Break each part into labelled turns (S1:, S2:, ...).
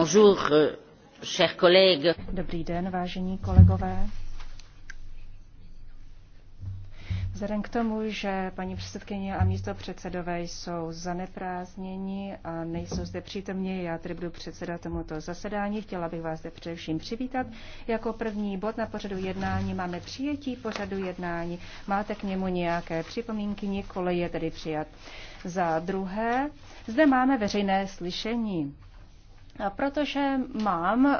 S1: Euh, Dobrý den, vážení
S2: kolegové. Vzhledem k tomu, že paní předsedkyně a místopředsedové jsou zaneprázdněni a nejsou zde přítomně, já tedy budu předsedat tomuto zasedání. Chtěla bych vás zde především přivítat. Jako první bod na pořadu jednání máme přijetí pořadu jednání. Máte k němu nějaké připomínky, nikoli je tedy přijat. Za druhé, zde máme veřejné slyšení. Protože mám eh,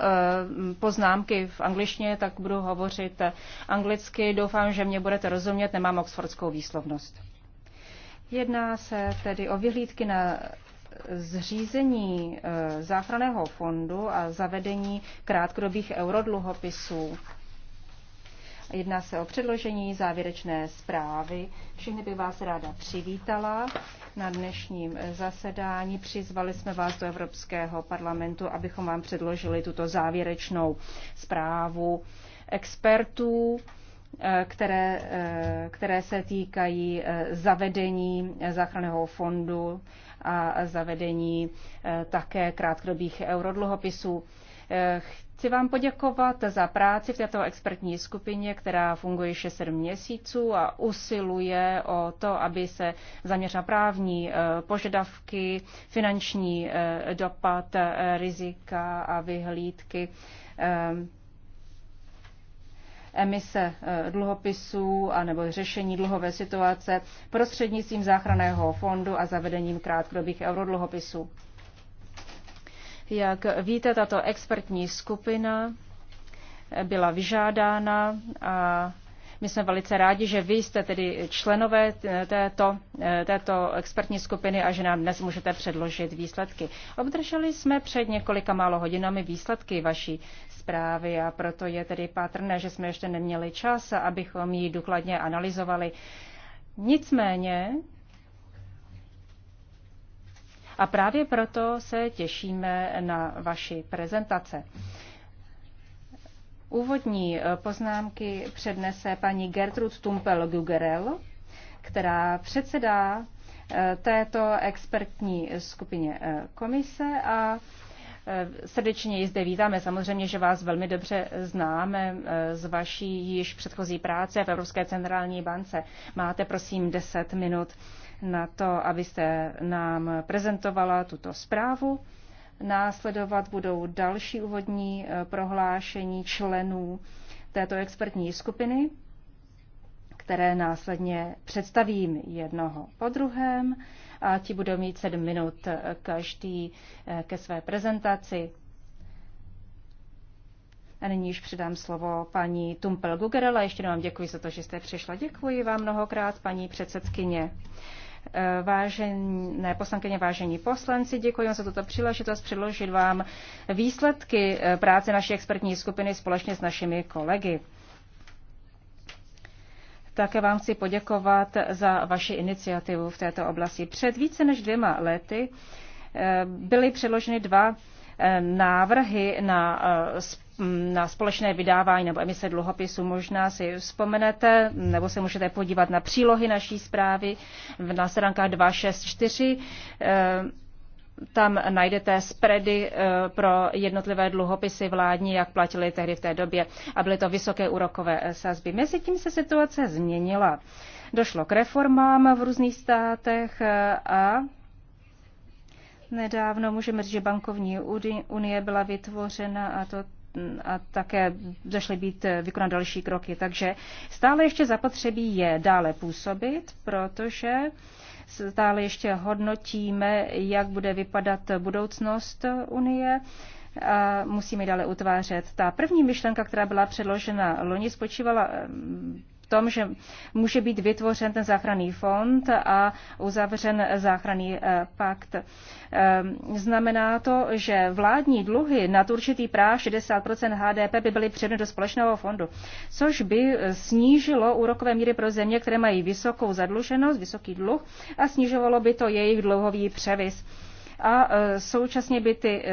S2: poznámky v angličtině, tak budu hovořit eh, anglicky. Doufám, že mě budete rozumět, nemám oxfordskou výslovnost. Jedná se tedy o vyhlídky na zřízení eh, záchranného fondu a zavedení krátkodobých eurodluhopisů. Jedná se o předložení závěrečné zprávy. Všechny by vás ráda přivítala na dnešním eh, zasedání. Přizvali jsme vás do Evropského parlamentu, abychom vám předložili tuto závěrečnou zprávu expertů, eh, které, eh, které se týkají zavedení záchranného fondu a zavedení také krátkodobých eurodluhopisů Chci vám poděkovat za práci v této expertní skupině, která funguje 6-7 měsíců a usiluje o to, aby se zaměřila právní eh, požadavky, finanční eh, dopad, eh, rizika a vyhlídky emise dluhopisů a nebo řešení dluhové situace prostřednictvím záchranného fondu a zavedením krátkodobých eurodluhopisů. Jak víte, tato expertní skupina byla vyžádána a my jsme velice rádi, že vy jste tedy členové této, této expertní skupiny a že nám dnes můžete předložit výsledky. Obdrželi jsme před několika málo hodinami výsledky vaší zprávy a proto je tedy patrné, že jsme ještě neměli čas, abychom ji důkladně analyzovali. Nicméně a právě proto se těšíme na vaši prezentace. Úvodní eh, poznámky přednese paní Gertrud Tumpel-Gugerel, která předsedá eh, této expertní skupině eh, komise a Srdečně ji zde vítáme. Samozřejmě, že vás velmi dobře známe z vaší již předchozí práce v Evropské centrální bance. Máte prosím 10 minut na to, abyste nám prezentovala tuto zprávu. Následovat budou další úvodní eh, prohlášení členů této expertní skupiny, které následně představím jednoho po druhém a ti budou mít sedm minut eh, každý eh, ke své prezentaci. A nyní již předám slovo paní Tumpel Gugerela. Ještě vám děkuji za to, že jste přišla. Děkuji vám mnohokrát, paní předsedkyně. Eh, Vážené poslankyně, vážení poslanci, děkuji za tuto příležitost předložit vám výsledky eh, práce naší expertní skupiny společně s našimi kolegy. Také vám chci poděkovat za vaši iniciativu v této oblasti. Před více než dvěma lety eh, byly předloženy dva návrhy na společnost na společné vydávání nebo emise dluhopisu. Možná si vzpomenete, nebo se můžete podívat na přílohy naší zprávy na stránkách 264. E, tam najdete spready e, pro jednotlivé dluhopisy vládní, jak platili tehdy v té době a byly to vysoké úrokové e, sazby. Mezitím se situace změnila. Došlo k reformám v různých státech a Nedávno můžeme říct, že bankovní unie byla vytvořena a to a také zašly být eh, vykonat další kroky. Takže stále ještě zapotřebí je dále působit, protože stále ještě hodnotíme, jak bude vypadat budoucnost Unie. A musíme dále utvářet. Ta první myšlenka, která byla předložena loni, spočívala eh, tom, že může být vytvořen ten záchranný fond a uzavřen záchranný eh, pakt. Eh, znamená to, že vládní dluhy nad určitý práv 60 HDP by byly předmět do společného fondu, což by snížilo úrokové míry pro země, které mají vysokou zadluženost, vysoký dluh a snižovalo by to jejich dlouhový převis a eh, současně by ty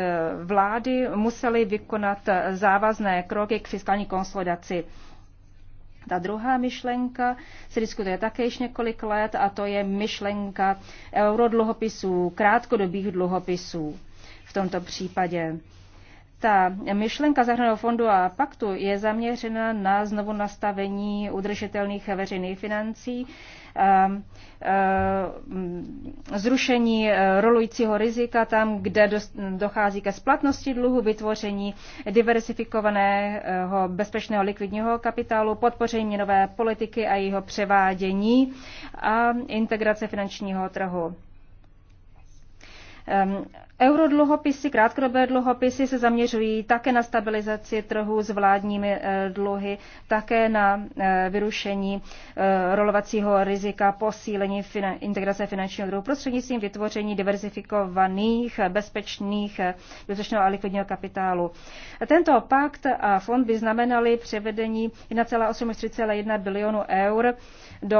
S2: vlády musely vykonat závazné kroky k fiskální konsolidaci. Ta druhá myšlenka se diskutuje také již několik let a to je myšlenka eurodluhopisů, krátkodobých dluhopisů v tomto případě ta myšlenka Zahraného fondu a paktu je zaměřena na znovu nastavení udržitelných veřejných financí, ehm, ehm, zrušení eh, rolujícího rizika tam, kde dochází ke splatnosti dluhu, vytvoření diversifikovaného bezpečného likvidního kapitálu, podpoření měnové politiky a jeho převádění a integrace finančního trhu. Ehm, eurodluhopisy, krátkodobé dluhopisy se zaměřují také na stabilizaci trhu s vládními eh, dluhy, také na eh, vyrušení eh, rolovacího rizika, posílení integrace finančního trhu prostřednictvím vytvoření diverzifikovaných, bezpečných, bezpečného a likvidního kapitálu. Tento pakt a fond by znamenaly převedení 1,8 3,1 bilionu eur do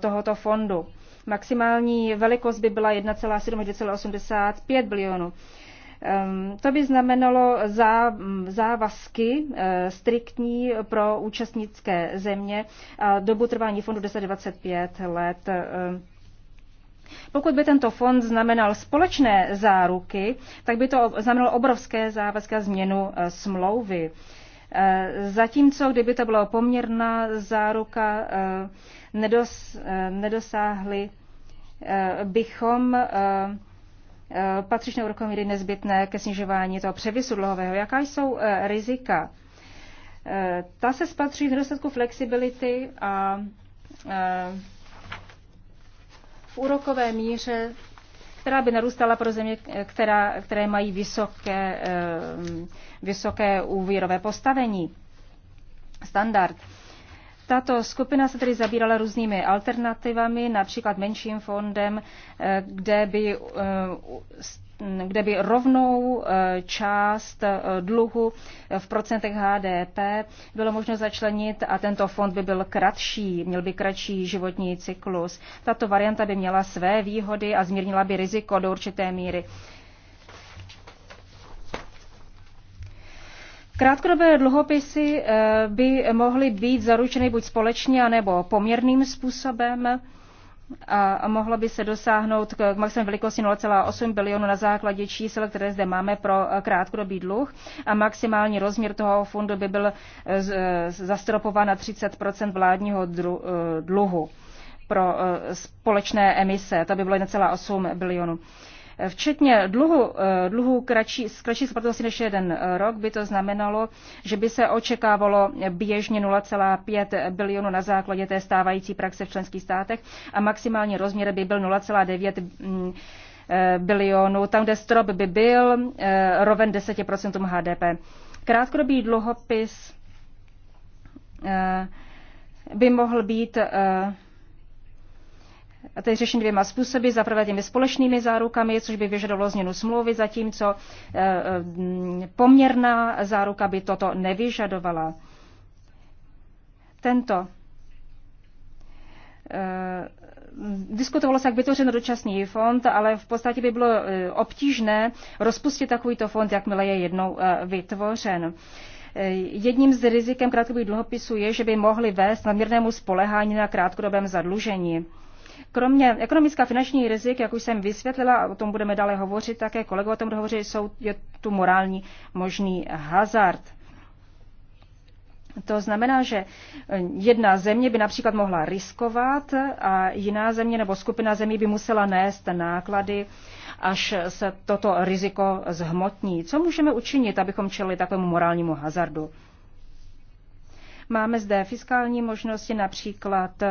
S2: tohoto fondu. Maximální velikost by byla 1,7 až 2,85 bilionů. Ehm, to by znamenalo mm, závazky eh, striktní pro účastnické země a dobu trvání fondu 10-25 let. Ehm, pokud by tento fond znamenal společné záruky, tak by to znamenalo obrovské závazky a změnu eh, smlouvy. Eh, zatímco, kdyby to byla poměrná záruka, nedos, eh, nedosáhli eh, bychom eh, patřičné úrokové míry nezbytné ke snižování toho převisu dluhového. Jaká jsou rizika? Ta se spatří v nedostatku flexibility a v úrokové míře, která by narůstala pro země, která, které mají vysoké, vysoké úvěrové postavení. Standard. Tato skupina se tedy zabírala různými alternativami, například menším fondem, eh, kde by, eh, kde by rovnou eh, část dluhu v procentech HDP bylo možno začlenit a tento fond by byl kratší, měl by kratší životní cyklus. Tato varianta by měla své výhody a zmírnila by riziko do určité míry. Krátkodobé dluhopisy eh, by mohly být zaručeny buď společně, anebo poměrným způsobem a mohlo by se dosáhnout k maximum velikosti 0,8 bilionu na základě čísel, které zde máme pro eh, krátkodobý dluh a maximální rozměr toho fondu by byl eh, zastropován na 30 vládního dluhu pro společné emise, to by bylo 1,8 bilionu. Včetně dluhu, eh, dluhu kratší, s kratší splatností než jeden eh, rok by to znamenalo, že by se očekávalo běžně 0,5 bilionu na základě té stávající praxe v členských státech a maximální rozměr by byl 0,9 mm, eh, bilionu, tam, kde strop by byl roven 10% HDP. Krátkodobý dluhopis by mohl být a to je řešen dvěma způsoby. Za prvé těmi společnými zárukami, což by vyžadovalo změnu smlouvy, zatímco eh, eh, poměrná záruka by toto nevyžadovala. Tento eh, diskutovalo se, jak vytvořen dočasný fond, ale v podstatě by bylo obtížné rozpustit takovýto fond, jakmile je jednou vytvořen. Jedním z rizikem krátkodobých dluhopisů je, že by mohly vést nadměrnému spolehání na krátkodobém zadlužení. Kromě ekonomická finanční rizik, jak už jsem vysvětlila, a o tom budeme dále hovořit, také kolegové o tom hovoří, jsou, je tu morální možný hazard. To znamená, že jedna země by například mohla riskovat a jiná země nebo skupina zemí by musela nést náklady, až se toto riziko zhmotní. Co můžeme učinit, abychom čelili takovému morálnímu hazardu? Máme zde fiskální možnosti, například e,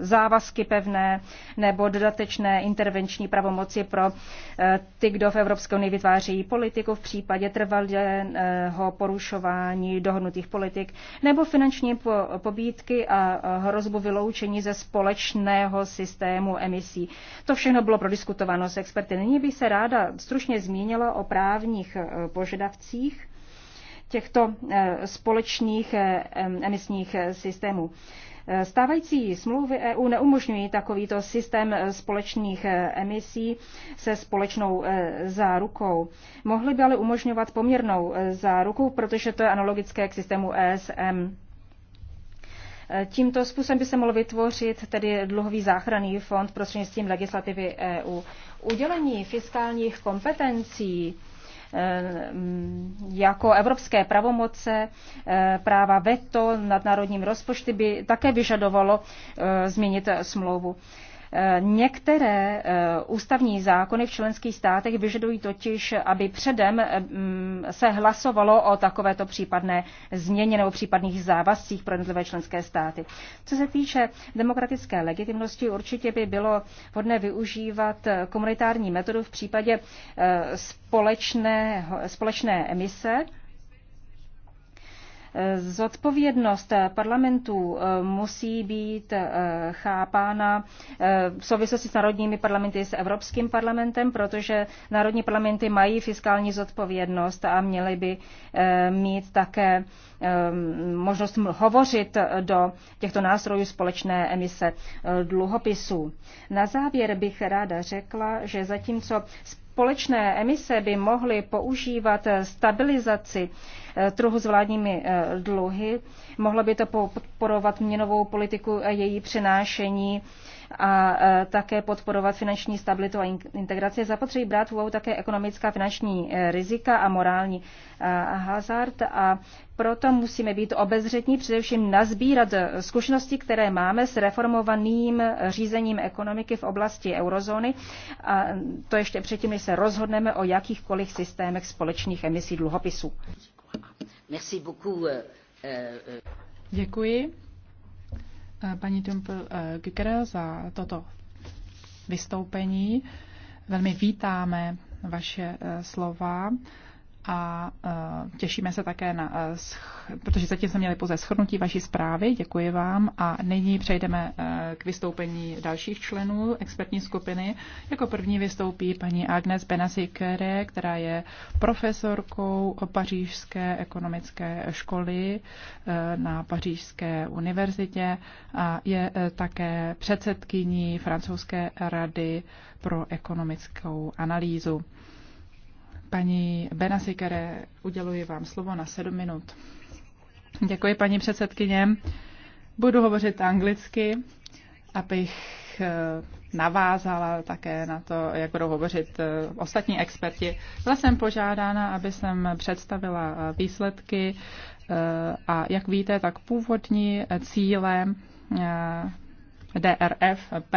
S2: závazky pevné nebo dodatečné intervenční pravomoci pro e, ty, kdo v Evropské unii vytváří politiku v případě trvalého porušování dohodnutých politik nebo finanční pobídky a hrozbu vyloučení ze společného systému emisí. To všechno bylo prodiskutováno s experty. Nyní bych se ráda stručně zmínila o právních e, požadavcích těchto eh, společných eh, emisních eh, systémů. Stávající smlouvy EU neumožňují takovýto systém společných emisí se společnou zárukou. Mohly by ale umožňovat poměrnou záruku, protože to je analogické k systému ESM. Tímto způsobem by se mohl vytvořit tedy dluhový záchranný fond prostřednictvím legislativy EU. Udělení fiskálních kompetencí Eh, mm, jako evropské pravomoce, eh, práva veto nad národním rozpočty by také vyžadovalo eh, změnit smlouvu. Některé eh, ústavní zákony v členských státech vyžadují totiž, aby předem eh, mm, se hlasovalo o takovéto případné změně nebo případných závazcích pro jednotlivé členské státy. Co se týče demokratické legitimnosti, určitě by bylo vhodné využívat eh, komunitární metodu v případě společné, společné emise Zodpovědnost parlamentů eh, musí být eh, chápána eh, v souvislosti s národními parlamenty s Evropským parlamentem, protože národní parlamenty mají fiskální zodpovědnost a měly by mít také možnost hovořit do těchto nástrojů společné emise dluhopisů. Na závěr bych ráda řekla, že zatímco společné emise by mohly používat stabilizaci eh, trhu s vládními eh, dluhy, mohlo by to podporovat měnovou politiku a její přenášení a e, také podporovat finanční stabilitu a integraci. Zapotřebí brát v úvahu také ekonomická finanční e, rizika a morální e, hazard a proto musíme být obezřetní, především nazbírat zkušenosti, které máme s reformovaným řízením ekonomiky v oblasti eurozóny. A to ještě předtím, než se rozhodneme o jakýchkoliv systémech společných emisí dluhopisů.
S3: Děkuji. Eh, paní Tumpel Giger eh, za toto vystoupení. Velmi vítáme vaše eh, slova a e, těšíme se také na, e, protože zatím jsme měli pouze shrnutí vaší zprávy, děkuji vám a nyní přejdeme e, k vystoupení dalších členů expertní skupiny. Jako první vystoupí paní Agnes Benazikere, která je profesorkou pařížské ekonomické školy na pařížské univerzitě a je také předsedkyní francouzské rady pro ekonomickou analýzu. Paní Benazikere, uděluji vám slovo na sedm minut. Děkuji, paní předsedkyně. Budu hovořit anglicky, abych eh, navázala také na to, jak budou hovořit eh, ostatní experti. Byla jsem požádána, aby jsem představila eh, výsledky a jak víte, tak původní cíle DRFP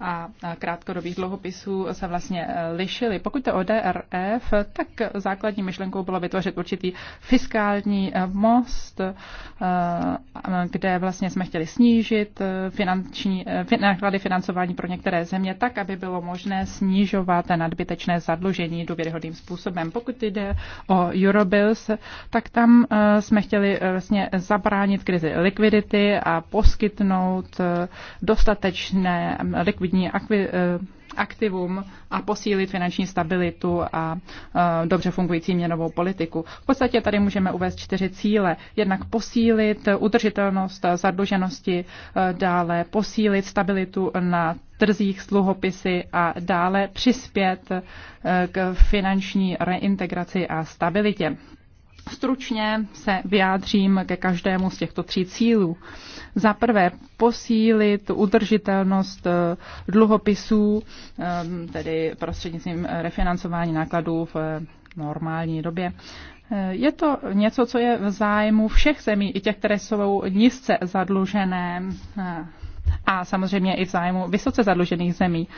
S3: a krátkodobých dluhopisů se vlastně e, lišily. Pokud to DRF, tak základní myšlenkou bylo vytvořit určitý fiskální e, most, e, kde vlastně jsme chtěli snížit finanční, náklady financování pro některé země tak, aby bylo možné snižovat nadbytečné zadlužení důvěryhodným způsobem. Pokud jde o Eurobills, tak tam jsme chtěli vlastně zabránit krizi likvidity a poskytnout dostatečné likvidity původní akvi, eh, aktivum a posílit finanční stabilitu a eh, dobře fungující měnovou politiku. V podstatě tady můžeme uvést čtyři cíle. Jednak posílit udržitelnost zadluženosti, eh, dále posílit stabilitu na trzích sluhopisy a dále přispět k finanční reintegraci a stabilitě. Stručně se vyjádřím ke každému z těchto tří cílů. Za prvé posílit udržitelnost eh, dluhopisů, eh, tedy prostřednictvím eh, refinancování nákladů v normální době. Je to něco, co je v zájmu všech zemí, i těch, které jsou nízce zadlužené a samozřejmě i v zájmu vysoce zadlužených zemí.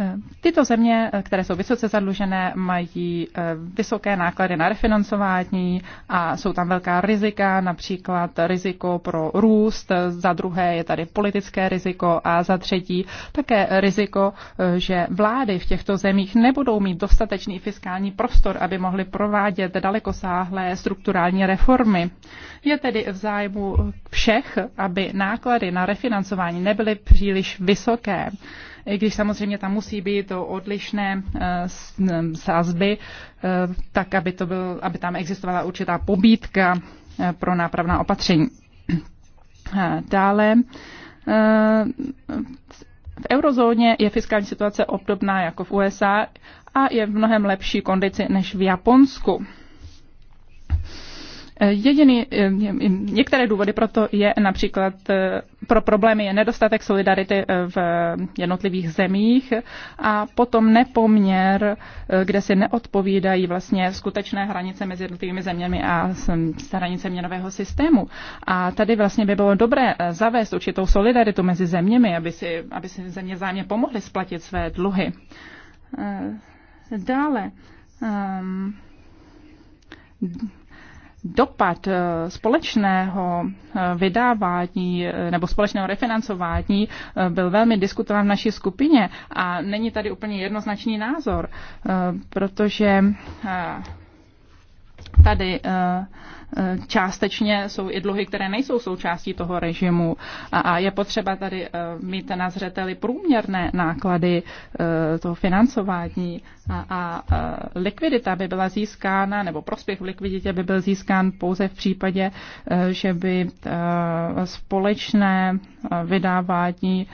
S3: Eh, tyto země, eh, které jsou vysoce zadlužené, mají eh, vysoké náklady na refinancování a jsou tam velká rizika, například riziko pro růst, za druhé je tady politické riziko a za třetí také riziko, že vlády v těchto zemích nebudou mít dostatečný fiskální prostor, aby mohly provádět dalekosáhlé strukturální reformy. Je tedy v zájmu všech, aby náklady na refinancování nebyly příliš vysoké i když samozřejmě tam musí být to odlišné eh, sázby, eh, tak aby, to byl, aby tam existovala určitá pobídka eh, pro nápravná opatření. Dále v eurozóně je fiskální situace obdobná jako v USA a je v mnohem lepší kondici než v Japonsku. Jediný, eh, některé důvody pro to je například eh, pro problémy je nedostatek solidarity eh, v jednotlivých zemích a potom nepoměr, kde si neodpovídají vlastně skutečné hranice mezi jednotlivými zeměmi a hranice měnového systému. A tady vlastně by bylo dobré zavést určitou solidaritu mezi zeměmi, aby si, aby si země zájemně pomohly splatit své dluhy. Dále. Um, dopad eh, společného eh, vydávání eh, nebo společného refinancování byl velmi diskutován v naší skupině a není tady úplně jednoznačný názor, protože tady Eh, částečně jsou i dluhy, které nejsou součástí toho režimu. A je potřeba tady eh, mít na zřeteli průměrné náklady eh, toho financování a, a likvidita by byla získána, nebo prospěch v likviditě by byl získán pouze v případě, že by společné vydávání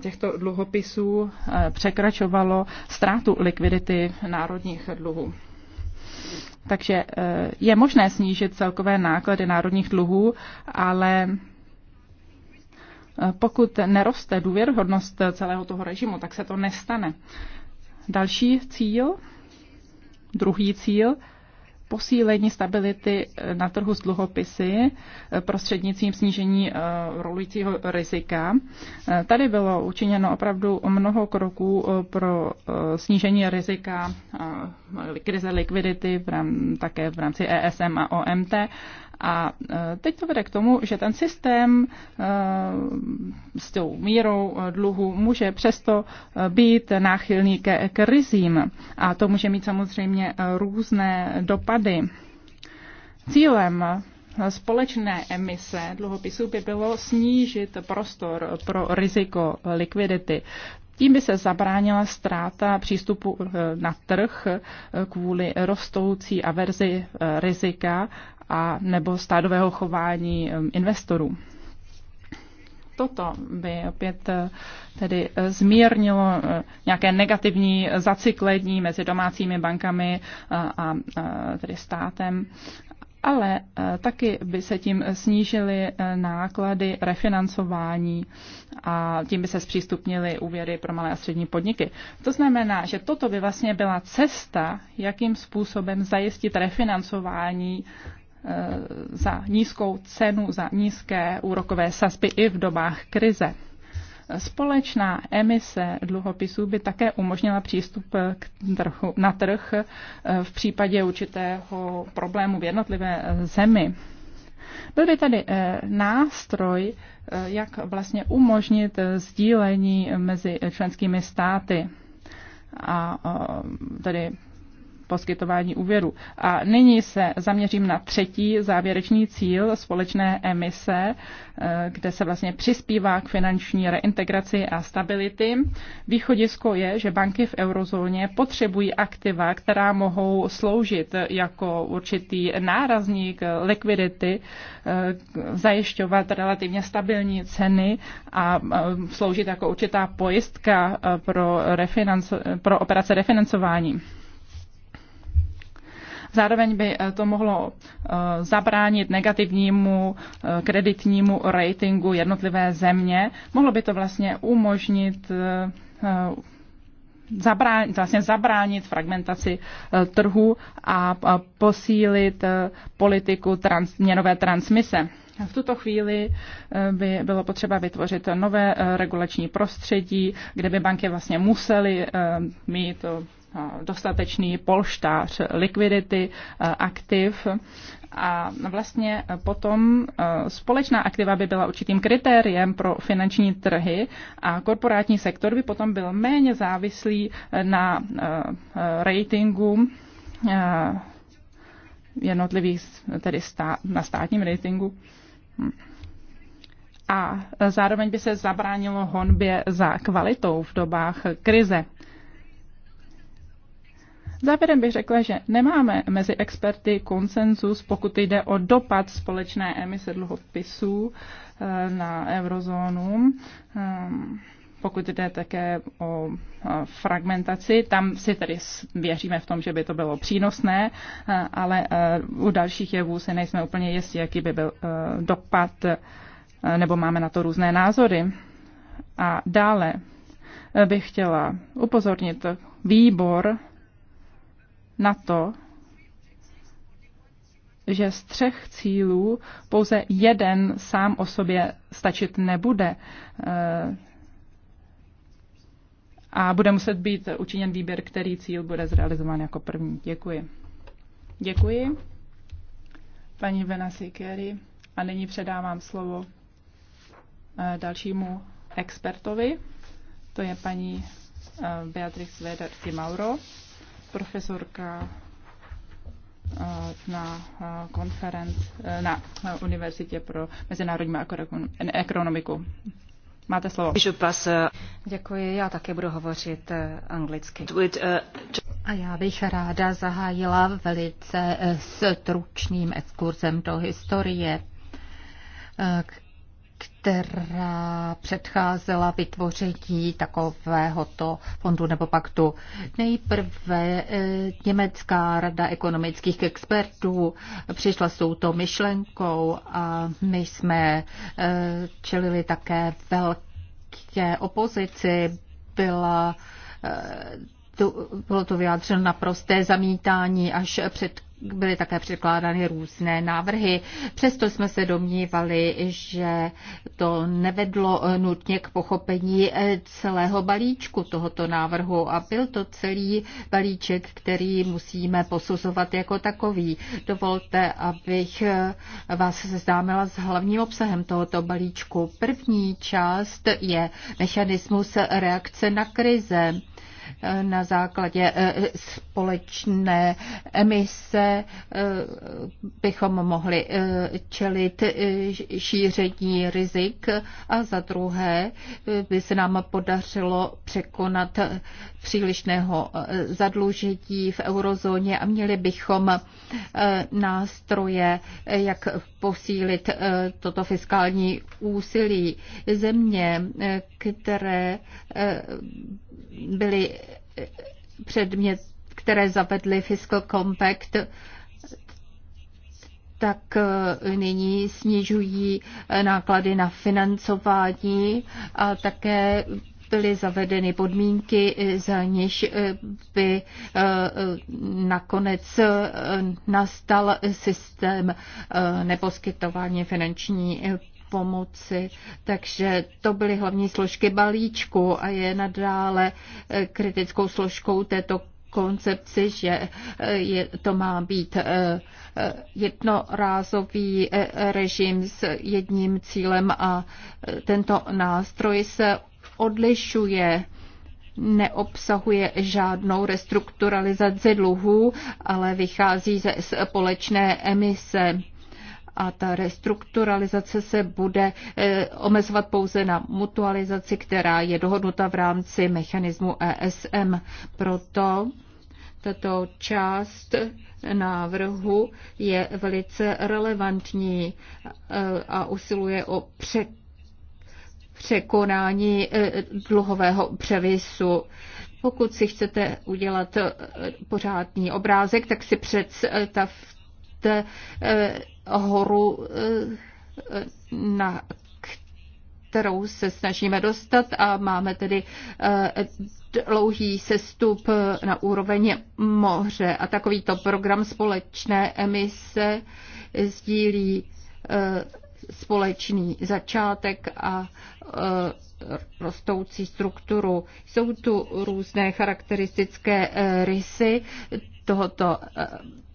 S3: těchto dluhopisů překračovalo ztrátu likvidity národních dluhů. Takže eh, je možné snížit celkové náklady národních dluhů, ale eh, pokud neroste důvěrhodnost celého toho režimu, tak se to nestane. Další cíl, druhý cíl, posílení stability eh, na trhu s dluhopisy eh, prostřednictvím snížení eh, rolujícího rizika. Tady bylo učiněno opravdu mnoho kroků pro snížení rizika krize likvidity v rám, také v rámci ESM a OMT a e, teď to vede k tomu, že ten systém e, s tou mírou e, dluhu může přesto být náchylný ke krizím. A to může mít samozřejmě různé dopady. Cílem společné emise dluhopisů by bylo snížit prostor pro riziko likvidity. Tím by se zabránila ztráta přístupu na trh kvůli rostoucí averzi rizika a nebo stádového chování um, investorů. Toto by opět eh, tedy eh, zmírnilo eh, nějaké negativní zacyklení mezi domácími bankami a tedy státem ale taky by se tím snížily náklady refinancování a tím by se zpřístupnily úvěry pro malé a střední podniky. To znamená, že toto by vlastně byla cesta, jakým způsobem zajistit refinancování Eh, za nízkou cenu, za nízké úrokové sazby i v dobách krize. Společná emise dluhopisů by také umožnila přístup k trhu, na trh eh, v případě určitého problému v jednotlivé eh, zemi. Byl by tady nástroj, jak vlastně umožnit sdílení mezi členskými státy a tedy poskytování úvěru. A nyní se zaměřím na třetí závěrečný cíl společné emise, eh, kde se vlastně přispívá k finanční reintegraci a stability. Východisko je, že banky v eurozóně potřebují aktiva, která mohou sloužit jako určitý nárazník likvidity, eh, zajišťovat relativně stabilní ceny a eh, sloužit jako určitá pojistka pro, pro operace refinancování. Zároveň by eh, to mohlo eh, zabránit negativnímu eh, kreditnímu ratingu jednotlivé země. Mohlo by to vlastně umožnit zabránit, vlastně zabránit fragmentaci trhu a posílit politiku trans, měnové transmise. V tuto chvíli by bylo potřeba vytvořit nové regulační prostředí, kde by banky vlastně musely mít dostatečný polštář likvidity eh, aktiv a vlastně eh, potom eh, společná aktiva by byla určitým kritériem pro finanční trhy a korporátní sektor by potom byl méně závislý na ratingu jednotlivých, tedy stát, na státním ratingu hm. a zároveň by se zabránilo honbě za kvalitou v dobách krize. Závěrem bych řekla, že nemáme mezi experty konsenzus, pokud jde o dopad společné emise dluhopisů eh, na eurozónu. Ehm, pokud jde také o eh, fragmentaci, tam si tedy věříme v tom, že by to bylo přínosné, eh, ale u dalších jevů se nejsme úplně jistí, jaký by byl dopad, nebo máme na to různé názory. A dále bych chtěla upozornit výbor na to, že z třech cílů pouze jeden sám o sobě stačit nebude eh, a bude muset být učiněn výběr, který cíl bude zrealizován jako první. Děkuji. Děkuji, paní Kerry. A nyní předávám slovo eh, dalšímu expertovi, to je paní eh, Beatrix Veder Mauro profesorka eh, na eh, konferenc eh, na Univerzitě pro mezinárodní ekonomiku. Máte slovo.
S2: Děkuji, já také budu hovořit anglicky.
S4: A já bych ráda zahájila velice stručným exkurzem do historie, která předcházela vytvoření takovéhoto fondu nebo paktu. Nejprve eh, Německá rada ekonomických expertů přišla s touto myšlenkou a my jsme eh, čelili také velké opozici. Byla eh, tu, bylo to vyjádřeno naprosté zamítání, až před, byly také předkládány různé návrhy. Přesto jsme se domnívali, že to nevedlo nutně k pochopení eh, celého balíčku tohoto návrhu a byl to celý balíček, který musíme posuzovat jako takový. Dovolte, abych eh, vás seznámila s hlavním obsahem tohoto balíčku. První část je mechanismus reakce na krize na základě eh, společné emise eh, bychom mohli eh, čelit šíření rizik a za druhé by se nám podařilo překonat přílišného zadlužení v eurozóně a měli bychom nástroje, jak posílit toto fiskální úsilí země, které byly předmět, které zavedly Fiscal Compact, tak e, nyní snižují e, náklady na financování a také byly zavedeny podmínky, e, za něž by nakonec nastal systém neposkytování finanční pomoci. Takže to byly hlavní složky balíčku a je nadále eh, kritickou složkou této koncepci, že eh, je, to má být eh, jednorázový režim s jedním cílem a tento nástroj se odlišuje neobsahuje žádnou restrukturalizaci dluhů, ale vychází ze společné emise a ta restrukturalizace se bude eh, omezovat pouze na mutualizaci, která je dohodnuta v rámci mechanismu ESM. Proto tato část návrhu je velice relevantní eh, a usiluje o překonání eh, dluhového převisu. Pokud si chcete udělat pořádný obrázek, tak si představte, Eh, horu eh, na kterou se snažíme dostat a máme tedy eh, dlouhý sestup na úroveň moře. A takovýto program společné emise sdílí společný začátek a rostoucí strukturu. Jsou tu různé charakteristické rysy tohoto eh,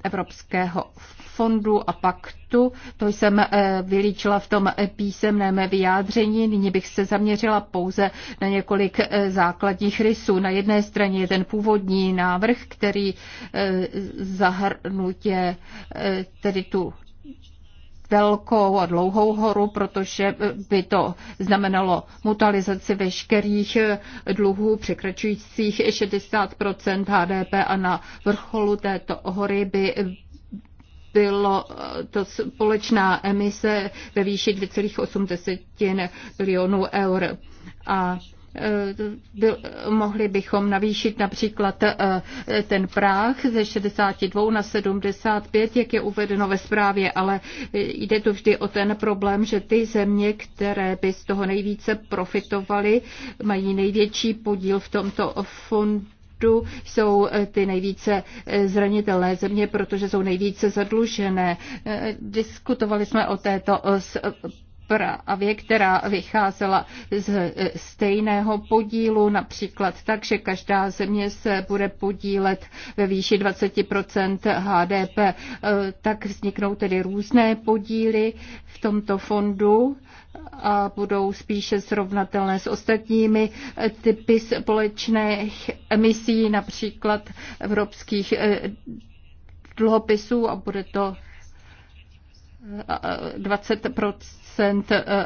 S4: Evropského fondu a paktu. To jsem eh, vylíčila v tom eh, písemném vyjádření. Nyní bych se zaměřila pouze na několik základních rysů. Na jedné straně je ten původní návrh, který zahrnutě tedy tu velkou a dlouhou horu, protože by to znamenalo mutalizaci veškerých dluhů překračujících 60 HDP a na vrcholu této hory by bylo to společná emise ve výši 2,8 bilionů eur. A Eh, byl, mohli bychom navýšit například eh, ten práh ze 62 na 75, jak je uvedeno ve zprávě, ale eh, jde tu vždy o ten problém, že ty země, které by z toho nejvíce profitovaly, mají největší podíl v tomto fondu jsou ty nejvíce zranitelné země, protože jsou nejvíce zadlužené. Diskutovali jsme o této právě, která vycházela z e, stejného podílu, například tak, že každá země se bude podílet ve výši 20% HDP. E, tak vzniknou tedy různé podíly v tomto fondu a budou spíše srovnatelné s ostatními typy společných emisí, například evropských e, dluhopisů a bude to 20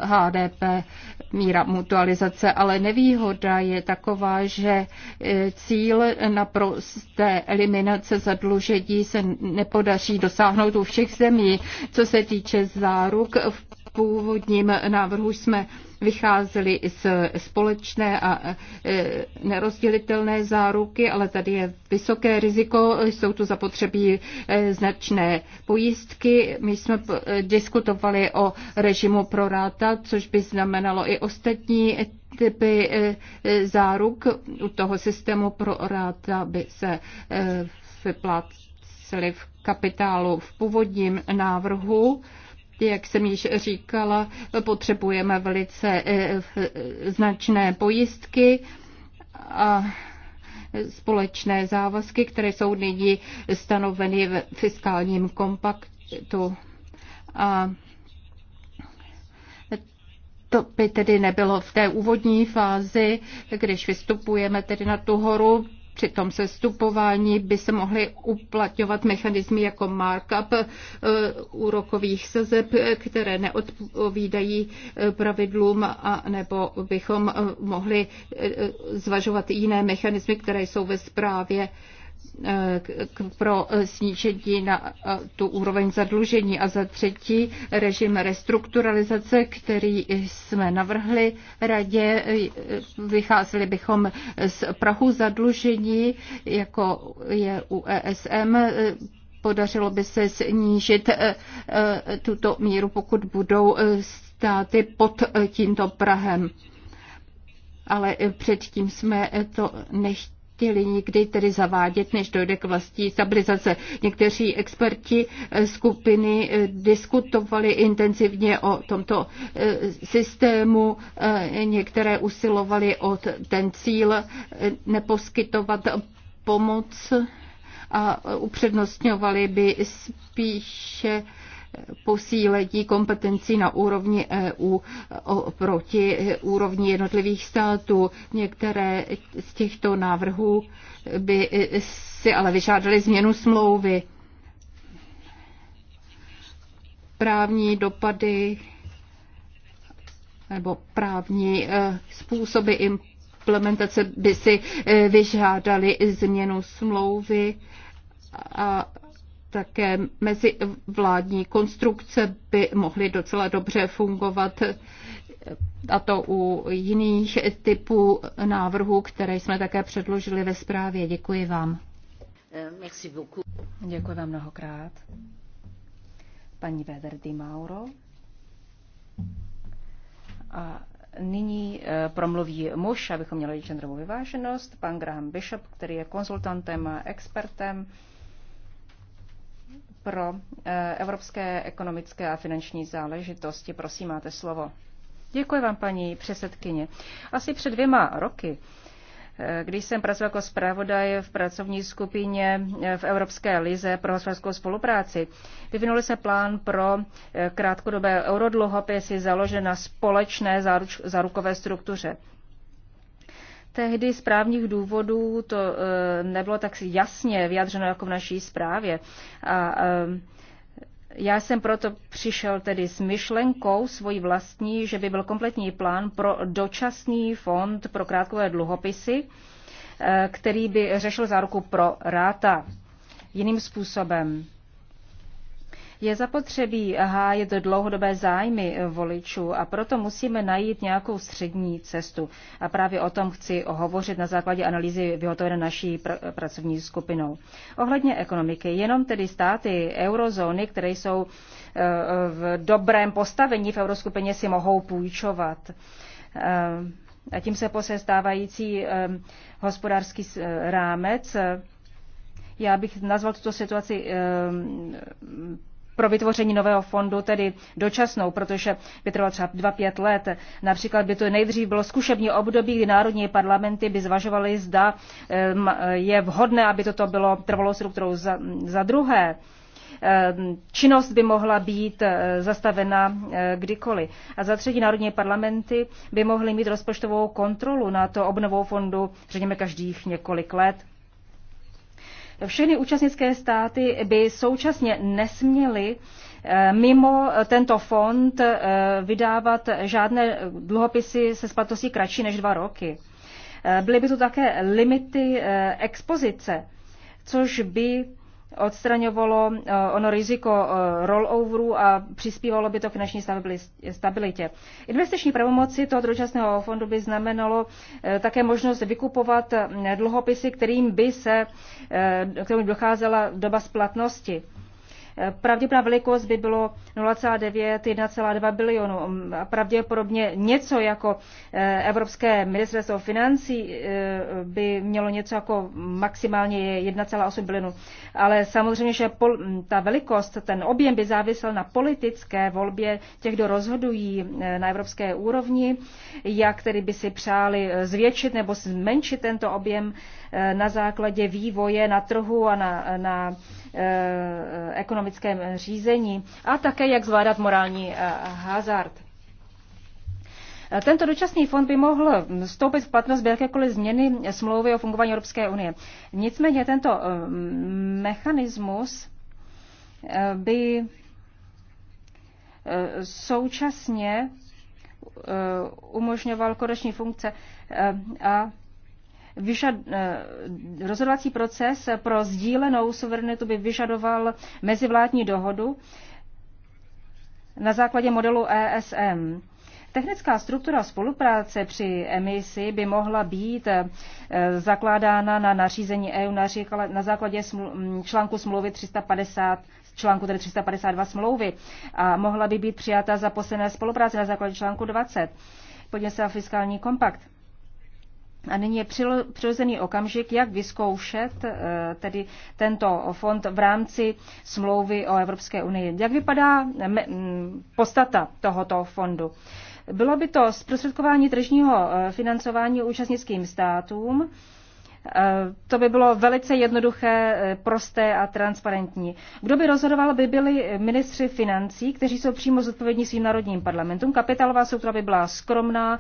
S4: HDP eh, míra mutualizace, ale nevýhoda je taková, že eh, cíl na prosté eliminace zadlužení se nepodaří dosáhnout u všech zemí. Co se týče záruk v původním návrhu jsme vycházeli z společné a e, nerozdělitelné záruky, ale tady je vysoké riziko, jsou tu zapotřebí e, značné pojistky. My jsme e, diskutovali o režimu pro ráta, což by znamenalo i ostatní typy záruk. U toho systému pro ráta by se vyplácely v kapitálu v původním návrhu jak jsem již říkala, potřebujeme velice eh, značné pojistky a společné závazky, které jsou nyní stanoveny v fiskálním kompaktu. A to by tedy nebylo v té úvodní fázi, když vystupujeme tedy na tu horu, při tom sestupování by se mohly uplatňovat mechanismy jako markup eh, úrokových sazeb, které neodpovídají eh, pravidlům, a nebo bychom eh, mohli zvažovat jiné mechanismy, které jsou ve zprávě pro snížení na e, tu úroveň zadlužení a za třetí režim restrukturalizace, který jsme navrhli radě. E, vycházeli bychom z prahu zadlužení, jako je u ESM, e, podařilo by se snížit tuto míru, pokud budou státy pod tímto Prahem. Ale předtím jsme to nechtěli chtěli nikdy tedy zavádět, než dojde k vlastní stabilizace. Někteří experti eh, skupiny eh, diskutovali intenzivně o tomto eh, systému, některé usilovali o ten cíl neposkytovat pomoc a upřednostňovali by spíše posílení kompetencí na úrovni EU proti úrovni jednotlivých států. Některé z těchto návrhů by si ale vyžádaly změnu smlouvy. Právní dopady nebo právní eh, způsoby implementace by si eh, vyžádaly změnu smlouvy a také mezivládní konstrukce by mohly docela dobře fungovat a to u jiných typů návrhů, které jsme také předložili ve zprávě. Děkuji vám.
S1: Merci beaucoup.
S2: Děkuji vám mnohokrát. Paní Weber Di Mauro. A nyní eh, promluví muž, abychom měli genderovou vyváženost, pan Graham Bishop, který je konzultantem a expertem pro eh, evropské ekonomické a finanční záležitosti. Prosím, máte slovo. Děkuji vám, paní předsedkyně. Asi před dvěma roky eh, když jsem pracoval jako zpravodaj v pracovní skupině eh, v Evropské lize pro hospodářskou spolupráci. Vyvinuli se plán pro krátkodobé eurodluhopisy založené na společné zárukové struktuře. Tehdy z právních důvodů to eh, nebylo tak jasně vyjádřeno jako v naší zprávě. A eh, já jsem proto přišel tedy s myšlenkou svojí vlastní, že by byl kompletní plán pro dočasný fond pro krátkové dluhopisy, eh, který by řešil záruku pro ráta jiným způsobem. Je zapotřebí hájet dlouhodobé zájmy voličů a proto musíme najít nějakou střední cestu. A právě o tom chci hovořit na základě analýzy vyhotovené naší pr- pracovní skupinou. Ohledně ekonomiky, jenom tedy státy eurozóny, které jsou eh, v dobrém postavení v euroskupině, si mohou půjčovat eh, a tím se posestávající eh, hospodářský rámec. Já bych nazval tuto situaci pro vytvoření nového fondu, tedy dočasnou, protože by trvalo třeba 2-5 let. Například by to nejdřív bylo zkušební období, kdy národní parlamenty by zvažovaly, zda je vhodné, aby toto bylo trvalou strukturou za, za druhé činnost by mohla být eh, zastavena eh, kdykoliv. A za třetí národní parlamenty by mohly mít rozpočtovou kontrolu na to obnovou fondu, řekněme, každých několik let. Všechny účastnické státy by současně nesměly eh, mimo tento fond eh, vydávat žádné dluhopisy se splatností kratší než dva roky. Eh, byly by tu také limity expozice, což by odstraňovalo eh, ono riziko eh, rolloveru a přispívalo by to k finanční stabilitě. Investiční pravomoci toho dočasného fondu by znamenalo eh, také možnost vykupovat dluhopisy, kterým by se kterým docházela doba splatnosti. Pravděpodobná velikost by bylo 0,9, 1,2 bilionu. A pravděpodobně něco jako eh, Evropské ministerstvo financí eh, by mělo něco jako maximálně 1,8 bilionu. Ale samozřejmě, že hm, ta velikost, ten objem by závisel na politické volbě těch, kdo rozhodují eh, na evropské úrovni, jak tedy by si přáli zvětšit nebo zmenšit tento objem Eh, na základě vývoje na trhu a na, na eh, ekonomickém řízení a také jak zvládat morální eh, hazard. Tento dočasný fond by mohl vstoupit v platnost bez jakékoliv změny smlouvy o fungování Evropské unie. Nicméně tento mechanismus by současně umožňoval koreční funkce a vyžad, eh, rozhodovací proces pro sdílenou suverenitu by vyžadoval mezivládní dohodu na základě modelu ESM. Technická struktura spolupráce při emisi by mohla být eh, zakládána na nařízení EU na základě mm, článku smlouvy 350 článku tedy 352 smlouvy a mohla by být přijata za posledné spolupráce na základě článku 20. Podívejme se na fiskální kompakt. A nyní je přirozený okamžik, jak vyzkoušet eh, tedy tento fond v rámci smlouvy o Evropské unii. Jak vypadá eh, mm, postata tohoto fondu? Bylo by to zprostředkování tržního eh, financování účastnickým státům, to by bylo velice jednoduché, prosté a transparentní. Kdo by rozhodoval, by byli ministři financí, kteří jsou přímo zodpovědní svým národním parlamentům. Kapitálová soutra by byla skromná,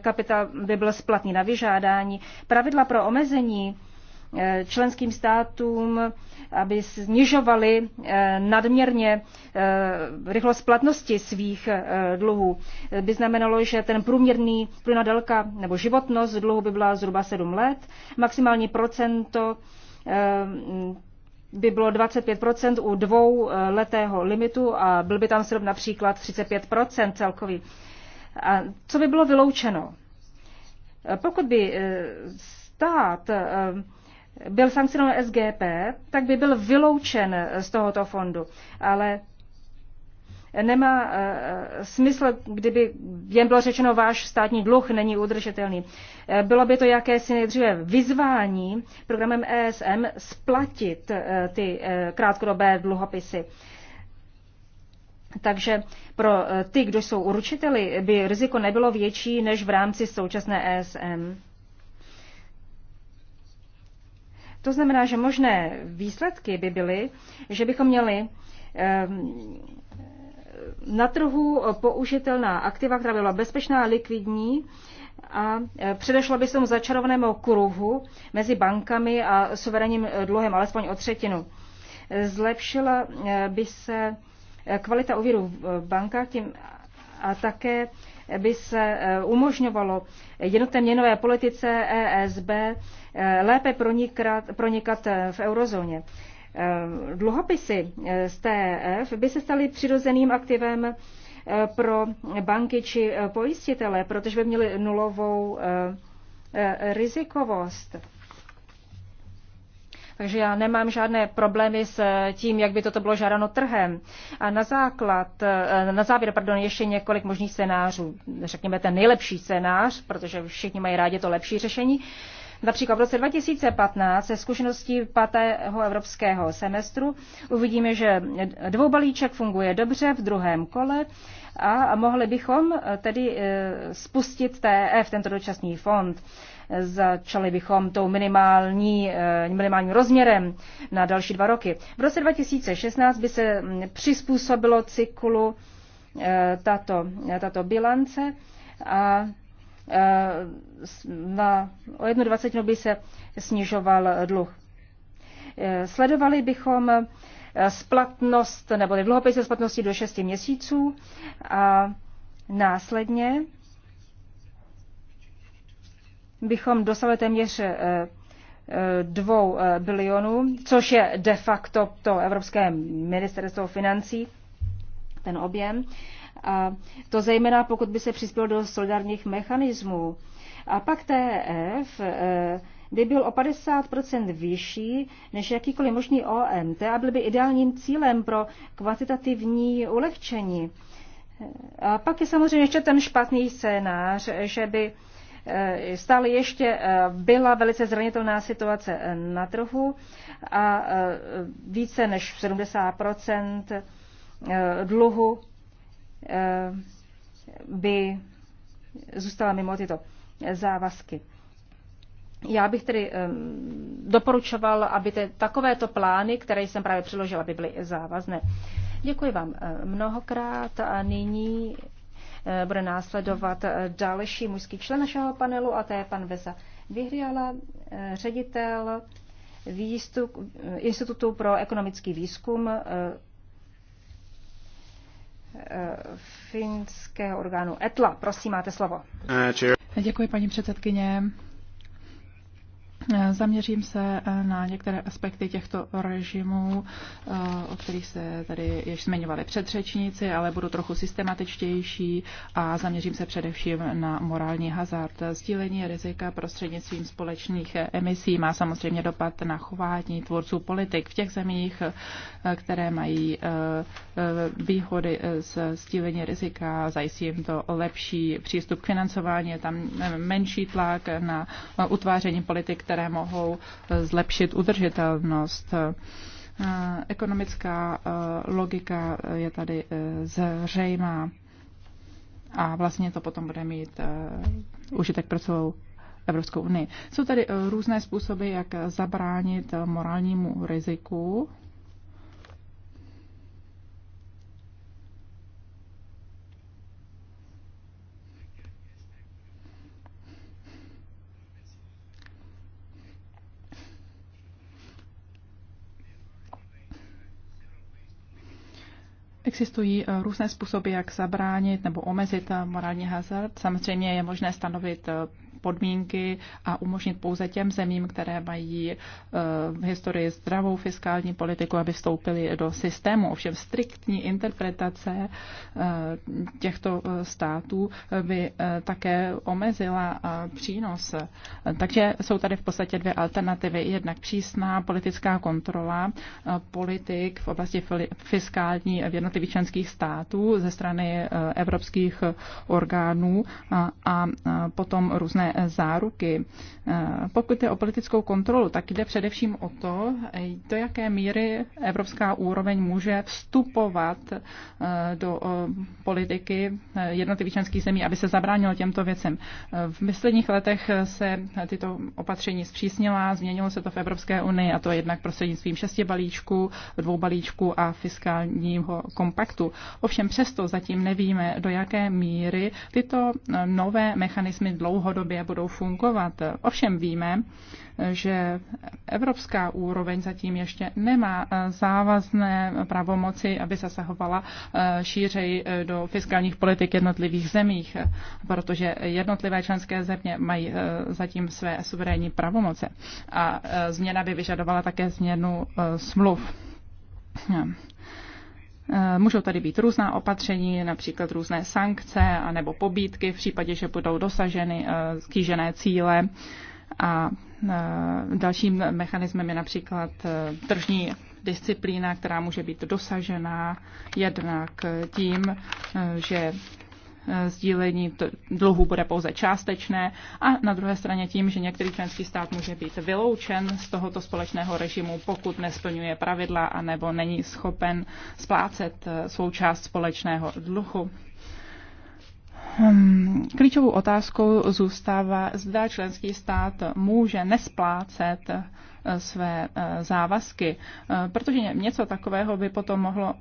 S2: kapitál by byl splatný na vyžádání. Pravidla pro omezení Eh, členským státům, aby snižovali eh, nadměrně eh, rychlost platnosti svých dluhů. By znamenalo, že ten průměrný průměrná délka nebo životnost dluhu by byla zhruba 7 let, maximální procento by bylo 25 u dvou letého limitu a byl by tam srop například 35 celkový. A co by bylo vyloučeno? Pokud by stát byl sankcionován SGP, tak by byl vyloučen z tohoto fondu. Ale nemá eh, eh, smysl, kdyby jen bylo řečeno, váš státní dluh není udržitelný. Eh, bylo by to jakési nejdříve vyzvání programem ESM splatit ty krátkodobé dluhopisy. Takže pro ty, kdo jsou určiteli, by riziko nebylo větší než v rámci současné ESM. To znamená, že možné výsledky by byly, že bychom měli ehm, na trhu použitelná aktiva, která by byla bezpečná a likvidní a e, předešlo by se tomu začarovanému kruhu mezi bankami a suverénním dluhem alespoň o třetinu. Zlepšila e, by se e, kvalita úvěru v bankách tím a také by se umožňovalo jednotné měnové politice ESB Eh, lépe pronikat, pronikat eh, v eurozóně. Eh, dluhopisy z TF e by se staly přirozeným aktivem pro banky či pojistitele, protože by měly nulovou rizikovost. Takže já nemám žádné problémy s tím, jak by toto bylo žádano trhem. A na základ, na závěr, pardon, ještě několik možných scénářů. Řekněme ten nejlepší scénář, protože všichni mají rádi to lepší řešení. Například v roce 2015 se zkušeností pátého evropského semestru uvidíme, že dvou balíček funguje dobře v druhém kole a mohli bychom tedy e, spustit TF, e tento dočasný fond. Začali bychom tou minimální, e, minimálním rozměrem na další dva roky. V roce 2016 by se přizpůsobilo cyklu tato, tato bilance a Eh, na, o 21 by se snižoval dluh. Eh, sledovali bychom eh, splatnost nebo dluhopis se do 6 měsíců a následně bychom dosáhli téměř 2 bilionů, což je de facto to Evropské ministerstvo financí, ten objem. A to zejména pokud by se přispělo do solidárních mechanismů. A pak TF eh, by byl o 50 vyšší než jakýkoliv možný OMT a byl by ideálním cílem pro kvantitativní ulehčení. Eh, a pak je samozřejmě ještě ten špatný scénář, že by eh, stále ještě byla velice zranitelná situace na trhu a více než 70 dluhu Eh, by zůstala mimo tyto závazky. Já bych tedy eh, doporučoval, aby te, takovéto plány, které jsem právě přiložila, by byly závazné. Děkuji vám eh, mnohokrát a nyní bude následovat další mužský člen našeho panelu a to je pan Veza Vyhriala, ředitel výstup, Institutu pro ekonomický výzkum Eh, finského orgánu ETLA. Prosím, máte slovo.
S3: Eh, Děkuji, paní předsedkyně. Zaměřím se eh, na některé aspekty těchto režimů, eh, o kterých se tady již zmiňovali předřečníci, ale budu trochu systematičtější a zaměřím se především na morální hazard. Sdílení rizika prostřednictvím společných eh, emisí má samozřejmě dopad na chování tvůrců politik v těch zemích, které mají výhody z sdílení rizika, zajistí jim to lepší přístup k financování, je tam menší tlak na utváření politik, které které mohou eh, zlepšit udržitelnost. Eh, ekonomická eh, logika je tady zřejmá a vlastně to potom bude mít užitek pro celou Evropskou unii. Jsou tady různé způsoby, jak zabránit morálnímu riziku Existují eh, různé způsoby, jak zabránit nebo omezit eh, morální hazard. Samozřejmě je možné stanovit eh, podmínky a umožnit pouze těm zemím, které mají eh, v historii zdravou fiskální politiku, aby vstoupili do systému. Ovšem striktní interpretace eh, těchto eh, států by také omezila přínos. Takže jsou tady v podstatě dvě alternativy. Jednak přísná politická kontrola politik v oblasti fiskální v jednotlivých členských států ze strany evropských orgánů a potom různé záruky. Eh, Pokud je o politickou kontrolu, tak jde především o to, eh, do jaké míry evropská úroveň může vstupovat eh, do politiky jednotlivých členských zemí, aby se zabránilo těmto věcem. V posledních letech se tyto opatření zpřísnila, změnilo se to v Evropské unii a to jednak prostřednictvím šesti balíčků, dvou balíčků a fiskálního kompaktu. Ovšem přesto zatím nevíme, do jaké míry tyto nové mechanismy dlouhodobě nebudou fungovat. Ovšem víme, že evropská úroveň zatím ještě nemá eh, závazné pravomoci, aby zasahovala eh, šířej eh, do fiskálních politik jednotlivých zemích, protože jednotlivé členské země mají zatím své suverénní pravomoce. A změna by vyžadovala také změnu smluv. Eh, můžou tady být různá opatření, například různé sankce nebo pobídky v případě, že budou dosaženy eh, kýžené cíle. A eh, dalším mechanismem je například tržní disciplína, která může být dosažena jednak tím, že sdílení dluhu bude pouze částečné a na druhé straně tím, že některý členský stát může být vyloučen z tohoto společného režimu, pokud nesplňuje pravidla a nebo není schopen splácet eh, svou část společného dluhu. Hmm, klíčovou otázkou zůstává, zda členský stát může nesplácet své eh, závazky, eh, protože něco takového by potom mohlo eh,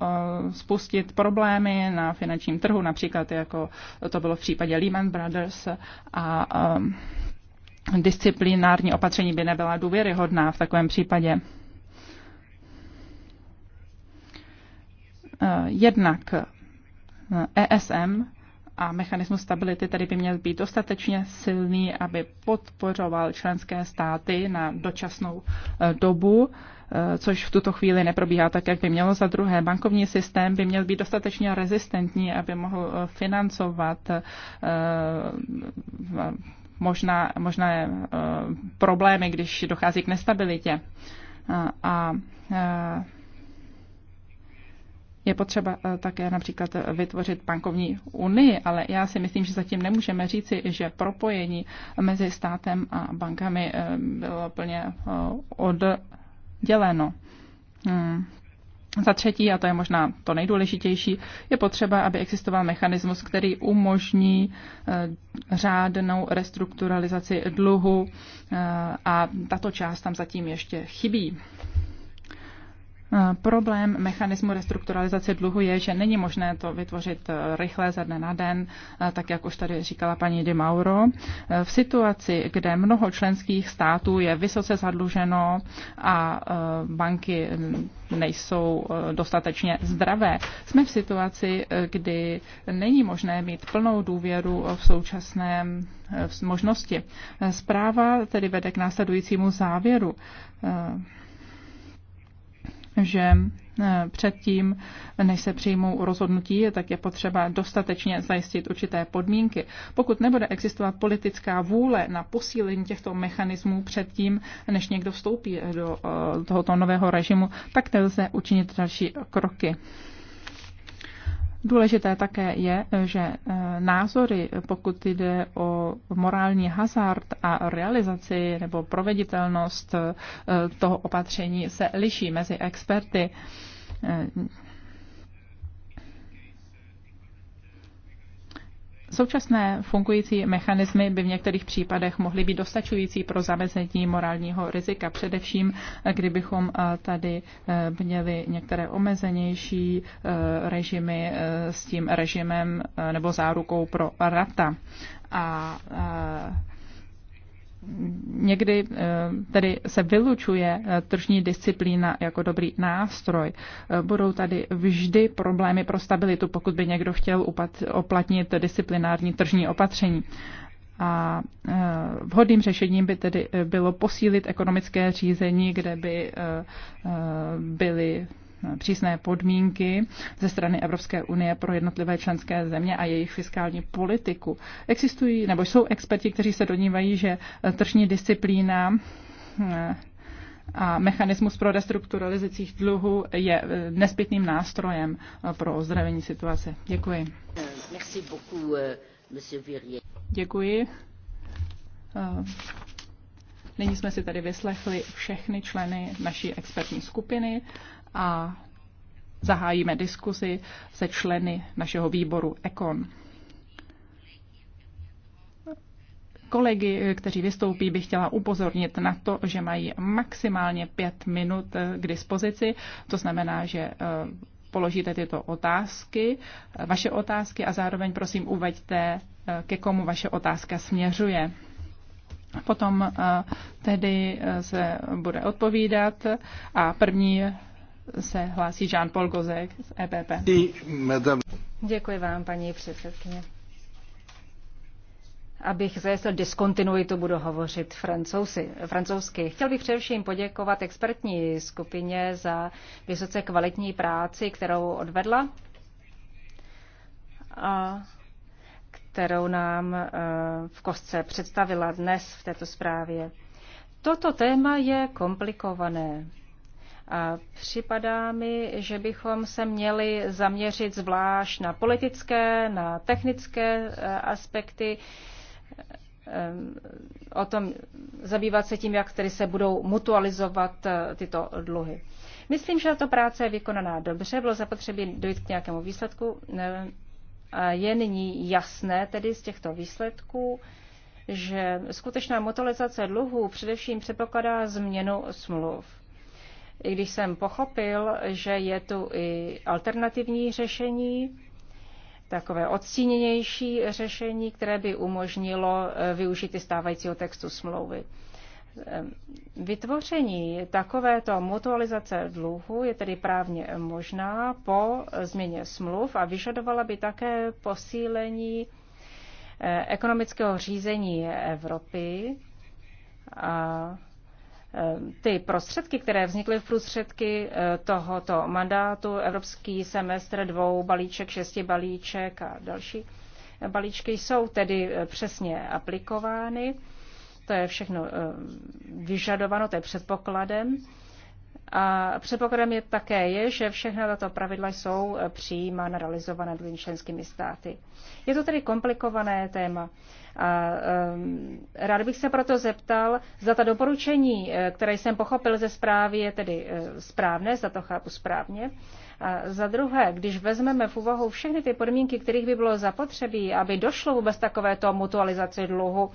S3: spustit problémy na finančním trhu, například jako to bylo v případě Lehman Brothers a disciplinární opatření by nebyla důvěryhodná v takovém případě. Jednak ESM e a mechanismus stability tedy by měl být dostatečně silný, aby podporoval členské státy na dočasnou eh, dobu, eh, což v tuto chvíli neprobíhá tak, jak by mělo. Za druhé, bankovní systém by měl být dostatečně rezistentní, aby mohl eh, financovat možná, možná problémy, když dochází k nestabilitě. A, a je potřeba eh, také například eh, vytvořit bankovní unii, ale já si myslím, že zatím nemůžeme říci, že propojení mezi státem a bankami eh, bylo plně odděleno. Hmm. Za třetí, a to je možná to nejdůležitější, je potřeba, aby existoval mechanismus, který umožní řádnou restrukturalizaci dluhu a tato část tam zatím ještě chybí. Eh, problém mechanismu restrukturalizace dluhu je, že není možné to vytvořit eh, rychle ze dne na den, eh, tak jak už tady říkala paní Di Mauro. V situaci, kde mnoho členských států je vysoce zadluženo a banky nejsou dostatečně zdravé, jsme v situaci, kdy není možné mít plnou důvěru v současné možnosti. Zpráva tedy vede k následujícímu závěru že eh, předtím, než se přijmou rozhodnutí, tak je potřeba dostatečně zajistit určité podmínky. Pokud nebude existovat politická vůle na posílení těchto mechanismů předtím, než někdo vstoupí do eh, tohoto nového režimu, tak nelze učinit další kroky. Důležité také je, že eh, názory, pokud jde o morální hazard a realizaci nebo proveditelnost eh, toho opatření, se liší mezi experty. Eh, Současné fungující mechanismy by v některých případech mohly být dostačující pro zamezení morálního rizika, především kdybychom eh, tady eh, měli některé omezenější eh, režimy s tím režimem nebo zárukou pro rata. A, a někdy eh, tedy se vylučuje eh, tržní disciplína jako dobrý nástroj. Eh, budou tady vždy problémy pro stabilitu, pokud by někdo chtěl uplatnit disciplinární tržní opatření. A vhodným řešením by tedy bylo posílit ekonomické řízení, kde by byly přísné podmínky ze strany Evropské unie pro jednotlivé členské země a jejich fiskální politiku. Existují, nebo jsou experti, kteří se donívají, že tržní disciplína eh, a mechanismus pro restrukturalizaci dluhu je eh, nezbytným nástrojem eh, pro ozdravení situace. Děkuji. Děkuji. Nyní jsme si tady vyslechli všechny členy naší expertní skupiny a zahájíme diskuzi se členy našeho výboru ECON. Kolegy, kteří vystoupí, bych chtěla upozornit na to, že mají maximálně pět minut k dispozici. To znamená, že eh, položíte tyto otázky, eh, vaše otázky a zároveň prosím uveďte, eh, ke komu vaše otázka směřuje. Potom tedy se bude odpovídat a první se hlásí Jean-Paul Gozek z EPP.
S2: Děkuji vám, paní předsedkyně. Abych zajistil diskontinuitu, budu hovořit francouzi, francouzsky. Chtěl bych především poděkovat expertní skupině za vysoce kvalitní práci, kterou odvedla a kterou nám eh, v kostce představila dnes v této zprávě. Toto téma je komplikované připadá mi, že bychom se měli zaměřit zvlášť na politické, na technické e, aspekty, e, o tom zabývat se tím, jak tedy se budou mutualizovat e, tyto dluhy. Myslím, že tato práce je vykonaná dobře, bylo zapotřebí dojít k nějakému výsledku. Je nyní jasné tedy z těchto výsledků, že skutečná mutualizace dluhů především předpokládá změnu smluv i když jsem pochopil, že je tu i alternativní řešení, takové odstíněnější řešení, které by umožnilo eh, využít i stávajícího textu smlouvy. Ehm, vytvoření takovéto mutualizace dluhu je tedy právně možná po změně smluv a vyžadovala by také posílení eh, ekonomického řízení Evropy a Eh, ty prostředky, které vznikly v prostředky eh, tohoto mandátu, evropský semestr dvou balíček, šesti balíček a další balíčky jsou tedy eh, přesně aplikovány. To je všechno vyžadováno, to je předpokladem. A předpokladem je také je, že všechna tato pravidla jsou přijímána, realizována členskými státy. Je to tedy komplikované téma. A um, rád bych se proto zeptal, za ta doporučení, eh, které jsem pochopil ze zprávy, je tedy eh, správné, za to chápu správně. A za druhé, když vezmeme v úvahu všechny ty podmínky, kterých by bylo zapotřebí, aby došlo vůbec takovéto mutualizaci dluhu,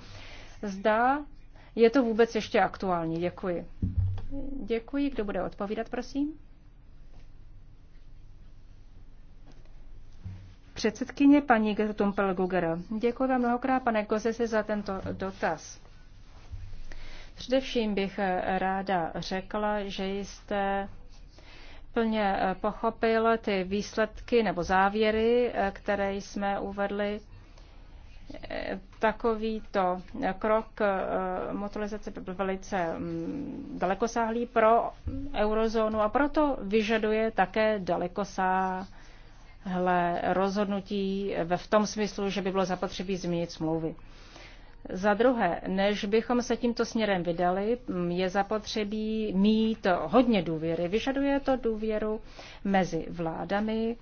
S2: zdá, je to vůbec ještě aktuální. Děkuji. Děkuji. Kdo bude odpovídat, prosím? předsedkyně paní Gertumpel Guger. Děkuji vám mnohokrát, pane Kozese, za tento dotaz. Především bych ráda řekla, že jste plně pochopil ty výsledky nebo závěry, které jsme uvedli. Takovýto krok eh, motorizace byl velice mm, dalekosáhlý pro eurozónu a proto vyžaduje také dalekosáhlý hle rozhodnutí v tom smyslu, že by bylo zapotřebí změnit smlouvy. Za druhé, než bychom se tímto směrem vydali, mm, je zapotřebí mít hodně důvěry. Vyžaduje to důvěru mezi vládami,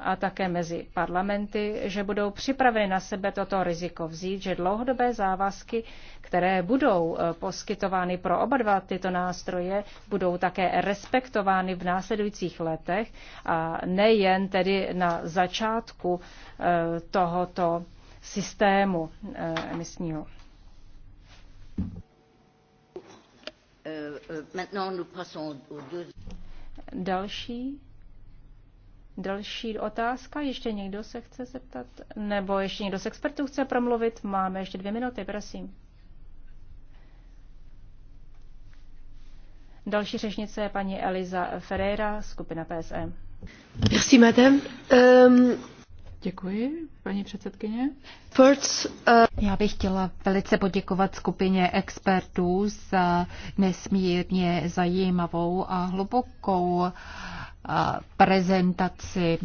S2: a také mezi parlamenty, že budou připraveny na sebe toto riziko vzít, že dlouhodobé závazky, které budou eh, poskytovány pro oba dva tyto nástroje, budou také respektovány v následujících letech a nejen tedy na začátku eh, tohoto systému eh, emisního.
S1: Euh, euh,
S2: Další Další otázka, ještě někdo se chce zeptat? Nebo ještě někdo z expertů chce promluvit? Máme ještě dvě minuty, prosím. Další řešnice je paní Eliza Ferreira, skupina PSE.
S3: Merci, madame. Um... Děkuji,
S4: paní předsedkyně. First, uh... Já bych chtěla velice poděkovat skupině expertů za nesmírně zajímavou a hlubokou prezentaci.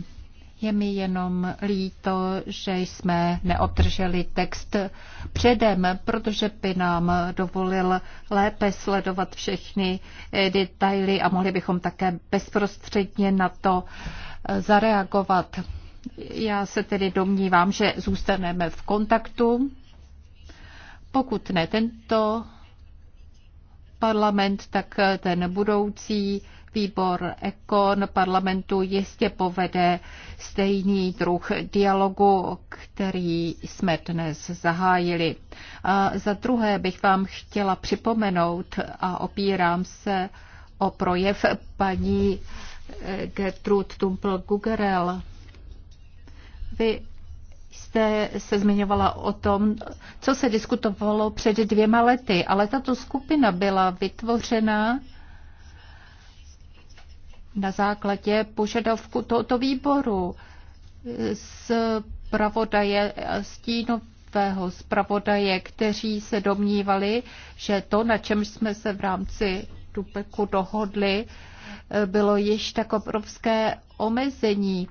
S4: Je mi jenom líto, že jsme neobdrželi text předem, protože by nám dovolil lépe sledovat všechny eh, detaily a mohli bychom také bezprostředně na to eh, zareagovat. Já se tedy domnívám, že zůstaneme v kontaktu. Pokud ne tento parlament, tak ten budoucí Výbor Ekon parlamentu jistě povede stejný druh dialogu, který jsme dnes zahájili. A za druhé bych vám chtěla připomenout a opírám se o projev paní eh, Gertrude Tumpel-Gugerel. Vy jste se zmiňovala o tom, co se diskutovalo před dvěma lety, ale tato skupina byla vytvořena na základě požadavku tohoto výboru z pravodaje stínového zpravodaje, kteří se domnívali, že to, na čem jsme se v rámci Tupeku dohodli, bylo již tak obrovské omezení,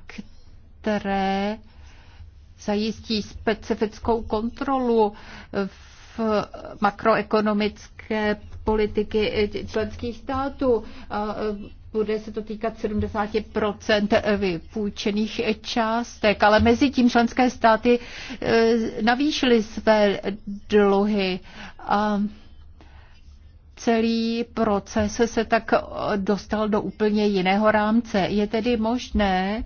S4: které zajistí specifickou kontrolu v makroekonomické politiky členských států bude se to týkat 70 eh, vypůjčených částek, ale mezi tím členské státy eh, navýšily své dluhy a celý proces se tak eh, dostal do úplně jiného rámce. Je tedy možné,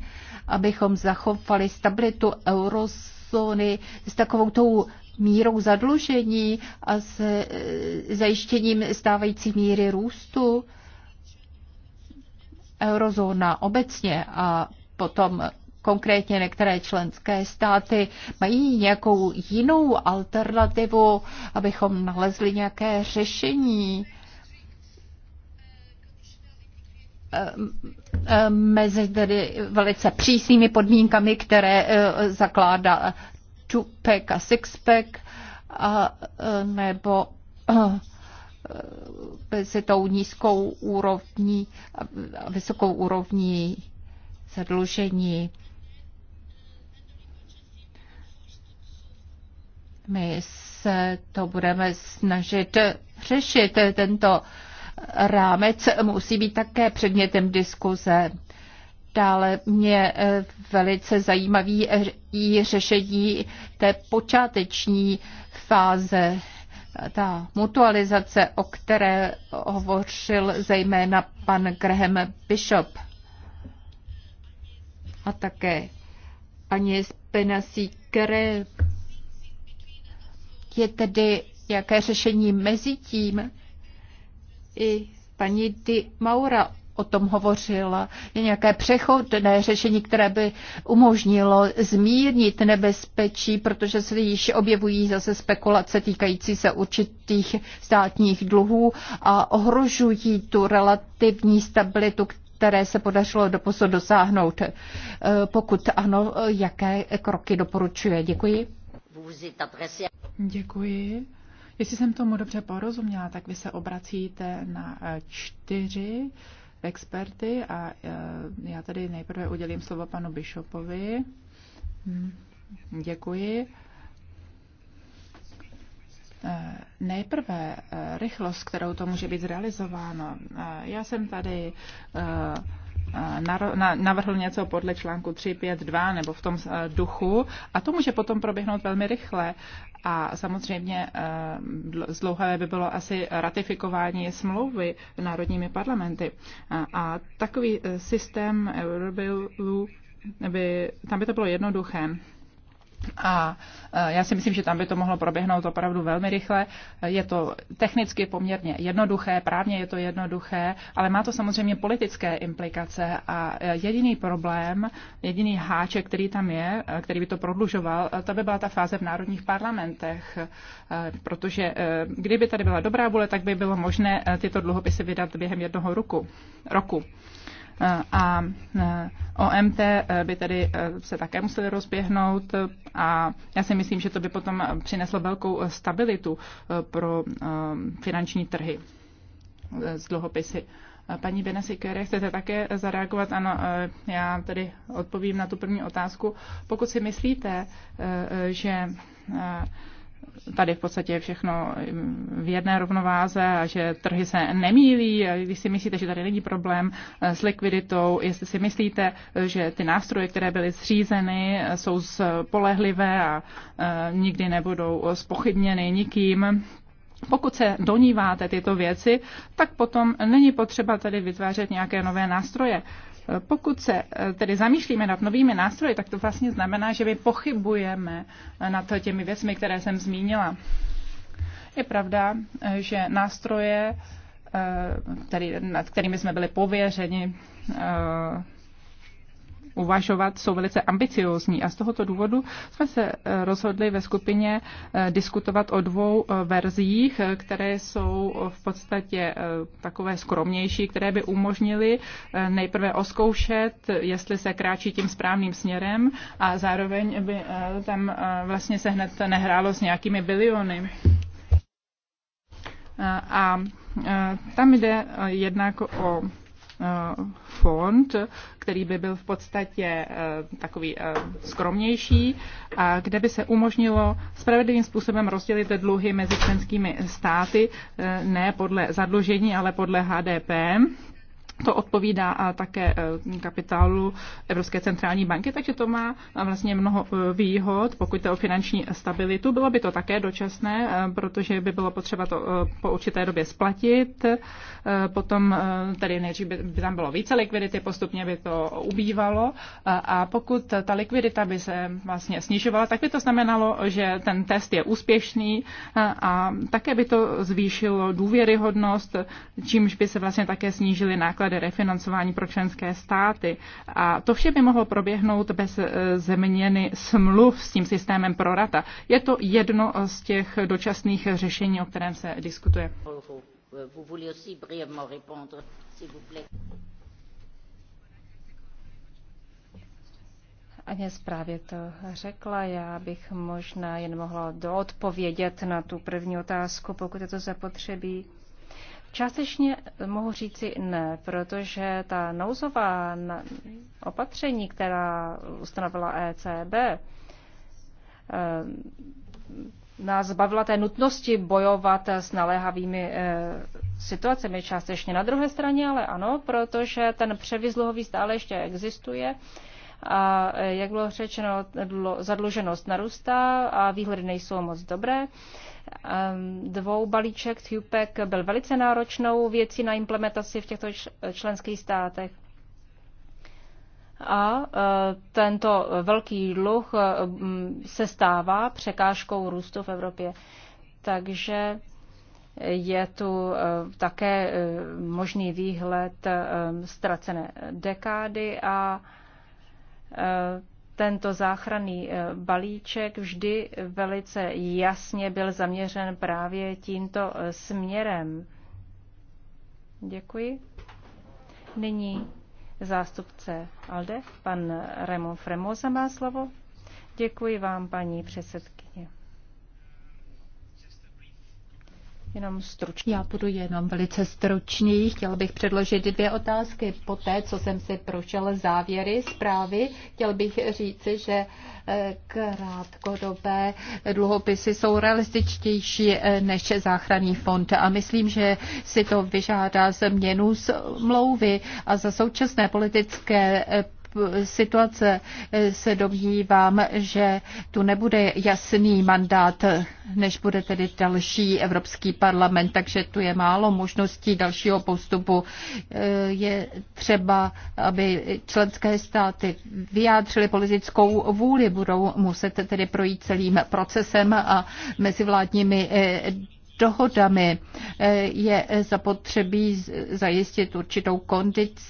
S4: abychom zachovali stabilitu eurozóny s takovou tou mírou zadlužení a s zajištěním stávající míry růstu? eurozóna obecně a potom konkrétně některé členské státy mají nějakou jinou alternativu, abychom nalezli nějaké řešení ehm, ehm, mezi tedy velice přísnými podmínkami, které eh, zakládá two-pack a six-pack, eh, nebo eh, Eh, se tou nízkou úrovní a vysokou úrovní zadlužení. My se to budeme snažit řešit. Tento rámec musí být také předmětem diskuze. Dále mě eh, velice zajímavý i řešení té počáteční fáze ta mutualizace, o které hovořil zejména pan Graham Bishop a také paní Spinasi Kere, je tedy jaké řešení mezi tím i paní Di Maura o tom hovořila. Je nějaké přechodné řešení, které by umožnilo zmírnit nebezpečí, protože se již objevují zase spekulace týkající se určitých státních dluhů a ohrožují tu relativní stabilitu, které se podařilo doposud dosáhnout. E, pokud ano, jaké kroky doporučuje? Děkuji.
S3: Děkuji. Jestli jsem tomu dobře porozuměla, tak vy se obracíte na e, čtyři experty a eh, já tady nejprve udělím slovo panu Bishopovi. Hmm, děkuji. Eh, nejprve eh, rychlost, kterou to může být zrealizováno. Já jsem tady navrhl něco podle článku 352 nebo v tom eh, duchu a to může potom proběhnout velmi rychle a samozřejmě eh, zdlouhavé by bylo asi ratifikování smlouvy národními parlamenty. A takový eh, systém by, tam by to bylo jednoduché. A e, já si myslím, že tam by to mohlo proběhnout opravdu velmi rychle. Je to technicky poměrně jednoduché, právně je to jednoduché, ale má to samozřejmě politické implikace a e, jediný problém, jediný háček, který tam je, e, který by to prodlužoval, to by byla ta fáze v národních parlamentech, protože kdyby tady byla dobrá vůle, tak by bylo možné tyto dluhopisy vydat během jednoho roku. roku a e, OMT e, by tedy e, se také museli rozběhnout a já si myslím, že to by potom přineslo velkou stabilitu pro finanční trhy z dluhopisy. Paní Benesikere, chcete také zareagovat? Ano, já tedy odpovím na tu první otázku. Pokud si myslíte, že tady v podstatě je všechno v jedné rovnováze a že trhy se nemýlí. Když si myslíte, že tady není problém eh, s likviditou, jestli si myslíte, že ty nástroje, které byly zřízeny, eh, jsou spolehlivé a eh, nikdy nebudou spochybněny nikým, pokud se doníváte tyto věci, tak potom není potřeba tady vytvářet nějaké nové nástroje. Pokud se eh, tedy zamýšlíme nad novými nástroji, tak to vlastně znamená, že my pochybujeme eh, nad těmi věcmi, které jsem zmínila. Je pravda, eh, že nástroje, který, nad kterými jsme byli pověřeni, uvažovat, jsou velice ambiciózní. A z tohoto důvodu jsme se eh, rozhodli ve skupině eh, diskutovat o dvou eh, verzích, které jsou v podstatě takové skromnější, které by umožnily nejprve oskoušet, jestli se kráčí tím správným směrem a zároveň by tam vlastně se hned nehrálo s nějakými biliony. A tam jde jednak o Eh, fond, který by byl v podstatě eh, takový eh, skromnější, kde by se umožnilo spravedlivým způsobem rozdělit dluhy mezi členskými státy, ne podle zadlužení, ale podle HDP to odpovídá a také e, kapitálu Evropské centrální banky, takže to má e, vlastně mnoho e, výhod, pokud to o finanční stabilitu. Bylo by to také dočasné, protože by bylo potřeba to po určité době splatit. Potom tady nejdřív by tam bylo více likvidity, postupně by to ubývalo. A pokud ta likvidita by se vlastně snižovala, tak by to znamenalo, že ten test je úspěšný a také by to zvýšilo důvěryhodnost, čímž by se vlastně také snížily náklady tedy refinancování pro členské státy. A to vše by mohlo proběhnout bez e, změny smluv s tím systémem pro rata. Je to jedno z těch dočasných řešení, o kterém se diskutuje.
S2: Aněs zprávě to řekla, já bych možná jen mohla doodpovědět na tu první otázku, pokud je to zapotřebí. Částečně mohu říci ne, protože ta nouzová opatření, která ustanovila ECB, eh, nás zbavila té nutnosti bojovat s naléhavými eh, situacemi částečně. Na druhé straně ale ano, protože ten převizluhový stále ještě existuje. A eh, jak bylo řečeno, zadluženost narůstá a výhledy nejsou moc dobré. Ehm, dvou balíček TUPEC byl velice náročnou věcí na implementaci v těchto členských státech. A e, tento velký dluh e, se stává překážkou růstu v Evropě. Takže je tu e, také možný výhled ztracené dekády a tento záchranný eh, balíček vždy velice jasně byl zaměřen právě tímto eh, směrem. Děkuji. Nyní zástupce ALDE, pan Remo Fremoza má slovo. Děkuji vám,
S4: paní předsedkyně. Jenom stručně. Já budu jenom velice stručný. Chtěl bych předložit dvě otázky. Po té, co jsem si prošel závěry zprávy, chtěl bych říci, že eh, krátkodobé dluhopisy jsou realističtější eh, než záchranný fond a myslím, že si to vyžádá změnu smlouvy a za současné politické eh, situace eh, se domnívám, že tu nebude jasný mandát, než bude tedy další Evropský parlament, takže tu je málo možností dalšího postupu. Eh, je třeba, aby členské státy vyjádřily politickou vůli, budou muset tedy projít celým procesem a mezivládními eh, dohodami je zapotřebí zajistit určitou kondici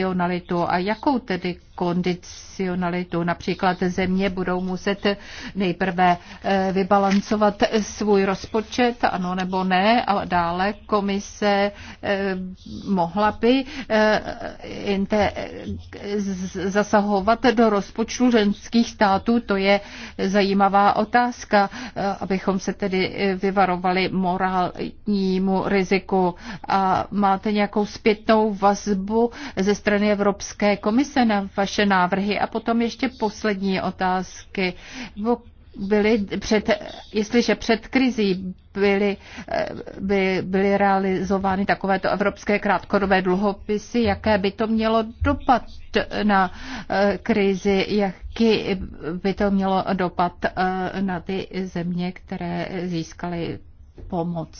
S4: racionalitu a jakou tedy kondicionalitu. Například země budou muset nejprve eh, vybalancovat svůj rozpočet, ano nebo ne, a dále komise eh, mohla by eh, zasahovat do rozpočtu ženských států. To je zajímavá otázka, abychom se tedy vyvarovali morálnímu riziku. A máte nějakou zpětnou vazbu ze strany Evropské komise na vaši vaše návrhy. A potom ještě poslední otázky byly před, jestliže před krizí byly, eh, by, byly realizovány takovéto evropské krátkodobé dluhopisy, jaké by to mělo dopad na eh, krizi, jaký by to mělo dopad eh, na ty země, které získaly pomoc.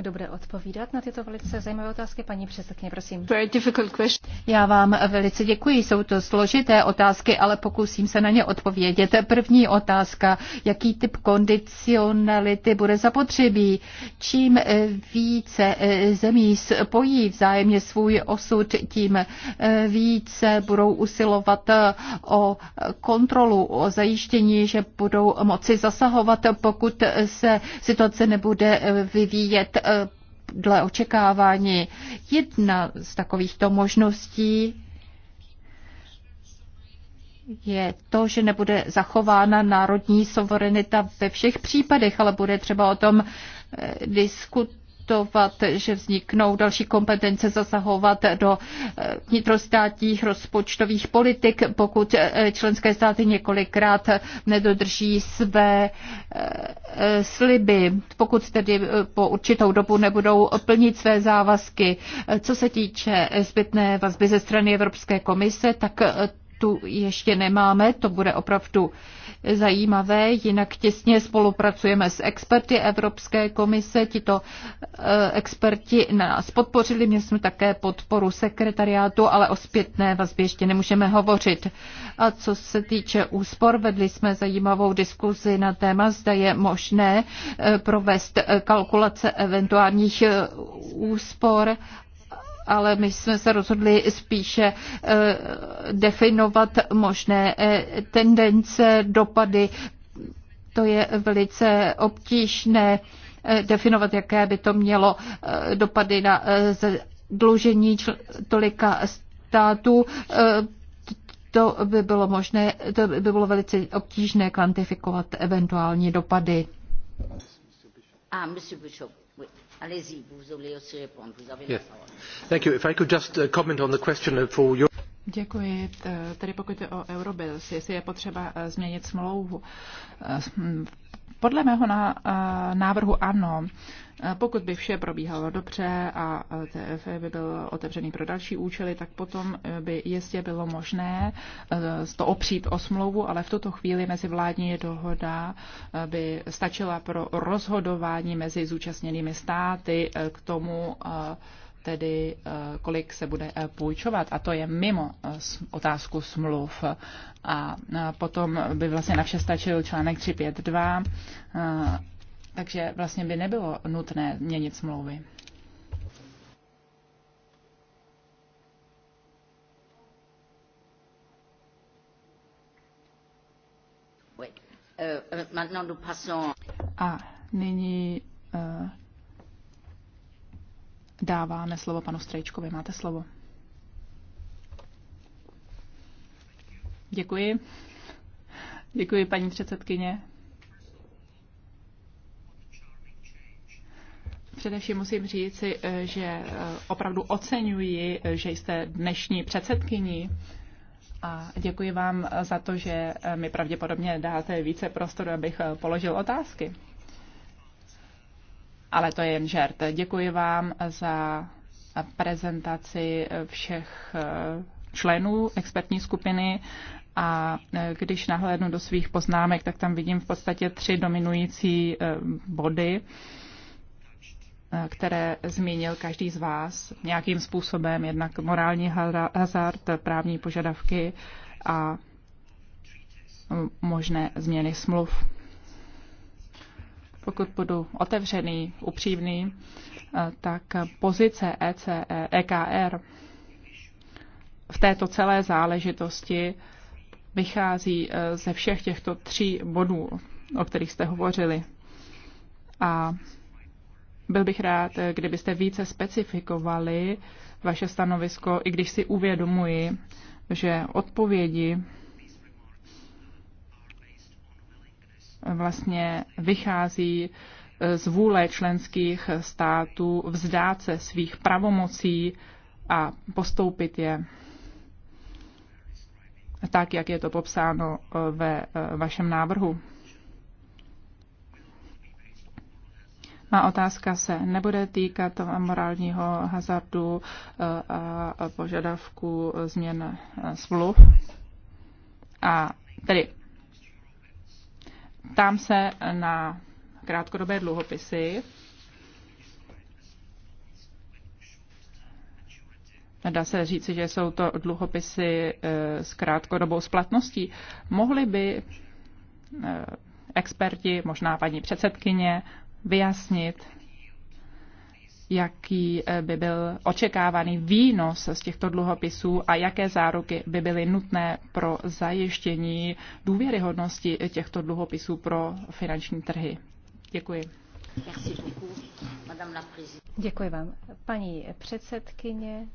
S2: Kdo bude odpovídat na tyto velice zajímavé otázky? Paní předsedkyně, prosím.
S4: Já vám velice děkuji. Jsou to složité otázky, ale pokusím se na ně odpovědět. První otázka. Jaký typ kondicionality bude zapotřebí? Čím více eh, zemí spojí vzájemně svůj osud, tím eh, více budou usilovat eh, o kontrolu, o zajištění, že budou moci zasahovat, pokud se situace nebude vyvíjet dle očekávání. Jedna z takovýchto možností je to, že nebude zachována národní suverenita ve všech případech, ale bude třeba o tom eh, diskutovat garantovat, že vzniknou další kompetence zasahovat do eh, vnitrostátních rozpočtových politik, pokud eh, členské státy několikrát eh, nedodrží své sliby, pokud tedy po určitou dobu nebudou plnit své závazky. Co se týče zbytné vazby ze strany Evropské komise, tak tu ještě nemáme, to bude opravdu zajímavé, jinak těsně spolupracujeme s experty Evropské komise, tito eh, experti nás podpořili, měli jsme také podporu sekretariátu, ale o zpětné vazbě ještě nemůžeme hovořit. A co se týče úspor, vedli jsme zajímavou diskuzi na téma, zda je možné eh, provést eh, kalkulace eventuálních úspor ale my jsme se rozhodli spíše eh, definovat možné eh, tendence, dopady. To je velice obtížné eh, definovat, jaké by to mělo dopady na dlužení tolika států. To by bylo možné, to by bylo velice obtížné kvantifikovat eventuální dopady.
S1: A, ah,
S3: Děkuji. Tedy pokud je o Eurobills, jestli je potřeba uh, změnit smlouvu. Uh, hmm, podle mého uh, návrhu ano. Pokud by vše probíhalo dobře a TF e by byl otevřený pro další účely, tak potom by jistě bylo možné eh, to opřít o smlouvu, ale v tuto chvíli mezivládní dohoda eh, by stačila pro rozhodování mezi zúčastněnými státy eh, k tomu, tedy kolik se bude půjčovat. A to je mimo otázku smluv. A potom by vlastně na vše stačil článek 352 takže vlastně by nebylo nutné měnit smlouvy.
S1: Uh, uh,
S3: A nyní uh, dáváme slovo panu Strejčkovi. Máte slovo. Děkuji. Děkuji, paní předsedkyně. Především musím říci, eh, že eh, opravdu oceňuji, eh, že jste dnešní předsedkyní a děkuji vám za to, že mi pravděpodobně dáte více prostoru, abych položil otázky. Ale to je jen žert. Děkuji vám za prezentaci všech členů expertní skupiny a když nahlédnu do svých poznámek, tak tam vidím v podstatě tři dominující body. Eh, které zmínil každý z vás nějakým způsobem, jednak morální hazard, právní požadavky a mm, možné změny smluv. Pokud budu otevřený, upřímný, eh, tak pozice ECE, EKR v této celé záležitosti vychází eh, ze všech těchto tří bodů, o kterých jste hovořili. A byl bych rád, kdybyste více specifikovali vaše stanovisko, i když si uvědomuji, že odpovědi vlastně vychází z vůle členských států vzdát se svých pravomocí a postoupit je tak, jak je to popsáno ve vašem návrhu. Má otázka se nebude týkat morálního hazardu eh, a požadavku změn eh, smluv. A tedy tam se na krátkodobé dluhopisy. Dá se říci, že jsou to dluhopisy eh, s krátkodobou splatností. Mohli by experti, možná paní předsedkyně, vyjasnit, jaký eh, by byl očekávaný výnos z těchto dluhopisů a jaké záruky by byly nutné pro zajištění důvěryhodnosti těchto dluhopisů pro finanční trhy. Děkuji. Děkuji vám. Paní předsedkyně,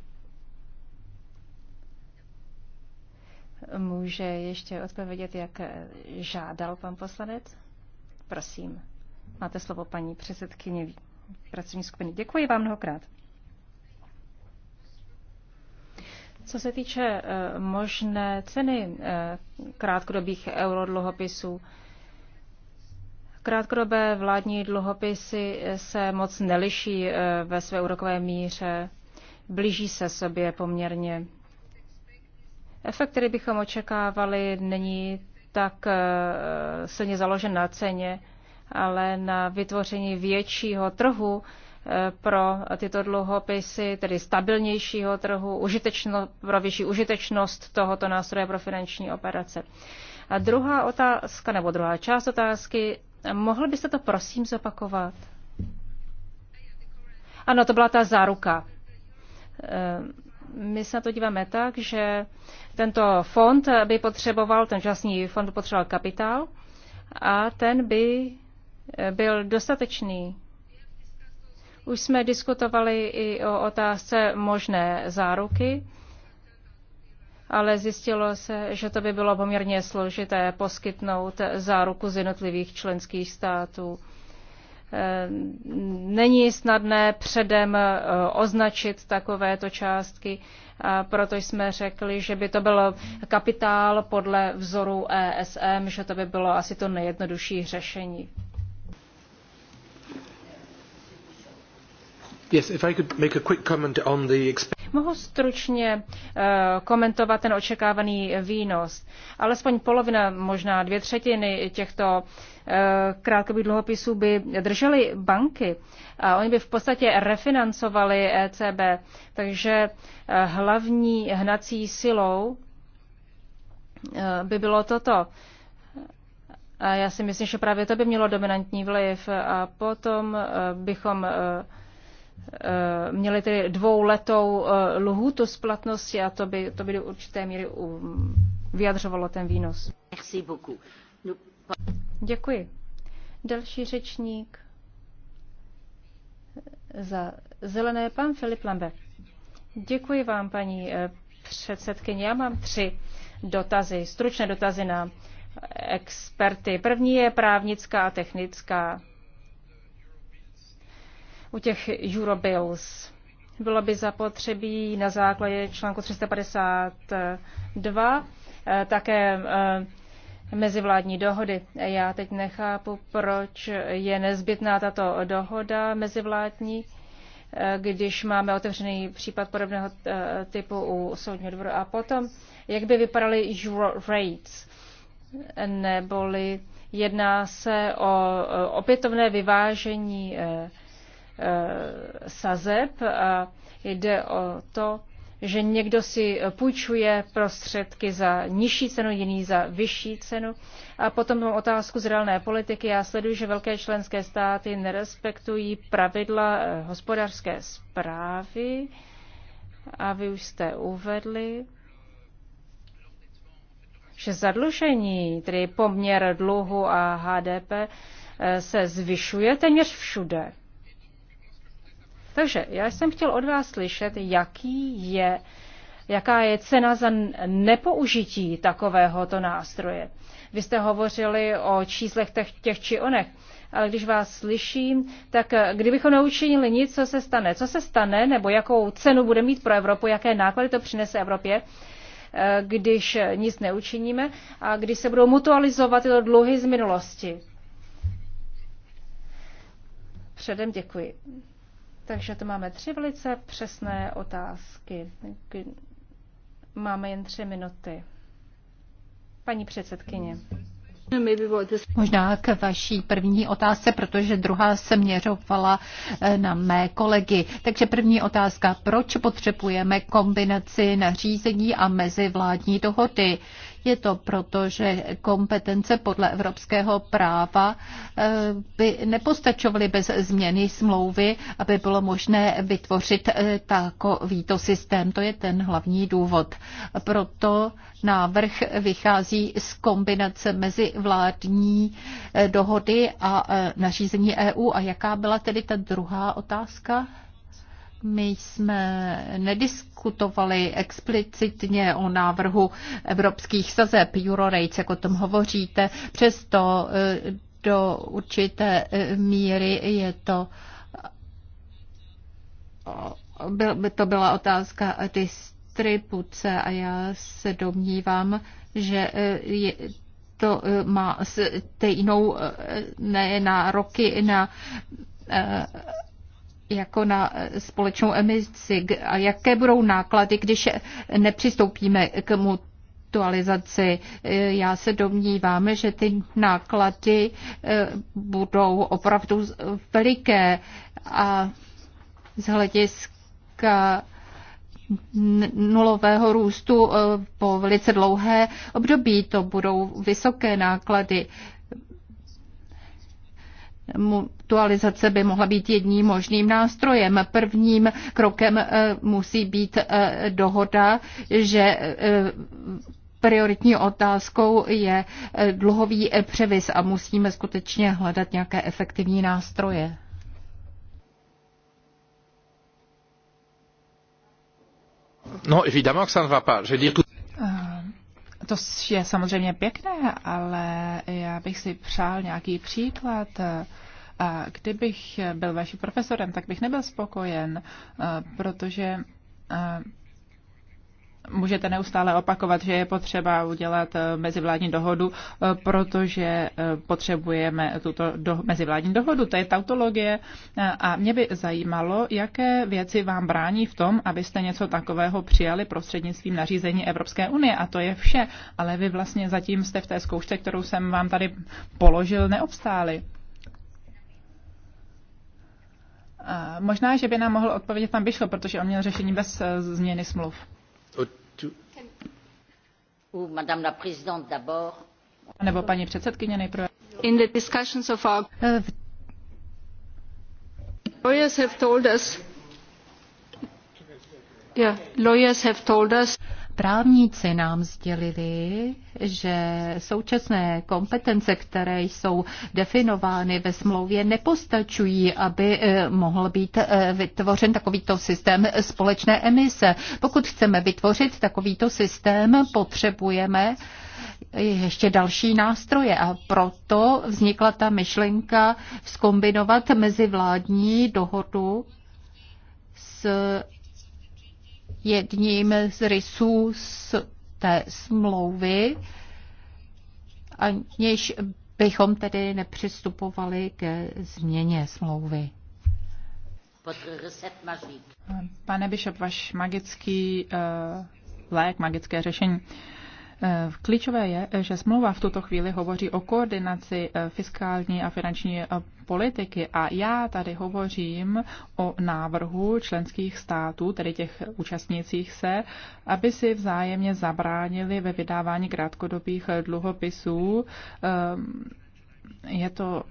S2: může ještě odpovědět, jak žádal pan poslanec? Prosím. Máte slovo, paní předsedkyně pracovní skupiny. Děkuji vám mnohokrát. Co se týče eh, možné ceny eh, krátkodobých eurodluhopisů, krátkodobé vládní dluhopisy se moc neliší eh, ve své úrokové míře, blíží se sobě poměrně. Efekt, který bychom očekávali, není tak silně založen na ceně, ale na vytvoření většího trhu eh, pro tyto dluhopisy, tedy stabilnějšího trhu, užitečno, pro vyšší užitečnost tohoto nástroje pro finanční operace. A druhá otázka, nebo druhá část otázky, mohl byste to prosím zopakovat? Ano, to byla ta záruka. Eh, my se na to díváme tak, že tento fond by potřeboval, ten časný fond by potřeboval kapitál a ten by byl dostatečný. Už jsme diskutovali i o otázce možné záruky, ale zjistilo se, že to by bylo poměrně složité poskytnout záruku z jednotlivých členských států. E, není snadné předem e, označit takovéto částky, a proto jsme řekli, že by to byl kapitál podle vzoru ESM, že to by bylo asi to nejjednodušší řešení Mohu stručně uh, komentovat ten očekávaný výnos. Alespoň polovina, možná dvě třetiny těchto uh, eh, krátkových dluhopisů by držely banky a oni by v podstatě refinancovali ECB. Takže uh, hlavní hnací silou by bylo toto. A já si myslím, že právě to by mělo dominantní vliv a potom bychom Eh, měli tedy dvouletou eh, lhůtu splatnosti a to by, to by do určité míry um, vyjadřovalo ten výnos. No, Děkuji. Další řečník eh, za zelené pan Filip Lambe. Děkuji vám, paní předsedkyně. Já mám tři dotazy, stručné dotazy na experty. První je právnická a technická u těch Eurobills. Bylo by zapotřebí na základě článku 352 eh, také eh, mezivládní dohody. Já teď nechápu, proč je nezbytná tato dohoda mezivládní, eh, když máme otevřený případ podobného typu u soudního dvoru. A potom, jak by vypadaly euro rates, neboli jedná se o opětovné vyvážení Eh, sazeb a jde o to, že někdo si půjčuje prostředky za nižší cenu, jiný za vyšší cenu. A potom mám otázku z reálné politiky. Já sleduji, že velké členské státy nerespektují pravidla eh, hospodářské zprávy. A vy už jste uvedli, že zadlužení, tedy poměr dluhu a HDP, eh, se zvyšuje téměř všude. Takže já jsem chtěl od vás slyšet, jaký je, jaká je cena za nepoužití takovéhoto nástroje. Vy jste hovořili o číslech těch, těch či onech ale když vás slyším, tak eh, kdybychom neučinili nic, co se stane? Co se stane, nebo jakou cenu bude mít pro Evropu, jaké náklady to přinese Evropě, eh, když eh, nic neučiníme a když se budou mutualizovat tyto dluhy z minulosti? Předem děkuji. Takže to máme tři velice přesné otázky. Máme jen tři minuty. Paní předsedkyně.
S4: Možná k vaší první otázce, protože druhá se měřovala eh, na mé kolegy. Takže první otázka, proč potřebujeme kombinaci nařízení a mezivládní dohody? Je to proto, že kompetence podle evropského práva eh, by nepostačovaly bez změny smlouvy, aby bylo možné vytvořit eh, takovýto systém. To je ten hlavní důvod. Proto návrh vychází z kombinace mezi vládní eh, dohody a nařízení EU. A jaká byla tedy ta druhá otázka? My jsme nediskutovali explicitně o návrhu evropských sazeb Eurorates, jak o tom hovoříte, přesto e, do určité e, míry je to byl, by to byla otázka distribuce a já se domnívám, že e, je, to má stejnou ne, roky na jako na společnou emisi a jaké budou náklady, když nepřistoupíme k mutualizaci. Eh, já se domnívám, že ty náklady eh, budou opravdu veliké a z hlediska nulového růstu eh, po velice dlouhé období. To budou vysoké náklady. Mutualizace by mohla být jedním možným nástrojem. Prvním krokem e, musí být e, dohoda, že e, prioritní otázkou je dluhový převis a musíme skutečně hledat nějaké efektivní nástroje.
S3: No, évidemment que ça ne va pas. Je dire tout... To je samozřejmě pěkné, ale já bych si přál nějaký příklad. kdybych byl vaším profesorem, tak bych nebyl spokojen, protože můžete neustále opakovat, že je potřeba udělat eh, mezivládní dohodu, eh, protože eh, potřebujeme tuto do, mezivládní dohodu. To je tautologie a mě by zajímalo, jaké věci vám brání v tom, abyste něco takového přijali prostřednictvím nařízení Evropské unie. A to je vše, ale vy vlastně zatím jste v té zkoušce, kterou jsem vám tady položil, neobstáli. Možná, že by nám mohl odpovědět pan Bišo, protože on měl řešení bez změny smluv. Nebo paní předsedkyně nejprve. In the discussions of our... Eh, lawyers
S2: have
S4: told us. Yeah, lawyers have told us. Právníci nám sdělili, že současné kompetence, které jsou definovány ve smlouvě, nepostačují, aby eh, mohl být eh, vytvořen takovýto systém společné emise. Pokud chceme vytvořit takovýto systém, potřebujeme ještě další nástroje a proto vznikla ta myšlenka zkombinovat mezivládní dohodu s jedním z rysů z té smlouvy, aniž bychom tedy nepřistupovali ke změně smlouvy.
S3: Pane Bishop, váš magický uh, lék, magické řešení. Eh, klíčové je, že smlouva v tuto chvíli hovoří o koordinaci eh, fiskální a finanční politiky. A já tady hovořím o návrhu členských států, tedy těch účastnících se, aby si vzájemně zabránili ve vydávání krátkodobých dluhopisů ehm, je to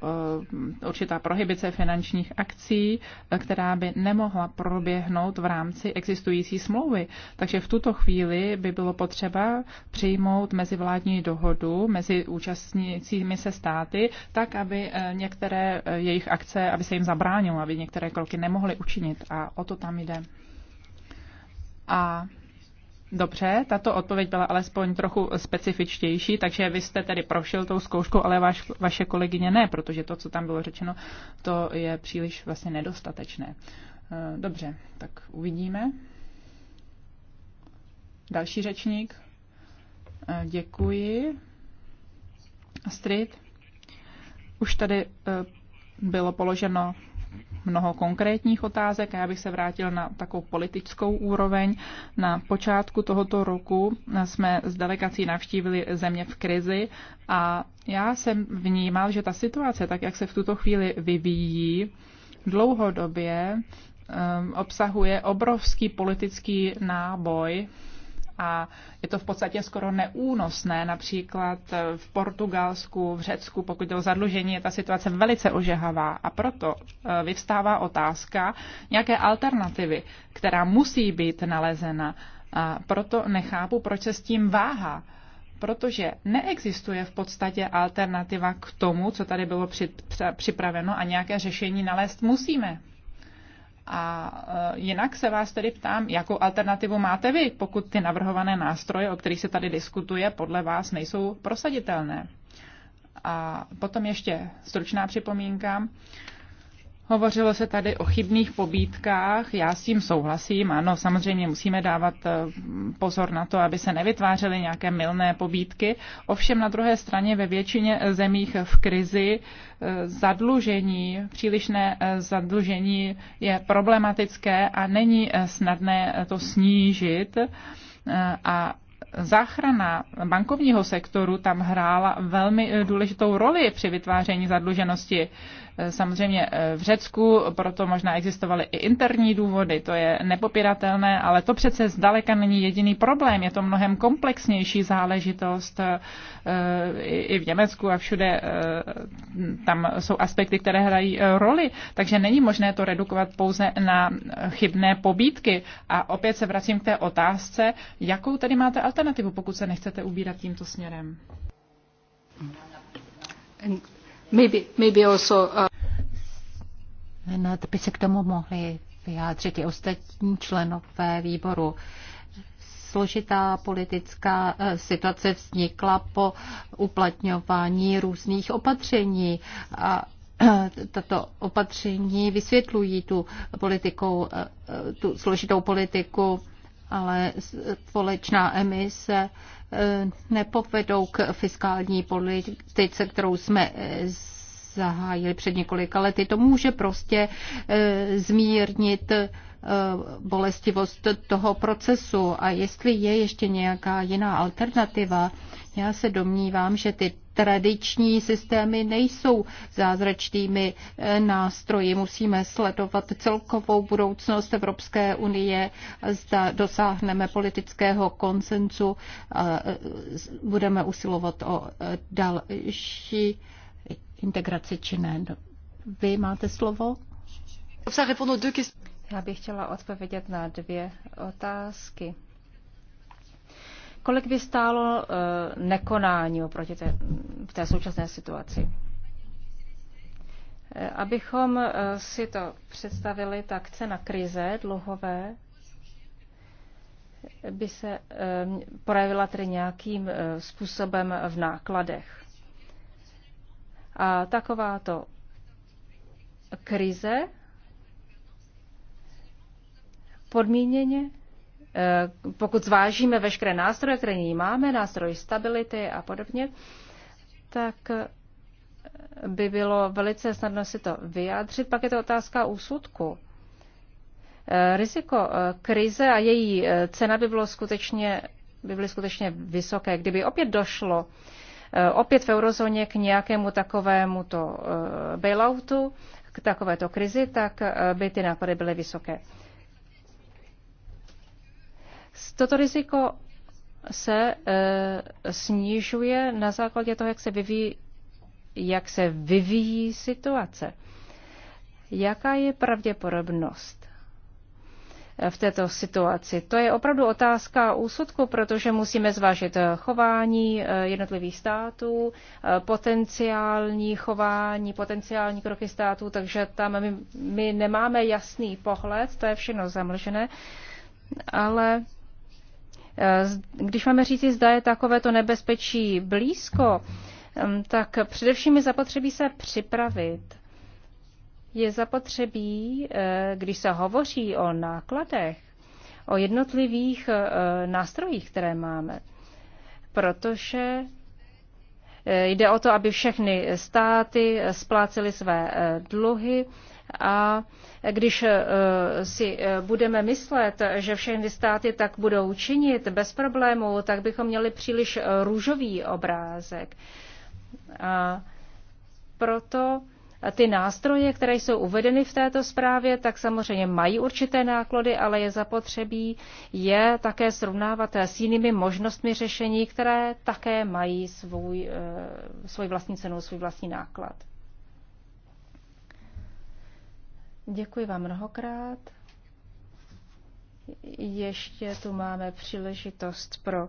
S3: eh, určitá prohibice finančních akcí, eh, která by nemohla proběhnout v rámci existující smlouvy. Takže v tuto chvíli by bylo potřeba přijmout mezivládní dohodu mezi účastnícími se státy, tak, aby eh, některé jejich akce, aby se jim zabránilo, aby některé kroky nemohly učinit. A o to tam jde. A Dobře, tato odpověď byla alespoň trochu specifičtější, takže vy jste tedy prošel tou zkouškou, ale vaš, vaše kolegyně ne, protože to, co tam bylo řečeno, to je příliš vlastně nedostatečné. Eh, dobře, tak uvidíme. Další řečník. Eh, děkuji. Astrid. Už tady eh, bylo položeno mnoho konkrétních otázek a já bych se vrátil na takovou politickou úroveň. Na počátku tohoto roku jsme s delegací navštívili země v krizi a já jsem vnímal, že ta situace, tak jak se v tuto chvíli vyvíjí, dlouhodobě eh, obsahuje obrovský politický náboj a je to v podstatě skoro neúnosné. Například v Portugalsku, v Řecku, pokud jde o zadlužení, je ta situace velice ožehavá a proto e, vyvstává otázka nějaké alternativy, která musí být nalezena. A proto nechápu, proč se s tím váhá protože neexistuje v podstatě alternativa k tomu, co tady bylo připraveno a nějaké řešení nalézt musíme. A e, jinak se vás tedy ptám, jakou alternativu máte vy, pokud ty navrhované nástroje, o kterých se tady diskutuje, podle vás nejsou prosaditelné. A potom ještě stručná připomínka. Hovořilo se tady o chybných pobídkách, já s tím souhlasím, ano, samozřejmě musíme dávat eh, pozor na to, aby se nevytvářely nějaké milné pobídky. Ovšem na druhé straně ve většině eh, zemích v krizi eh, zadlužení, přílišné zadlužení je problematické a není snadné to snížit. A záchrana bankovního sektoru tam hrála velmi důležitou roli při vytváření zadluženosti. Eh, samozřejmě eh, v Řecku, proto možná existovaly i interní důvody, to je nepopiratelné, ale to přece zdaleka není jediný problém, je to mnohem komplexnější záležitost eh, i v Německu a všude tam jsou aspekty, které hrají roli, takže není možné to redukovat pouze na chybné pobídky. A opět se vracím k té otázce, jakou tedy máte alternativu, pokud se nechcete ubírat tímto směrem?
S4: Maybe, maybe also, uh... Eh, by se k tomu mohli vyjádřit i ostatní členové výboru. Složitá politická eh, situace vznikla po uplatňování různých opatření a eh, tato opatření vysvětlují tu politikou, tu složitou politiku ale společná emise eh, nepovedou k fiskální politice, kterou jsme eh, zahájili před několika lety. To může prostě eh, zmírnit Eh, bolestivost toho procesu a jestli je ještě nějaká jiná alternativa. Já se domnívám, že ty tradiční systémy nejsou zázračnými eh, nástroji. Musíme sledovat celkovou budoucnost Evropské unie, zda dosáhneme politického konsenzu a eh, budeme usilovat o další integraci či ne. Vy máte slovo?
S2: Já bych chtěla odpovědět na dvě otázky. Kolik by stálo e, nekonání oproti té, v té současné situaci? E, abychom e, si to představili, tak cena krize dluhové by se projevila tedy nějakým způsobem v nákladech. A takováto krize podmíněně, eh, pokud zvážíme veškeré nástroje, které nyní máme, nástroj stability a podobně, tak eh, by bylo velice snadno si to vyjádřit. Pak je to otázka úsudku. Eh, riziko krize a její cena by, bylo skutečně, by byly skutečně vysoké. Kdyby opět došlo opět v eurozóně k nějakému takovému to bailoutu, k takovéto krizi, tak by ty náklady byly vysoké. Toto riziko se e, snižuje na základě toho, jak se vyvíjí, jak se vyvíjí situace. Jaká je pravděpodobnost eh, v této situaci? To je opravdu otázka úsudku, protože musíme zvážit eh, chování jednotlivých států, potenciální chování, potenciální kroky států, takže tam my, my nemáme jasný pohled, to je všechno zamlžené, ale Eh, když máme říci, zda je takovéto nebezpečí blízko, tak především je zapotřebí se připravit. Je zapotřebí, eh, když se hovoří o nákladech, o jednotlivých eh, nástrojích, které máme, protože jde o to, aby všechny státy splácely své dluhy a když e, si e, budeme myslet, že všechny státy tak budou činit bez problémů, tak bychom měli příliš růžový obrázek. A proto ty nástroje, které jsou uvedeny v této zprávě, tak samozřejmě mají určité náklady, ale je zapotřebí je také srovnávat s jinými možnostmi řešení, které také mají svůj, e, svůj vlastní cenu, svůj vlastní náklad. Děkuji vám mnohokrát. Ještě tu máme příležitost pro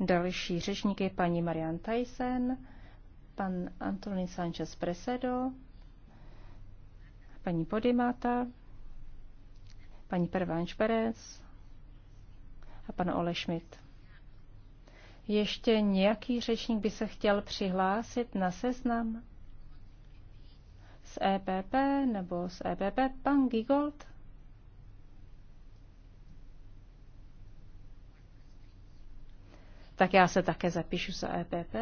S2: další řečníky, paní Marian Tyson, pan Antonín Sanchez Presedo, paní Podimata, paní Pervánč Perez a pan Ole Schmidt. Ještě nějaký řečník by se chtěl přihlásit na seznam? z EPP nebo z EPP pan Gigold? Tak já se také zapíšu za EPP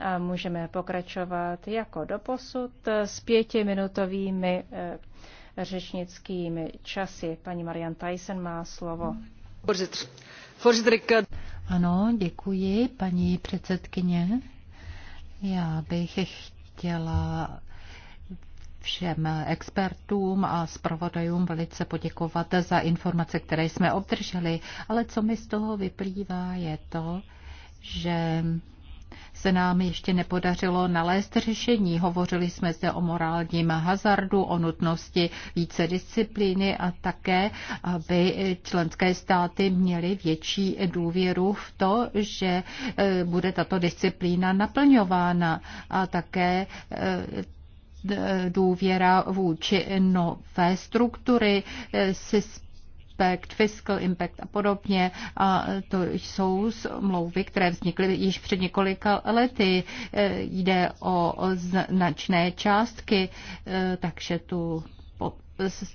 S2: a můžeme pokračovat jako doposud s pětiminutovými e, řečnickými časy. Paní Marian Tyson má slovo.
S4: Eh, ano, děkuji, paní předsedkyně. Já bych chtěla všem expertům a zpravodajům velice poděkovat za informace, které jsme obdrželi, ale co mi z toho vyplývá je to, že se nám ještě nepodařilo nalézt řešení. Hovořili jsme zde o morálním hazardu, o nutnosti více disciplíny a také, aby členské státy měly větší důvěru v to, že eh, bude tato disciplína naplňována a také eh, důvěra vůči nové struktury, Impact, Fiscal Impact a podobně. A to jsou smlouvy, které vznikly již před několika lety. E, jde o značné částky, e, takže tu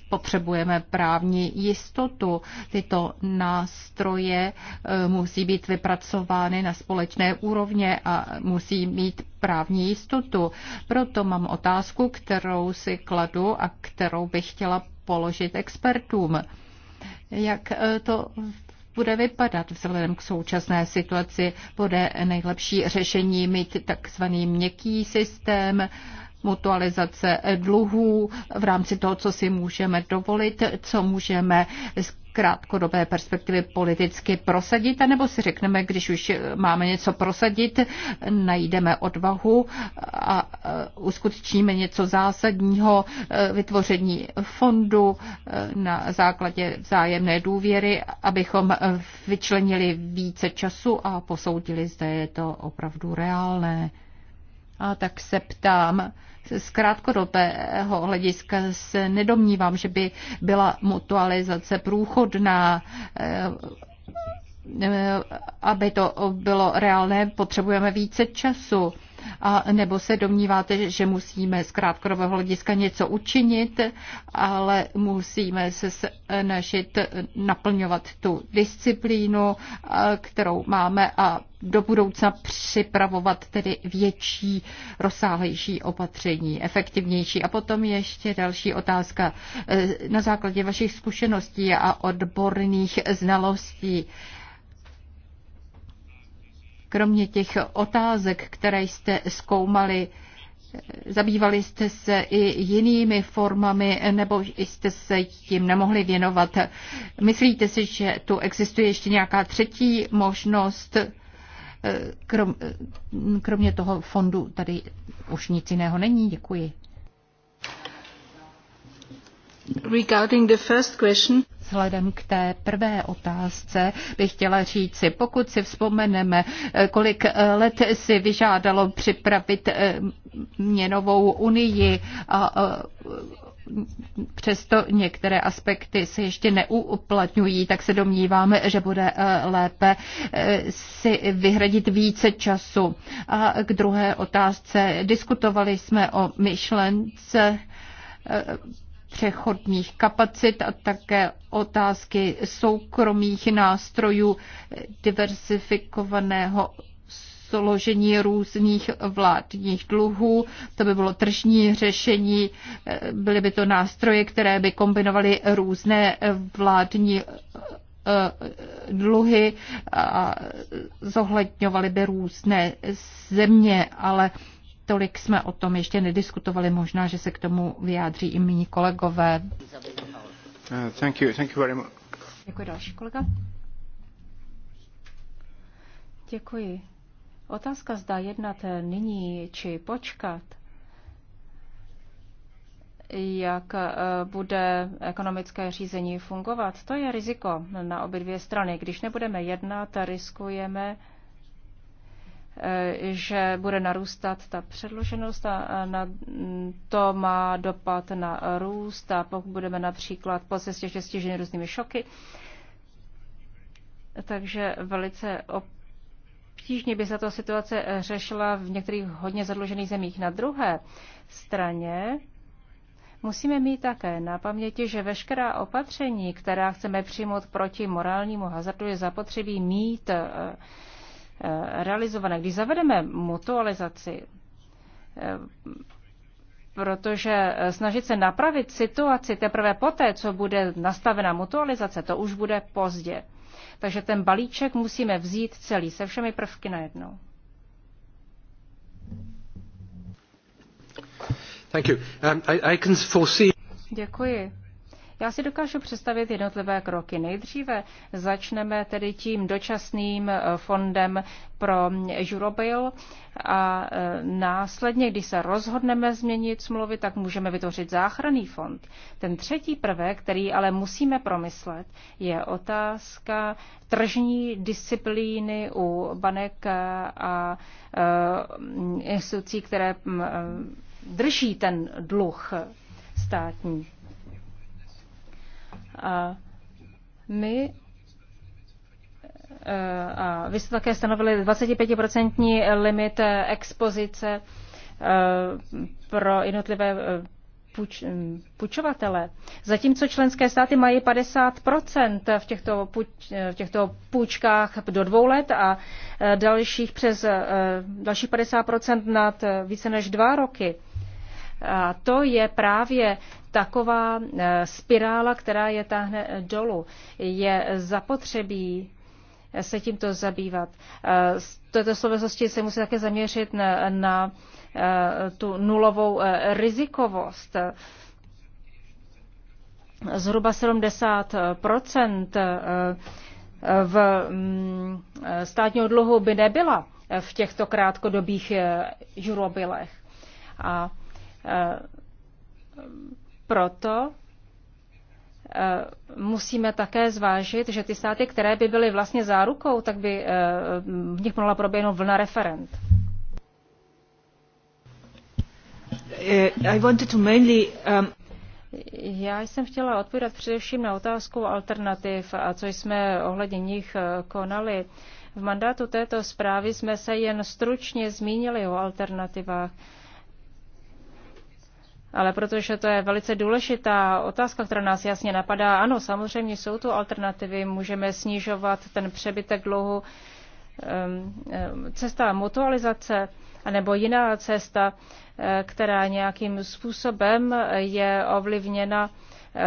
S4: potřebujeme právní jistotu. Tyto nástroje e, musí být vypracovány na společné úrovně a musí mít právní jistotu. Proto mám otázku, kterou si kladu a kterou bych chtěla položit expertům. Jak e, to bude vypadat vzhledem k současné situaci? Bude nejlepší řešení mít takzvaný měkký systém, mutualizace dluhů v rámci toho, co si můžeme dovolit, co můžeme z krátkodobé perspektivy politicky prosadit, anebo si řekneme, když už máme něco prosadit, najdeme odvahu a e, uskutečníme něco zásadního, e, vytvoření fondu e, na základě vzájemné důvěry, abychom vyčlenili více času a posoudili, zda je to opravdu reálné. A tak se ptám, z krátkodobého hlediska se nedomnívám, že by byla mutualizace průchodná. Eh, eh, aby to bylo reálné, potřebujeme více času a nebo se domníváte, že musíme z krátkodobého hlediska něco učinit, ale musíme se snažit naplňovat tu disciplínu, kterou máme a do budoucna připravovat tedy větší, rozsáhlejší opatření, efektivnější. A potom ještě další otázka. E, na základě vašich zkušeností a odborných znalostí, Kromě těch otázek, které jste zkoumali, zabývali jste se i jinými formami, nebo jste se tím nemohli věnovat. Myslíte si, že tu existuje ještě nějaká třetí možnost? Krom, kromě toho fondu tady už nic jiného není. Děkuji. Regarding the first question. Vzhledem k té prvé otázce bych chtěla říci, pokud si vzpomeneme, kolik let si vyžádalo připravit eh, měnovou unii a eh, přesto některé aspekty se ještě neuplatňují, tak se domníváme, že bude eh, lépe si vyhradit více času. A k druhé otázce. Diskutovali jsme o myšlence přechodních kapacit a také otázky soukromých nástrojů diversifikovaného složení různých vládních dluhů. To by bylo tržní řešení, byly by to nástroje, které by kombinovaly různé vládní eh, dluhy a zohledňovaly by různé země, ale Tolik jsme o tom ještě nediskutovali, možná, že se k tomu vyjádří i mý kolegové. Uh, thank you. Thank you very much.
S2: Děkuji další kolega. Děkuji. Otázka zda jednat nyní či počkat, jak eh, bude ekonomické řízení fungovat, to je riziko na obě dvě strany. Když nebudeme jednat, riskujeme, Eh, že bude narůstat ta předloženost a na, mm, to má dopad na růst a pokud budeme například po cestě že různými šoky, takže velice obtížně by se ta situace řešila v některých hodně zadlužených zemích. Na druhé straně musíme mít také na paměti, že veškerá opatření, která chceme přijmout proti morálnímu hazardu, je zapotřebí mít eh, Eh, realizované. Když zavedeme mutualizaci, eh, protože eh, snažit se napravit situaci teprve poté, co bude nastavena mutualizace, to už bude pozdě. Takže ten balíček musíme vzít celý, se všemi prvky najednou.
S3: Thank you. Um, I, I can foresee...
S2: Děkuji. Já si dokážu představit jednotlivé kroky. Nejdříve začneme tedy tím dočasným eh, fondem pro Eurobil a eh, následně, když se rozhodneme změnit smlouvy, tak můžeme vytvořit záchranný fond. Ten třetí prvek, který ale musíme promyslet, je otázka tržní disciplíny u banek a eh, institucí, které mm, drží ten dluh státní. A my eh, a vy jste také stanovili 25% limit expozice eh, pro jednotlivé eh, půjč, hm, půjčovatele. Zatímco členské státy mají 50% v těchto, půjč, v těchto půjčkách do dvou let a dalších přes dalších 50% nad více než dva roky. A to je právě taková eh, spirála, která je táhne eh, dolů. Je zapotřebí eh, se tímto zabývat. Z této souvislosti se musí také zaměřit na, na tu nulovou rizikovost. Zhruba 70 v mm, státního dluhu by nebyla v těchto krátkodobých žurobilech. A Eh, proto eh, musíme také zvážit, že ty státy, které by byly vlastně zárukou, tak by eh, v nich mohla proběhnout vlna referent. I wanted to mainly, um... Já jsem chtěla odpovědat především na otázku alternativ a co jsme ohledně nich konali. V mandátu této zprávy jsme se jen stručně zmínili o alternativách ale protože to je velice důležitá otázka, která nás jasně napadá, ano, samozřejmě jsou tu alternativy, můžeme snižovat ten přebytek dluhu, cesta mutualizace, nebo jiná cesta, eh, která nějakým způsobem je ovlivněna, eh,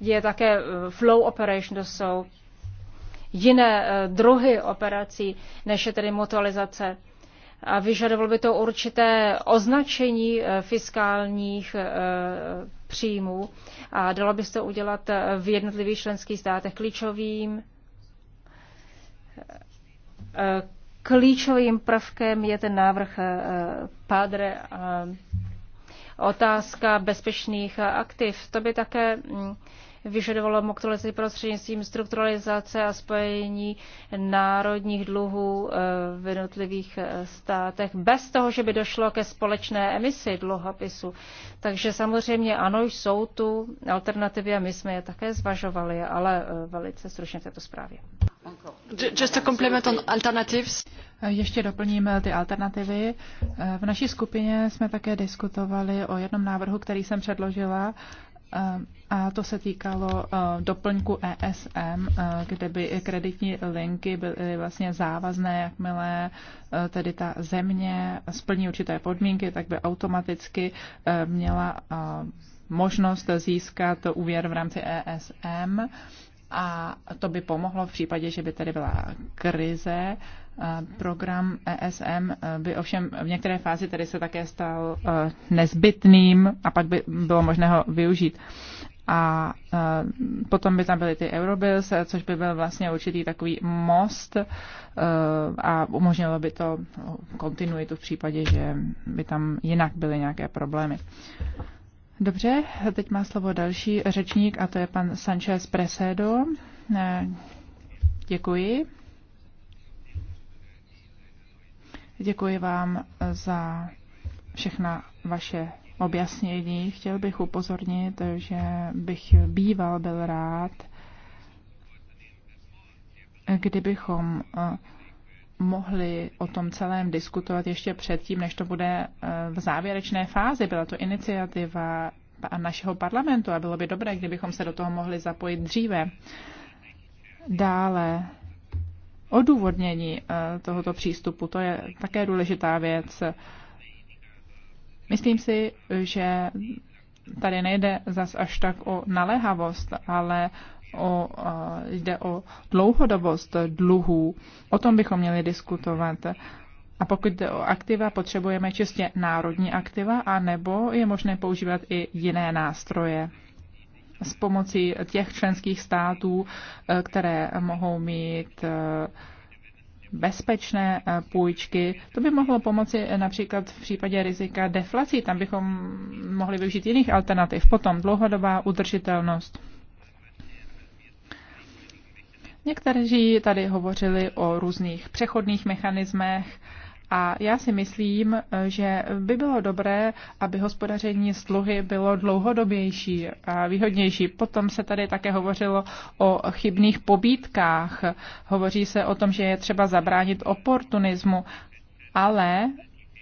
S2: je také eh, flow operation, to jsou jiné druhy operací, než je tedy mutualizace a vyžadovalo by to určité označení eh, fiskálních eh, příjmů a dalo by se to udělat eh, v jednotlivých členských státech klíčovým klíčovým prvkem je ten návrh Padre otázka bezpečných aktiv. To by také mm, vyžadovalo aktualizaci prostřednictvím strukturalizace a spojení národních dluhů eh, v jednotlivých eh, státech bez toho, že by došlo ke společné emisi dluhopisu. Takže samozřejmě ano, jsou tu alternativy a my jsme je také zvažovali, ale eh, velice stručně v této zprávě.
S1: Just a compliment
S3: on alternatives. Ještě doplním ty alternativy. V naší skupině jsme také diskutovali o jednom návrhu, který jsem předložila Eh, a to se týkalo eh, doplňku ESM, eh, kde by kreditní linky byly vlastně závazné, jakmile tedy ta země splní určité podmínky, tak by automaticky měla možnost získat úvěr v rámci ESM a to by pomohlo v případě, že by tady byla krize Program ESM by ovšem v některé fázi tedy se také stal e, nezbytným a pak by bylo možné ho využít. A e, potom by tam byly ty Eurobills, což by byl vlastně určitý takový most e, a umožnilo by to kontinuitu v případě, že by tam jinak byly nějaké problémy. Dobře, teď má slovo další řečník a to je pan Sanchez Presedo. Děkuji. Děkuji vám za všechna vaše objasnění. Chtěl bych upozornit, že bych býval byl rád, kdybychom eh, mohli o tom celém diskutovat ještě předtím, než to bude eh, v závěrečné fázi. Byla to iniciativa našeho parlamentu a bylo by dobré, kdybychom se do toho mohli zapojit dříve. Dále odůvodnění eh, tohoto přístupu. To je také důležitá věc. Myslím si, že tady nejde zas až tak o naléhavost, ale o, eh, jde o dlouhodobost dluhů. O tom bychom měli diskutovat. A pokud jde o aktiva, potřebujeme čistě národní aktiva, anebo je možné používat i jiné nástroje s pomocí těch členských států, eh, které mohou mít eh, bezpečné eh, půjčky. To by mohlo pomoci například v případě rizika deflací. Tam bychom mohli využít jiných alternativ. Potom dlouhodobá udržitelnost. Někteří tady hovořili o různých přechodných mechanismech, a já si myslím, že by bylo dobré, aby hospodaření sluhy bylo dlouhodobější a výhodnější. Potom se tady také hovořilo o chybných pobítkách. Hovoří se o tom, že je třeba zabránit oportunismu. Ale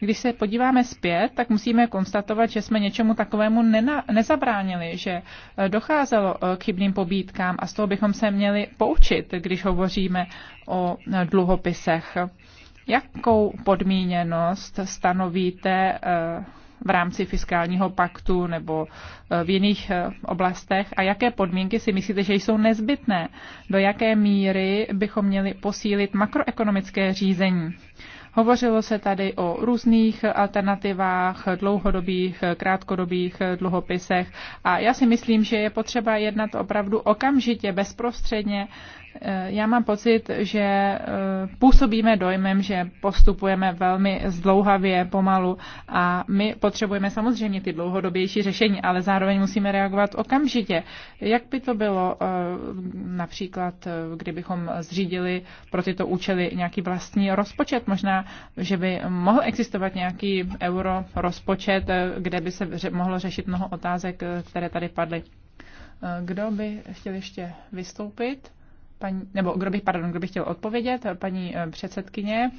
S3: když se podíváme zpět, tak musíme konstatovat, že jsme něčemu takovému nena, nezabránili, že docházelo k chybným pobídkám a z toho bychom se měli poučit, když hovoříme o dluhopisech. Jakou podmíněnost stanovíte eh, v rámci fiskálního paktu nebo eh, v jiných eh, oblastech a jaké podmínky si myslíte, že jsou nezbytné? Do jaké míry bychom měli posílit makroekonomické řízení? Hovořilo se tady o různých alternativách, dlouhodobých, krátkodobých dluhopisech a já si myslím, že je potřeba jednat opravdu okamžitě, bezprostředně Eh, já mám pocit, že eh, působíme dojmem, že postupujeme velmi zdlouhavě, pomalu a my potřebujeme samozřejmě ty dlouhodobější řešení, ale zároveň musíme reagovat okamžitě. Jak by to bylo eh, například, kdybychom zřídili pro tyto účely nějaký vlastní rozpočet? Možná, že by mohl existovat nějaký euro rozpočet, kde by se mohlo řešit mnoho otázek, které tady padly. Kdo by chtěl ještě vystoupit? paní, nebo kdo by, pardon, kdo by chtěl odpovědět, paní eh, předsedkyně,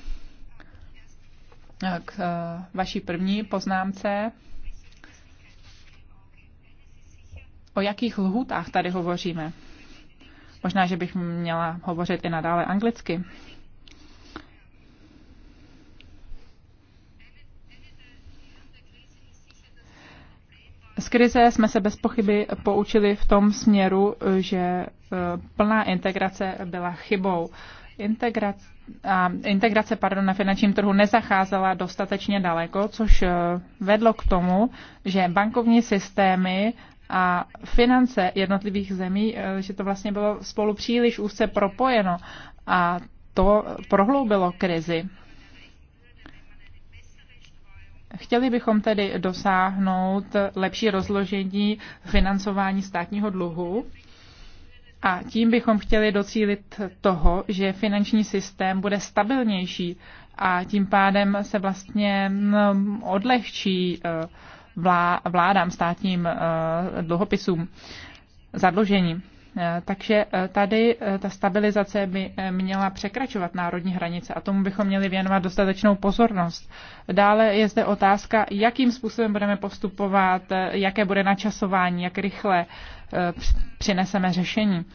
S3: eh, k eh, vaší první poznámce. O jakých lhůtách tady hovoříme? Možná, že bych měla hovořit i nadále anglicky. Z krize jsme se bez pochyby poučili v tom směru, že e, plná integrace byla chybou. Integrace, integrace pardon, na finančním trhu nezacházela dostatečně daleko, což e, vedlo k tomu, že bankovní systémy a finance jednotlivých zemí, e, že to vlastně bylo spolu příliš úzce propojeno a to prohloubilo krizi. Chtěli bychom tedy dosáhnout lepší rozložení financování státního dluhu a tím bychom chtěli docílit toho, že finanční systém bude stabilnější a tím pádem se vlastně mm, odlehčí eh, vládám státním eh, dluhopisům zadlužení. Eh, takže eh, tady eh, ta stabilizace by měla překračovat národní hranice a tomu bychom měli věnovat dostatečnou pozornost. Dále je zde otázka, jakým způsobem budeme postupovat, jaké bude načasování, jak rychle přineseme řešení.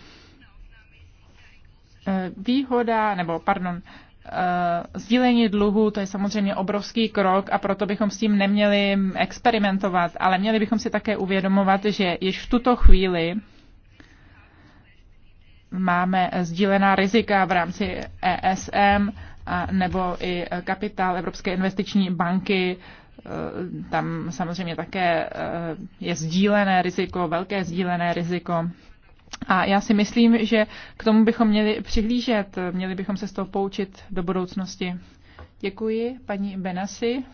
S3: Výhoda, nebo pardon, sdílení dluhu, to je samozřejmě obrovský krok a proto bychom s tím neměli experimentovat, ale měli bychom si také uvědomovat, že již v tuto chvíli máme sdílená rizika v rámci ESM a, nebo i kapitál Evropské investiční banky. E, tam samozřejmě také e, je sdílené riziko, velké sdílené riziko. A já si myslím, že k tomu bychom měli přihlížet, měli bychom se z toho poučit do budoucnosti. Děkuji, paní Benasi.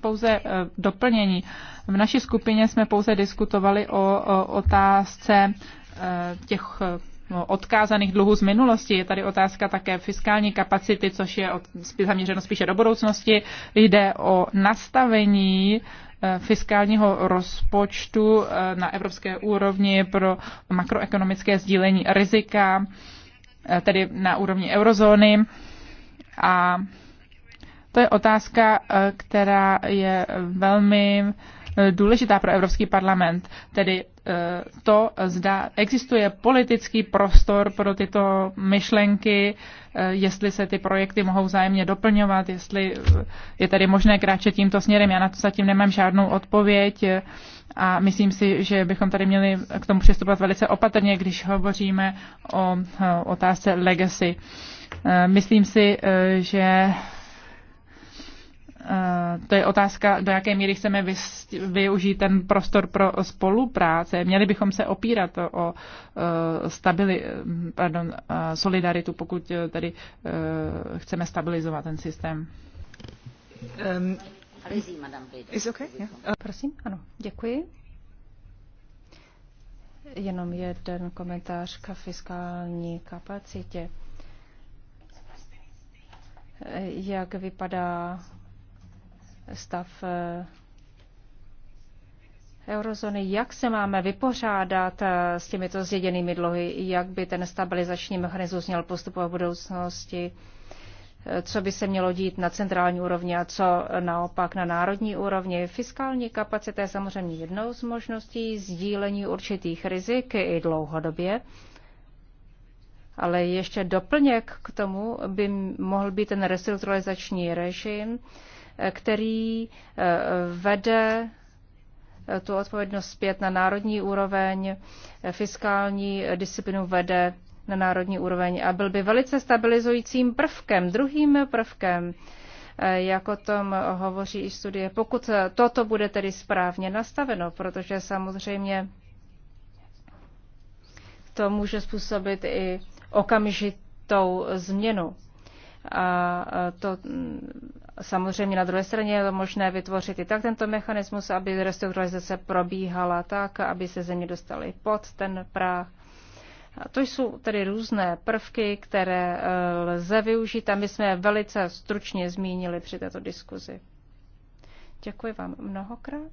S3: pouze eh, doplnění. V naší skupině jsme pouze diskutovali o, otázce eh, těch eh, no, odkázaných dluhů z minulosti. Je tady otázka také fiskální kapacity, což je zaměřeno spíše do budoucnosti. Jde o nastavení fiskálního rozpočtu na evropské úrovni pro makroekonomické sdílení rizika, tedy na úrovni eurozóny. A to je otázka, eh, která je velmi eh, důležitá pro Evropský parlament, tedy eh, to, zda existuje politický prostor pro tyto myšlenky, jestli se ty projekty mohou zájemně doplňovat, jestli je tady možné kráčet tímto směrem. Já na to zatím nemám žádnou odpověď a myslím si, že bychom tady měli k tomu přistupovat velice opatrně, když hovoříme o otázce legacy. Myslím si, že Eh, to je otázka, do jaké míry chceme využít ten prostor pro spolupráce. Měli bychom se opírat o eh, stabili, eh, pardon, solidaritu, pokud tedy chceme stabilizovat ten systém.
S1: Um, is okay? yeah.
S3: Prosím,
S2: ano, děkuji. Jenom jeden komentář k fiskální kapacitě. Jak vypadá stav eh, eurozóny, jak se máme vypořádat eh, s těmito zděděnými dluhy, jak by ten stabilizační mechanismus měl postupovat v budoucnosti, eh, co by se mělo dít na centrální úrovni a co naopak na národní úrovni. Fiskální kapacita je samozřejmě jednou z možností sdílení určitých rizik i dlouhodobě. Ale ještě doplněk k tomu by mohl být ten restrukturalizační režim, který eh, vede eh, tu odpovědnost zpět na národní úroveň, eh, fiskální disciplinu vede na národní úroveň a byl by velice stabilizujícím prvkem, druhým prvkem, jak o tom hovoří i studie, pokud toto bude tedy správně nastaveno, protože samozřejmě to může způsobit i okamžitou změnu. A to Samozřejmě na druhé straně je možné vytvořit i tak tento mechanismus, aby restrukturalizace probíhala tak, aby se země dostaly pod ten práh. A to jsou tedy různé prvky, které eh, lze využít a my jsme je velice stručně zmínili při této diskuzi. Děkuji vám mnohokrát.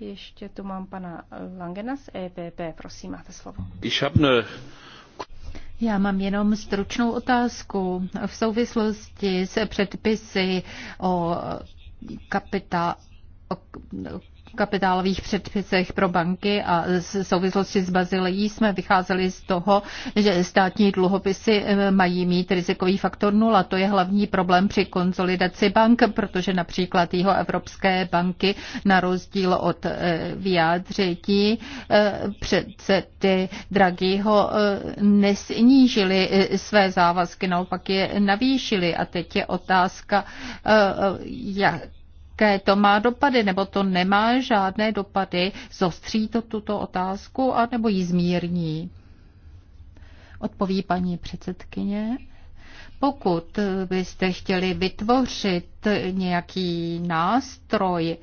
S2: Ještě tu mám pana Langenas, EPP. Prosím, máte
S1: slovo. Ich habe
S4: já mám jenom stručnou otázku. V souvislosti se předpisy o kapita, o kapitálových předpisech pro banky a v souvislosti s bazilejí jsme vycházeli z toho, že státní dluhopisy eh, mají mít rizikový faktor nula. To je hlavní problém při konsolidaci bank, protože například jeho evropské banky na rozdíl od eh, vyjádření eh, předsedy Draghiho nesnížili své závazky, naopak je navýšili A teď je otázka, jak jaké to má dopady, nebo to nemá žádné dopady, zostří to tuto otázku, a nebo ji zmírní? Odpoví paní předsedkyně. Pokud byste chtěli vytvořit nějaký nástroj,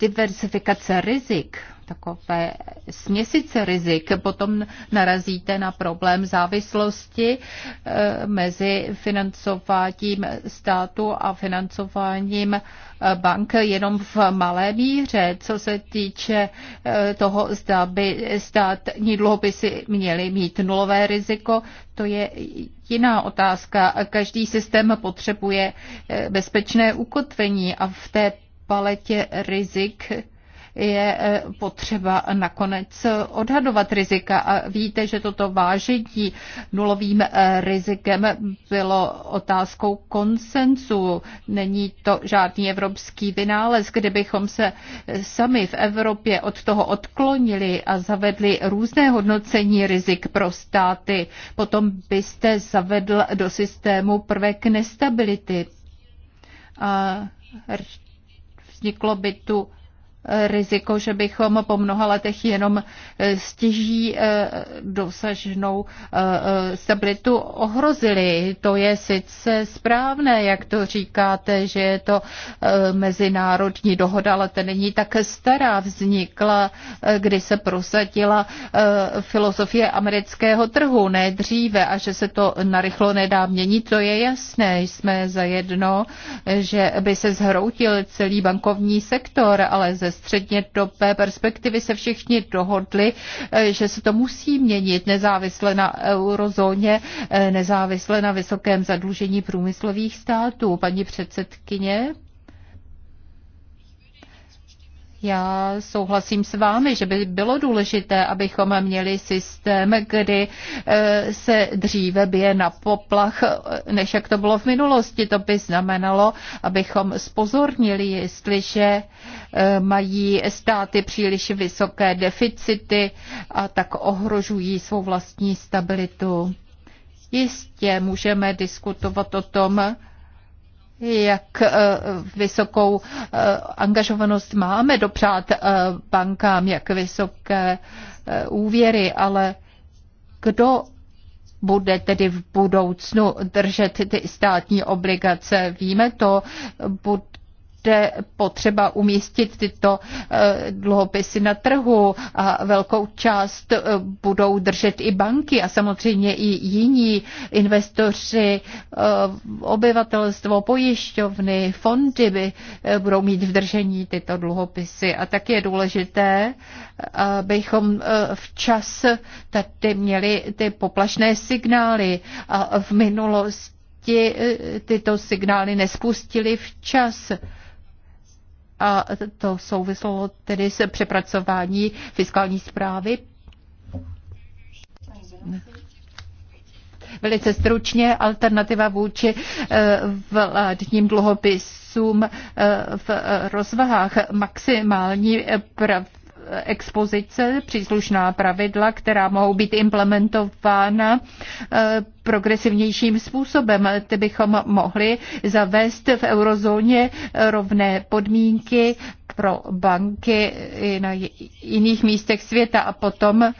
S4: diversifikace rizik, takové směsice rizik, potom narazíte na problém závislosti eh, mezi financováním státu a financováním eh, bank jenom v malé míře, co se týče eh, toho, zda by státní si měly mít nulové riziko, to je jiná otázka. Každý systém potřebuje bezpečné ukotvení a v té paletě rizik je eh, potřeba nakonec odhadovat rizika. A víte, že toto vážení nulovým eh, rizikem bylo otázkou konsensu. Není to žádný evropský vynález, kdybychom se sami v Evropě od toho odklonili a zavedli různé hodnocení rizik pro státy. Potom byste zavedl do systému prvek nestability. A Vzniklo by tu riziko, že bychom po mnoha letech jenom eh, stěží eh, dosažnou eh, stabilitu ohrozili. To je sice správné, jak to říkáte, že je to mezinárodní dohoda, ale to není tak stará. Vznikla, kdy se prosadila filozofie amerického trhu, ne dříve, a že se to narychlo nedá měnit, to je jasné. Jsme zajedno, že by se zhroutil celý bankovní sektor, ale ze střednědobé perspektivy se všichni dohodli, eh, že se to musí měnit nezávisle na eurozóně, eh, nezávisle na vysokém zadlužení průmyslových států. Paní předsedkyně, já souhlasím s vámi, že by bylo důležité, abychom měli systém, kdy eh, se dříve bije na poplach, eh, než jak to bylo v minulosti. To by znamenalo, abychom spozornili, jestliže eh, mají státy příliš vysoké deficity a tak ohrožují svou vlastní stabilitu. Jistě můžeme diskutovat o tom, jak eh, vysokou eh, angažovanost máme dopřát eh, bankám, jak vysoké úvěry, ale kdo bude tedy v budoucnu držet ty státní obligace. Víme to, bud bude potřeba umístit tyto eh, dluhopisy na trhu a velkou část eh, budou držet i banky a samozřejmě i jiní investoři, eh, obyvatelstvo, pojišťovny, fondy by budou mít v držení tyto dluhopisy. A tak je důležité, abychom včas tady měli ty poplašné signály a v minulosti tyto signály nespustili včas a to souvislo tedy se přepracování fiskální zprávy. Velice stručně alternativa vůči eh, vládním dluhopisům eh, v eh, rozvahách maximální prav expozice, příslušná pravidla, která mohou být implementována eh, progresivnějším způsobem. Ty bychom mohli zavést v eurozóně rovné podmínky pro banky i na jiných místech světa a potom eh,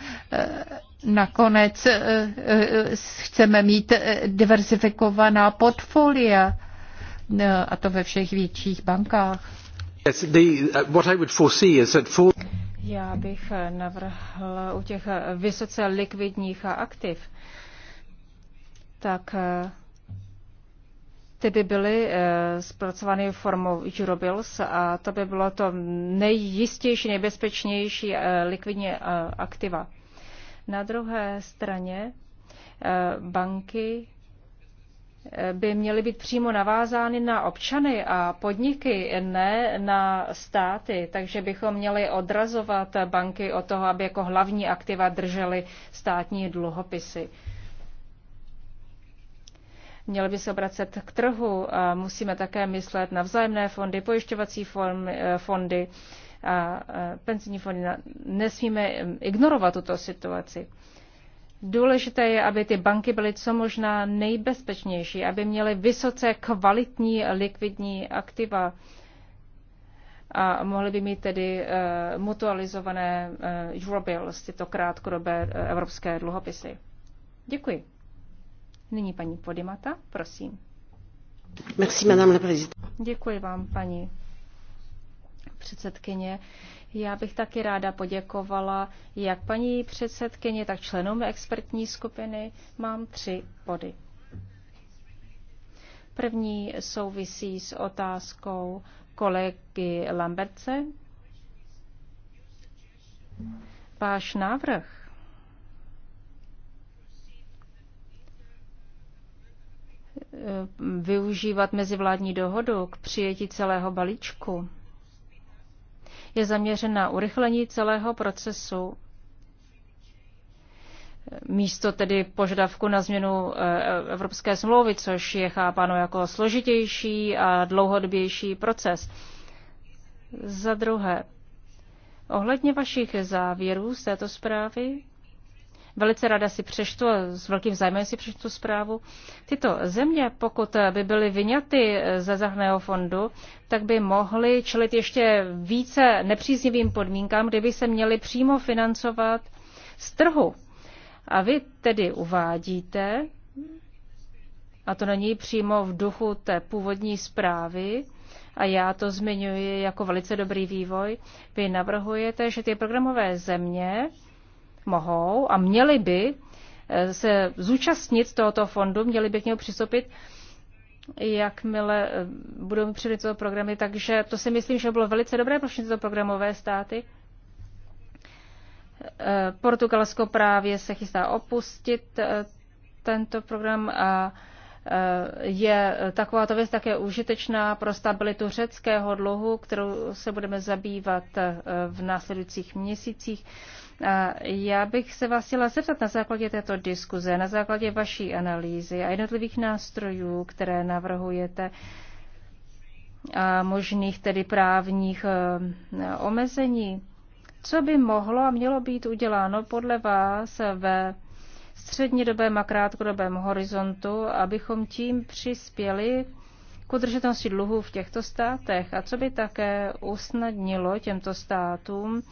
S4: nakonec eh, chceme mít diversifikovaná portfolia a to ve všech větších bankách. Uh, já bych navrhl u těch
S2: vysoce likvidních aktiv, tak ty by byly eh, zpracovány formou Eurobills a to by bylo to nejjistější, nejbezpečnější eh, likvidní eh, aktiva. Na druhé straně banky by měly být přímo navázány na občany a podniky, ne na státy. Takže bychom měli odrazovat banky od toho, aby jako hlavní aktiva držely státní dluhopisy. Měly by se obracet k trhu a musíme také myslet na vzájemné fondy, pojišťovací eh, fondy a eh, penzijní fondy. Nesmíme mm, ignorovat tuto situaci. Důležité je, aby ty banky byly co možná nejbezpečnější, aby měly vysoce kvalitní likvidní aktiva a mohly by mít tedy uh, mutualizované uh, eh, Eurobills, tyto krátkodobé uh, evropské dluhopisy. Děkuji. Nyní paní Podimata, prosím. Merci, madame la Děkuji vám, paní předsedkyně. Já bych taky ráda poděkovala jak paní předsedkyně, tak členům expertní skupiny. Mám tři body. První souvisí s otázkou kolegy Lamberce. Váš návrh využívat mezivládní dohodu k přijetí celého balíčku je zaměřen na urychlení celého procesu místo tedy požadavku na změnu eh, Evropské smlouvy, což je chápáno jako složitější a dlouhodobější proces. Za druhé, ohledně vašich závěrů z této zprávy Velice ráda si přečtu, s velkým zájmem si přečtu zprávu. Tyto země, pokud by byly vyňaty ze zahného fondu, tak by mohly čelit ještě více nepříznivým podmínkám, kdyby se měly přímo financovat z trhu. A vy tedy uvádíte, a to není přímo v duchu té původní zprávy, a já to zmiňuji jako velice dobrý vývoj, vy navrhujete, že ty programové země mohou a měli by eh, se zúčastnit tohoto fondu, měli by k němu přistoupit, jakmile eh, budou přijít tyto programy. Takže to si myslím, že bylo velice dobré pro tyto programové státy. Eh, Portugalsko právě se chystá opustit tento program a je takováto věc také užitečná pro stabilitu řeckého dluhu, kterou se budeme zabývat v následujících měsících. Já bych se vás chtěla zeptat na základě této diskuze, na základě vaší analýzy a jednotlivých nástrojů, které navrhujete, a možných tedy právních e, omezení. Co by mohlo a mělo být uděláno podle vás ve střednědobém a krátkodobém horizontu, abychom tím přispěli k udržitelnosti dluhu v těchto státech a co by také usnadnilo těmto státům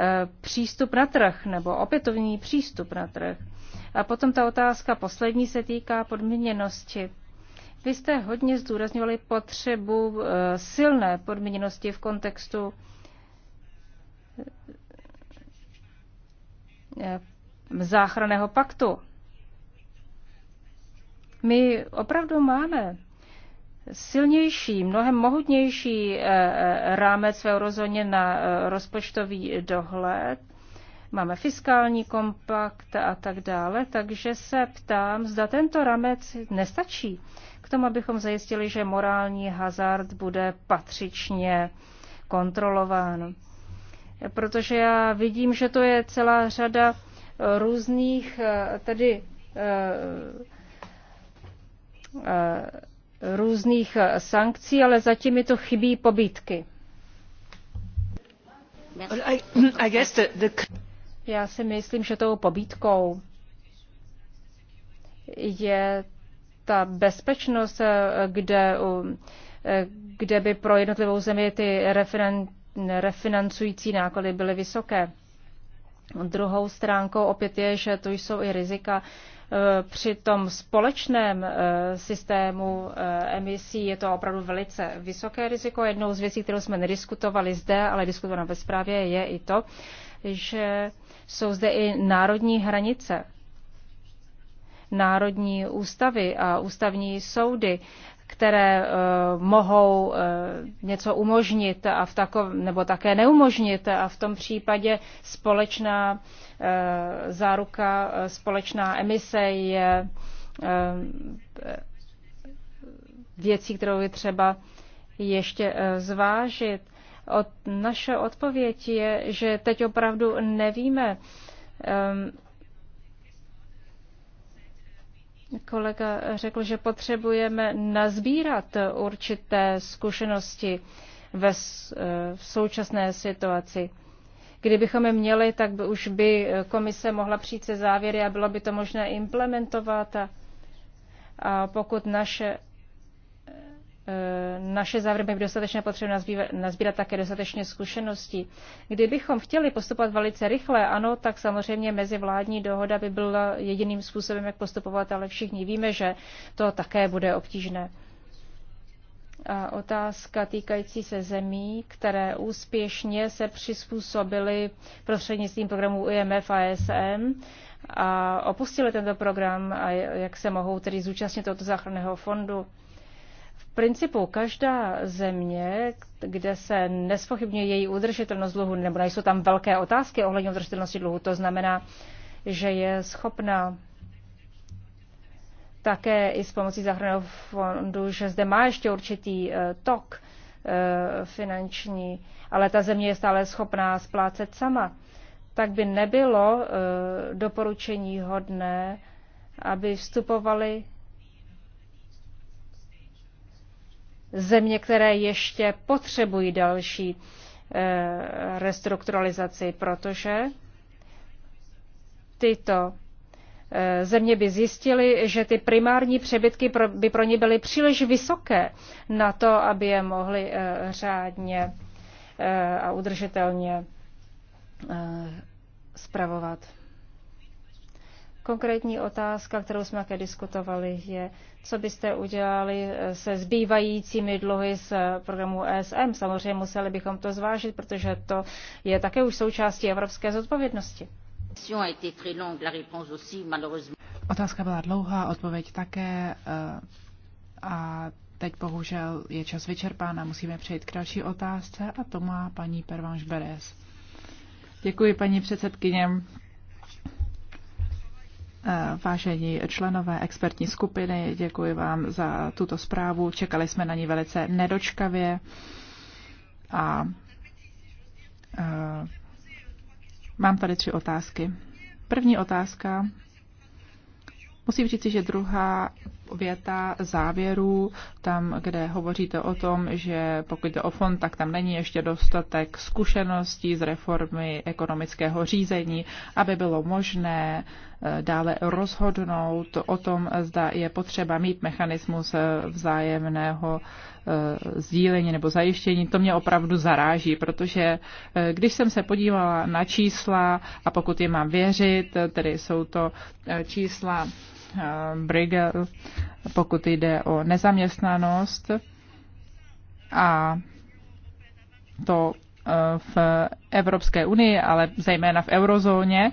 S2: Eh, přístup na trh nebo opětovný přístup na trh. A potom ta otázka poslední se týká podmíněnosti. Vy jste hodně zdůrazňovali potřebu eh, silné podmíněnosti v kontextu eh, záchranného paktu. My opravdu máme silnější, mnohem mohutnější eh, eh, rámec v eurozóně na eh, rozpočtový dohled. Máme fiskální kompakt a tak dále, takže se ptám, zda tento rámec nestačí k tomu, abychom zajistili, že morální hazard bude patřičně kontrolován. Protože já vidím, že to je celá řada různých tedy různých eh, sankcí, ale zatím mi to chybí pobítky. Já si myslím, že tou pobítkou je ta bezpečnost, eh, kde, eh, kde by pro jednotlivou zemi ty referen, refinancující náklady byly vysoké. Druhou stránkou opět je, že to jsou i rizika, Eh, při tom společném eh, systému eh, emisí je to opravdu velice vysoké riziko. Jednou z věcí, kterou jsme nediskutovali zde, ale diskutovaná ve zprávě, je i to, že jsou zde i národní hranice, národní ústavy a ústavní soudy, které uh, mohou uh, něco umožnit a v takov, nebo také neumožnit a v tom případě společná Eh, záruka eh, společná emise je eh, věcí, kterou je třeba ještě zvážit. Od, naše odpověď je, že teď opravdu nevíme. Ehm, kolega řekl, že potřebujeme nazbírat určité zkušenosti ve, v současné situaci. Kdybychom je měli, tak by už by eh, komise mohla přijít se závěry a bylo by to možné implementovat. A, a pokud naše eh, naše závěry by dostatečně potřebné nazbírat, nazbírat také dostatečně zkušeností. Kdybychom chtěli postupovat velice rychle, ano, tak samozřejmě mezivládní dohoda by byla jediným způsobem, jak postupovat, ale všichni víme, že to také bude obtížné otázka týkající se zemí, které úspěšně se přizpůsobily prostřednictvím programu IMF a ESM a opustili tento program a jak se mohou tedy zúčastnit tohoto záchranného fondu. V principu každá země, kde se nespochybňuje její udržitelnost dluhu, nebo nejsou tam velké otázky ohledně udržitelnosti dluhu, to znamená, že je schopna také i s pomocí záchranného fondu, že zde má ještě určitý eh, tok eh, finanční, ale ta země je stále schopná splácet sama, tak by nebylo eh, doporučení hodné, aby vstupovaly země, které ještě potřebují další restrukturalizaci, protože tyto Eh, země by zjistily, že ty primární přebytky by pro ně byly příliš vysoké na to, aby je mohly eh, řádně eh, a udržitelně spravovat. Konkrétní otázka, kterou jsme také diskutovali, je, co byste udělali se zbývajícími dluhy z programu ESM. Samozřejmě museli bychom to zvážit, protože to je také už součástí evropské zodpovědnosti.
S3: Otázka byla dlouhá, odpověď také eh, a teď bohužel je čas vyčerpán a musíme přejít k další otázce a to má paní Pervanš Beres. Děkuji paní předsedkyně. Eh, vážení členové expertní skupiny, děkuji vám za tuto zprávu. Čekali jsme na ní velice nedočkavě a eh, Mám tady tři otázky. První otázka. Musím říci, že druhá věta závěrů, tam, kde hovoříte o tom, že pokud jde o fond, tak tam není ještě dostatek zkušeností z reformy ekonomického řízení, aby bylo možné eh, dále rozhodnout o tom, zda je potřeba mít mechanismus eh, vzájemného eh, sdílení nebo zajištění. To mě opravdu zaráží, protože když jsem se podívala na čísla a pokud je mám věřit, tedy jsou to čísla Eh, Brigel, pokud jde o nezaměstnanost a to eh, v Evropské unii, ale zejména v eurozóně.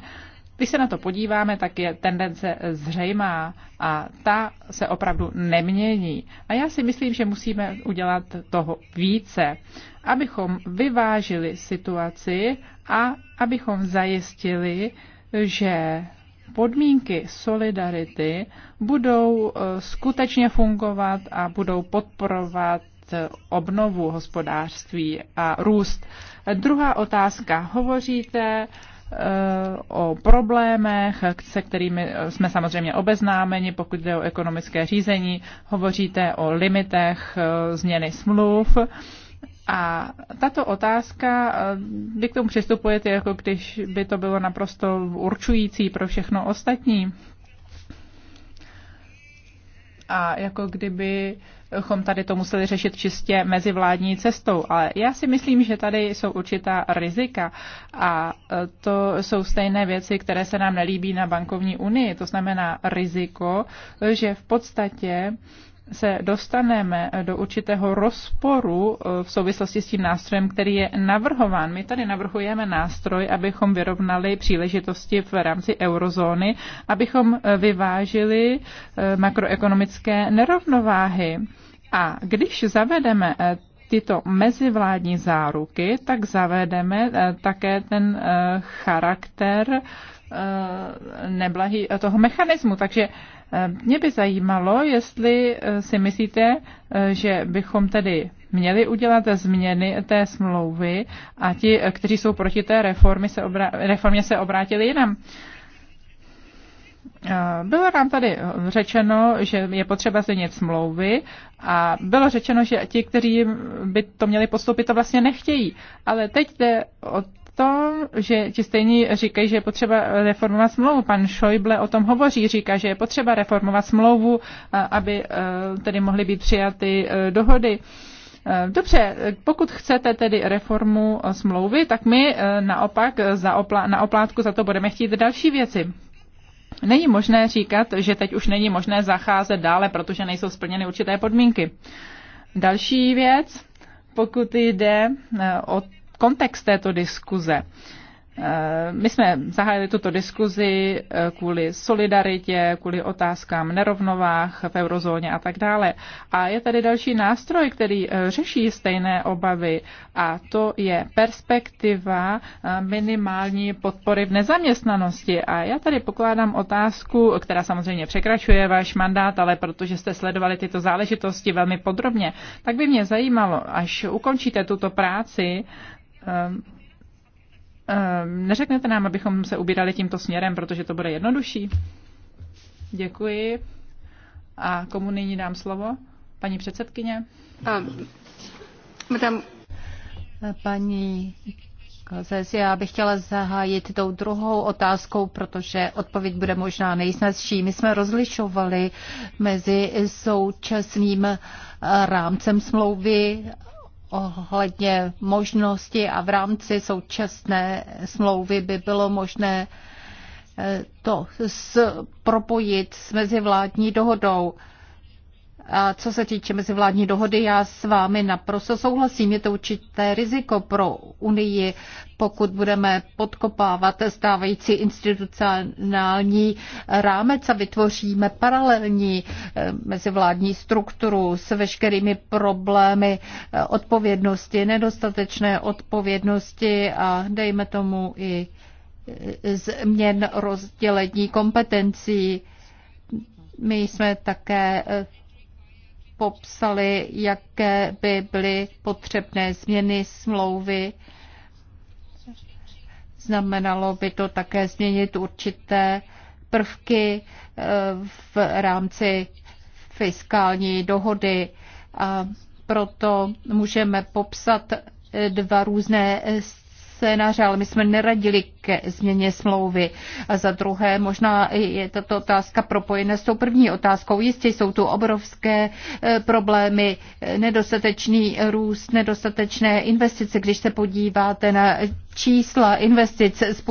S3: Když se na to podíváme, tak je tendence zřejmá a ta se opravdu nemění. A já si myslím, že musíme udělat toho více, abychom vyvážili situaci a abychom zajistili, že podmínky solidarity budou eh, skutečně fungovat a budou podporovat eh, obnovu hospodářství a růst. Druhá otázka. Hovoříte eh, o problémech, se kterými jsme samozřejmě obeznámeni, pokud jde o ekonomické řízení. Hovoříte o limitech změny smluv. A tato otázka, eh, vy k tomu přistupujete, jako když by to bylo naprosto určující pro všechno ostatní. A jako kdyby chom tady to museli řešit čistě mezivládní cestou. Ale já si myslím, že tady jsou určitá rizika a eh, to jsou stejné věci, které se nám nelíbí na bankovní unii. To znamená riziko, že v podstatě se dostaneme do určitého rozporu eh, v souvislosti s tím nástrojem, který je navrhován. My tady navrhujeme nástroj, abychom vyrovnali příležitosti v rámci eurozóny, abychom eh, vyvážili eh, makroekonomické nerovnováhy. A když zavedeme tyto mezivládní záruky, tak zavedeme také ten charakter neblahý toho mechanismu. Takže mě by zajímalo, jestli eh, si myslíte, eh, že bychom tedy měli udělat změny té smlouvy a ti, eh, kteří jsou proti té reformy se obrá- reformě, se obrátili jinam. Bylo nám tady řečeno, že je potřeba změnit smlouvy a bylo řečeno, že ti, kteří by to měli postoupit, to vlastně nechtějí. Ale teď jde o to, že ti stejní říkají, že je potřeba reformovat smlouvu. Pan Schäuble o tom hovoří, říká, že je potřeba reformovat smlouvu, aby e, tedy mohly být přijaty e, dohody. E, dobře, pokud chcete tedy reformu smlouvy, tak my naopak za opla- na oplátku za to budeme chtít další věci. Není možné říkat, že teď už není možné zacházet dále, protože nejsou splněny určité podmínky. Další věc, pokud jde o kontext této diskuze. Eh, my jsme zahájili tuto diskuzi eh, kvůli solidaritě, kvůli otázkám nerovnovách v eurozóně a tak dále. A je tady další nástroj, který eh, řeší stejné obavy a to je perspektiva minimální podpory v nezaměstnanosti. A já tady pokládám otázku, která samozřejmě překračuje váš mandát, ale protože jste sledovali tyto záležitosti velmi podrobně, tak by mě zajímalo, až ukončíte tuto práci, Ehm, ehm, neřeknete nám, abychom se ubírali tímto směrem, protože to bude jednodušší? Děkuji. A komu nyní dám slovo? Paní předsedkyně? Um,
S4: Paní Kozes, já bych chtěla zahájit tou druhou otázkou, protože odpověď bude možná nejsnazší. My jsme rozlišovali mezi současným eh, rámcem smlouvy ohledně možnosti a v rámci současné smlouvy by bylo možné eh, to propojit s mezivládní dohodou. A co se týče mezivládní dohody, já s vámi naprosto souhlasím. Je to určité riziko pro Unii, pokud budeme podkopávat stávající institucionální rámec a vytvoříme paralelní eh, mezivládní strukturu s veškerými problémy eh, odpovědnosti, nedostatečné odpovědnosti a dejme tomu i eh, změn rozdělení kompetencí. My jsme také popsali, jaké by byly potřebné změny smlouvy. Znamenalo by to také změnit určité prvky eh, v rámci fiskální dohody. A proto můžeme popsat dva různé scénáře, ale my jsme neradili ke změně smlouvy. A za druhé, možná je tato otázka propojena s tou první otázkou. Jistě jsou tu obrovské e, problémy, nedostatečný růst, nedostatečné investice. Když se podíváte na čísla investic z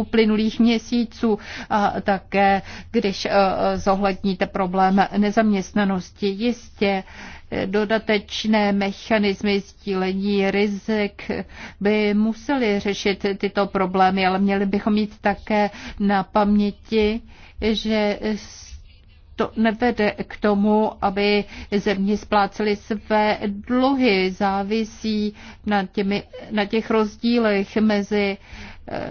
S4: uplynulých měsíců a také, když e, zohledníte problém nezaměstnanosti. Jistě e, dodatečné mechanismy sdílení rizik by museli řešit tyto problémy, ale měli bychom mít také na paměti, že to nevede k tomu, aby země splácely své dluhy. Závisí na, těmi, na těch rozdílech mezi e,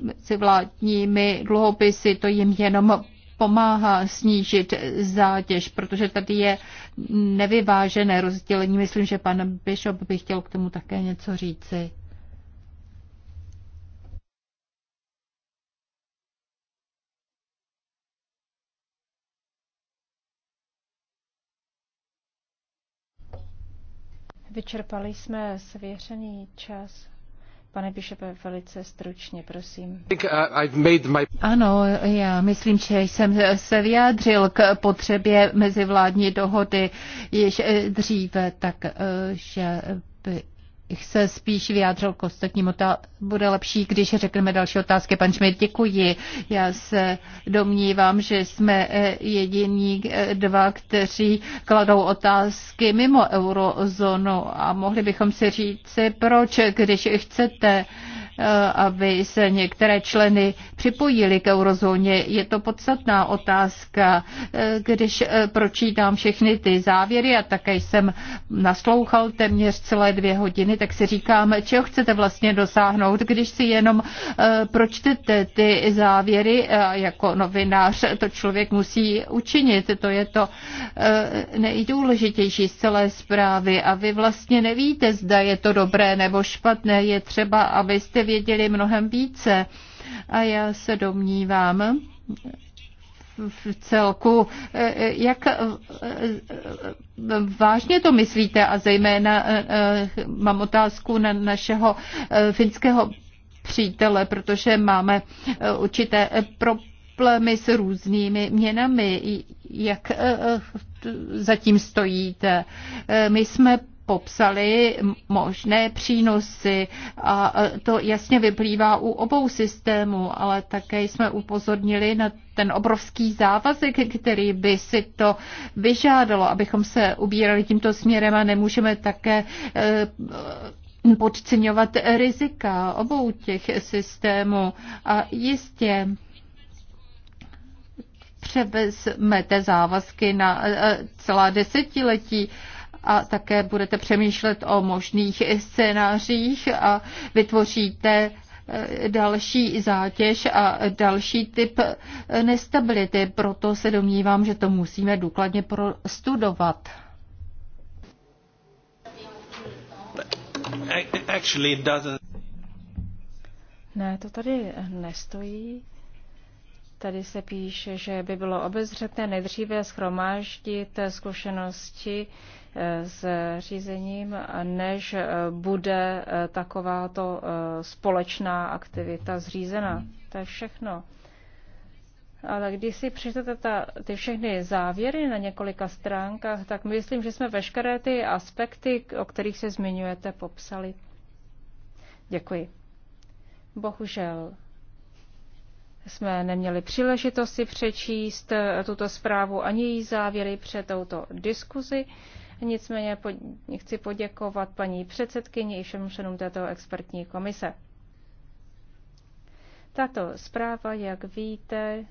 S4: mezi vládními dluhopisy, to jim jenom pomáhá snížit zátěž, protože tady je nevyvážené rozdělení. Myslím, že pan Bishop by chtěl k tomu také něco říci.
S2: Vyčerpali jsme svěřený čas Pane Bishopе, velice stručně,
S4: prosím. Uh, ano, já myslím, že jsem se vyjádřil k potřebě mezivládní dohody již eh, dříve, takže eh, by se spíš vyjádřil k ostatním. Ta bude lepší, když řekneme další otázky. Pan Šmit, děkuji. Já se domnívám, že jsme eh, jediní eh, dva, kteří kladou otázky mimo eurozónu a mohli bychom si říct, proč, když chcete Eh, aby se některé členy připojili k eurozóně. Je to podstatná otázka, eh, když eh, pročítám všechny ty závěry a také jsem naslouchal téměř celé dvě hodiny, tak si říkám, čeho chcete vlastně dosáhnout, když si jenom pročtete ty závěry jako novinář, to člověk musí učinit, to je to nejdůležitější z celé zprávy a vy vlastně nevíte, zda je to dobré nebo špatné, je třeba, abyste věděli mnohem více. A já se domnívám, v celku. Jak vážně to myslíte a zejména mám otázku na našeho finského přítele, protože máme určité problémy s různými měnami. Jak zatím stojíte? My jsme popsali možné přínosy a to jasně vyplývá u obou systémů, ale také jsme upozornili na ten obrovský závazek, který by si to vyžádalo, abychom se ubírali tímto směrem a nemůžeme také e, podceňovat rizika obou těch systémů. A jistě převezmete závazky na e, celá desetiletí, a také budete přemýšlet o možných scénářích a vytvoříte eh, další zátěž a další typ eh, nestability. Proto se domnívám, že to musíme důkladně prostudovat. Ne, to
S2: tady nestojí. Tady se píše, že by bylo obezřetné nejdříve schromáždit zkušenosti s řízením, než bude eh, takováto eh, společná aktivita zřízena. To je všechno. Ale když si přečtete ty všechny závěry na několika stránkách, tak myslím, že jsme veškeré ty aspekty, o kterých se zmiňujete, popsali. Děkuji. Bohužel jsme neměli příležitosti přečíst eh, tuto zprávu ani její závěry před touto diskuzi. Nicméně pod, chci poděkovat paní předsedkyni i všem členům této expertní komise. Tato zpráva, jak víte,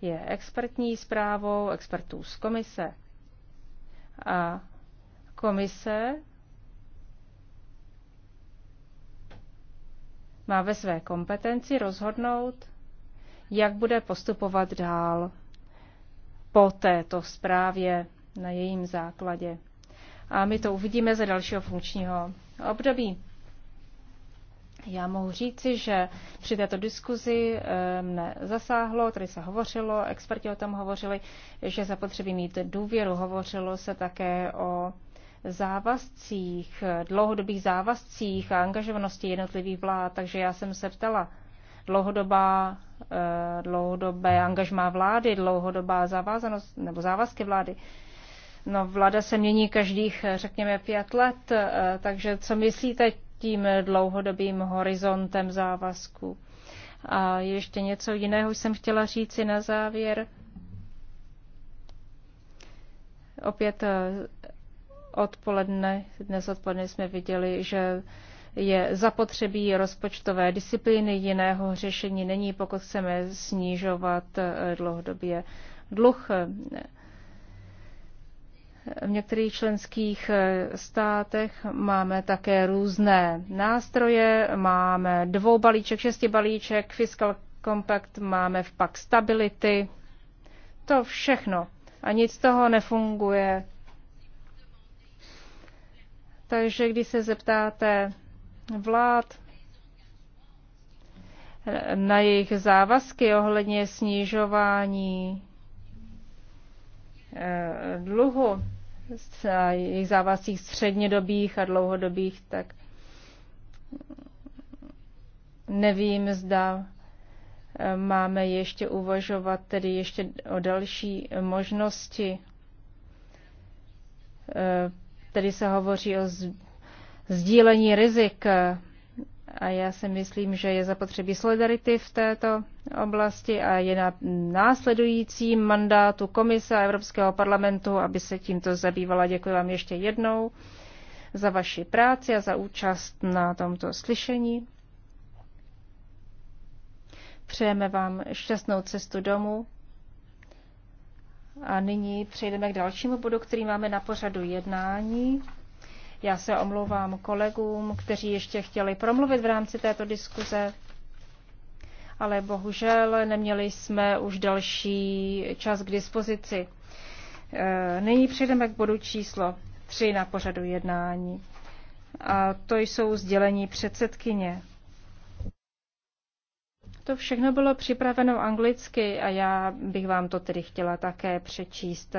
S2: je expertní zprávou expertů z komise. A komise má ve své kompetenci rozhodnout, jak bude postupovat dál po této zprávě na jejím základě. A my to uvidíme za dalšího funkčního období. Já mohu říci, že při této diskuzi eh, mne zasáhlo, tady se hovořilo, experti o tom hovořili, že zapotřebí mít důvěru. Hovořilo se také o závazcích, dlouhodobých závazcích a angažovanosti jednotlivých vlád. Takže já jsem se ptala, dlouhodobá, eh, dlouhodobé angažmá vlády, dlouhodobá závazanost nebo závazky vlády. No, vláda se mění každých, eh, řekněme, pět let, eh, takže co myslíte tím dlouhodobým horizontem závazku? A ještě něco jiného jsem chtěla říci na závěr. Opět eh, odpoledne, dnes odpoledne jsme viděli, že je zapotřebí rozpočtové disciplíny, jiného řešení není, pokud chceme snižovat dlouhodobě dluh. Ne v některých členských eh, státech máme také různé nástroje. Máme dvou balíček, šesti balíček, fiskal kompakt, máme v pak stability. To všechno. A nic z toho nefunguje. Takže když se zeptáte vlád eh, na jejich závazky ohledně snižování eh, dluhu, a jejich závazcích střednědobých a dlouhodobých, tak nevím, zda eh, máme ještě uvažovat tedy ještě o další možnosti. Eh, tedy se hovoří o sdílení rizik a já si myslím, že je zapotřebí solidarity v této oblasti a je na následujícím mandátu Komise a Evropského parlamentu, aby se tímto zabývala. Děkuji vám ještě jednou za vaši práci a za účast na tomto slyšení. Přejeme vám šťastnou cestu domů. A nyní přejdeme k dalšímu bodu, který máme na pořadu jednání. Já se omlouvám kolegům, kteří ještě chtěli promluvit v rámci této diskuze, ale bohužel neměli jsme už další čas k dispozici. E, nyní přejdeme k bodu číslo 3 na pořadu jednání. A to jsou sdělení předsedkyně. To všechno bylo připraveno anglicky a já bych vám to tedy chtěla také přečíst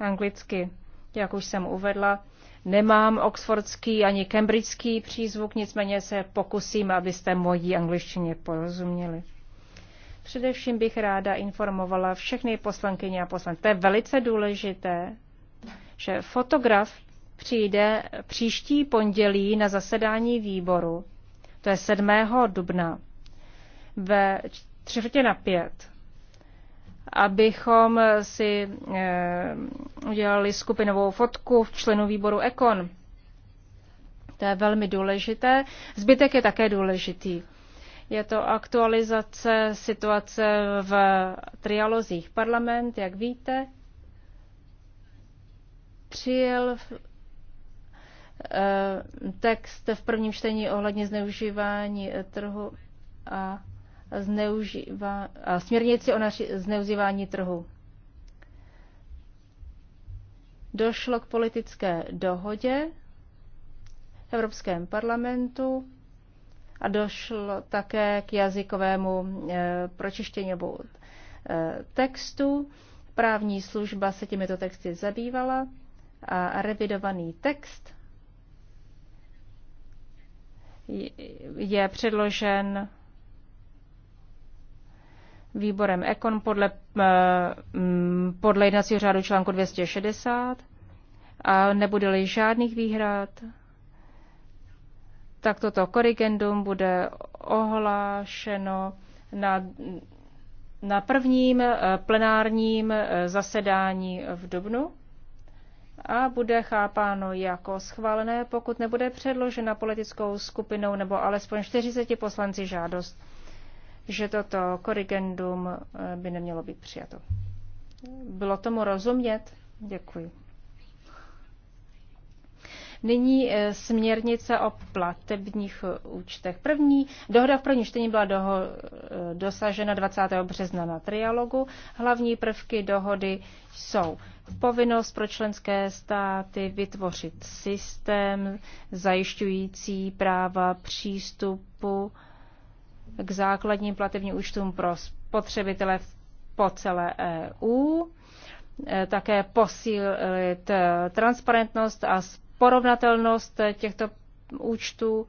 S2: anglicky, jak už jsem uvedla. Nemám oxfordský ani cambridgeský přízvuk, nicméně se pokusím, abyste mojí angličtině porozuměli. Především bych ráda informovala všechny poslankyně a poslance. To je velice důležité, že fotograf přijde příští pondělí na zasedání výboru, to je 7. dubna, ve čtvrtě na pět abychom si eh, udělali skupinovou fotku v členu výboru Ekon. To je velmi důležité. Zbytek je také důležitý. Je to aktualizace situace v trialozích. Parlament, jak víte, přijel eh, text v prvním čtení ohledně zneužívání trhu a zneužíva, a směrnici o naši, zneužívání trhu. Došlo k politické dohodě v Evropském parlamentu a došlo také k jazykovému e, pročištění obou e, eh, textu. Právní služba se těmito texty zabývala a revidovaný text je předložen výborem Ekon podle, eh, mm, podle jednacího řádu článku 260 a nebude-li žádných výhrad, tak toto korigendum bude ohlášeno na, na prvním eh, plenárním eh, zasedání v Dubnu a bude chápáno jako schválené, pokud nebude předložena politickou skupinou nebo alespoň 40 poslanci žádost že toto korrigendum eh, by nemělo být přijato. Bylo tomu rozumět? Děkuji. Nyní eh, směrnice o platebních eh, účtech. První dohoda v prvním čtení byla doho, dosažena 20. března na trialogu. Hlavní prvky dohody jsou povinnost pro členské státy vytvořit systém zajišťující práva přístupu k základním platebním účtům pro spotřebitele po celé EU, e, také posílit e, transparentnost a porovnatelnost e, těchto účtů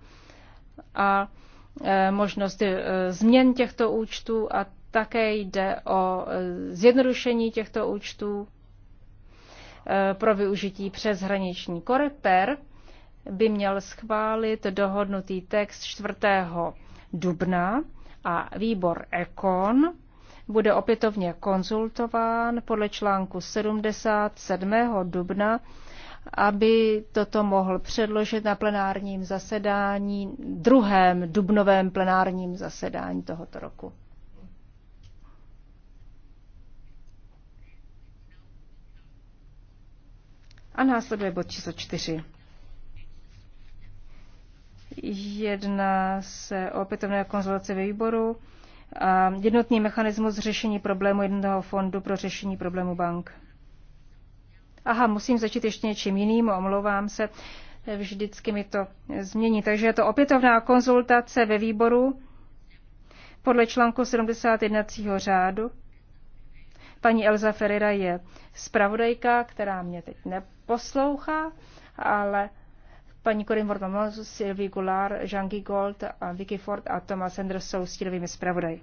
S2: a možnost změn těchto účtů a také jde o zjednodušení těchto účtů pro využití přeshraniční. Koreper by měl schválit dohodnutý text 4 dubna a výbor Ekon bude opětovně konzultován podle článku 77. dubna, aby toto mohl předložit na plenárním zasedání, druhém dubnovém plenárním zasedání tohoto roku. A následuje bod číslo čtyři. Jedná se o opětovné konzultace ve výboru a jednotný mechanismus řešení problému jednoho fondu pro řešení problému bank. Aha, musím začít ještě něčím jiným, omlouvám se, vždycky mi to změní. Takže je to opětovná konzultace ve výboru podle článku 70 jednacího řádu. Paní Elza Ferreira je zpravodajka, která mě teď neposlouchá, ale Paní Corinne Vortman, Sylvie Goulart, Jean Gold, a Vicky Ford a Thomas Sanders jsou stílovými zpravodaji.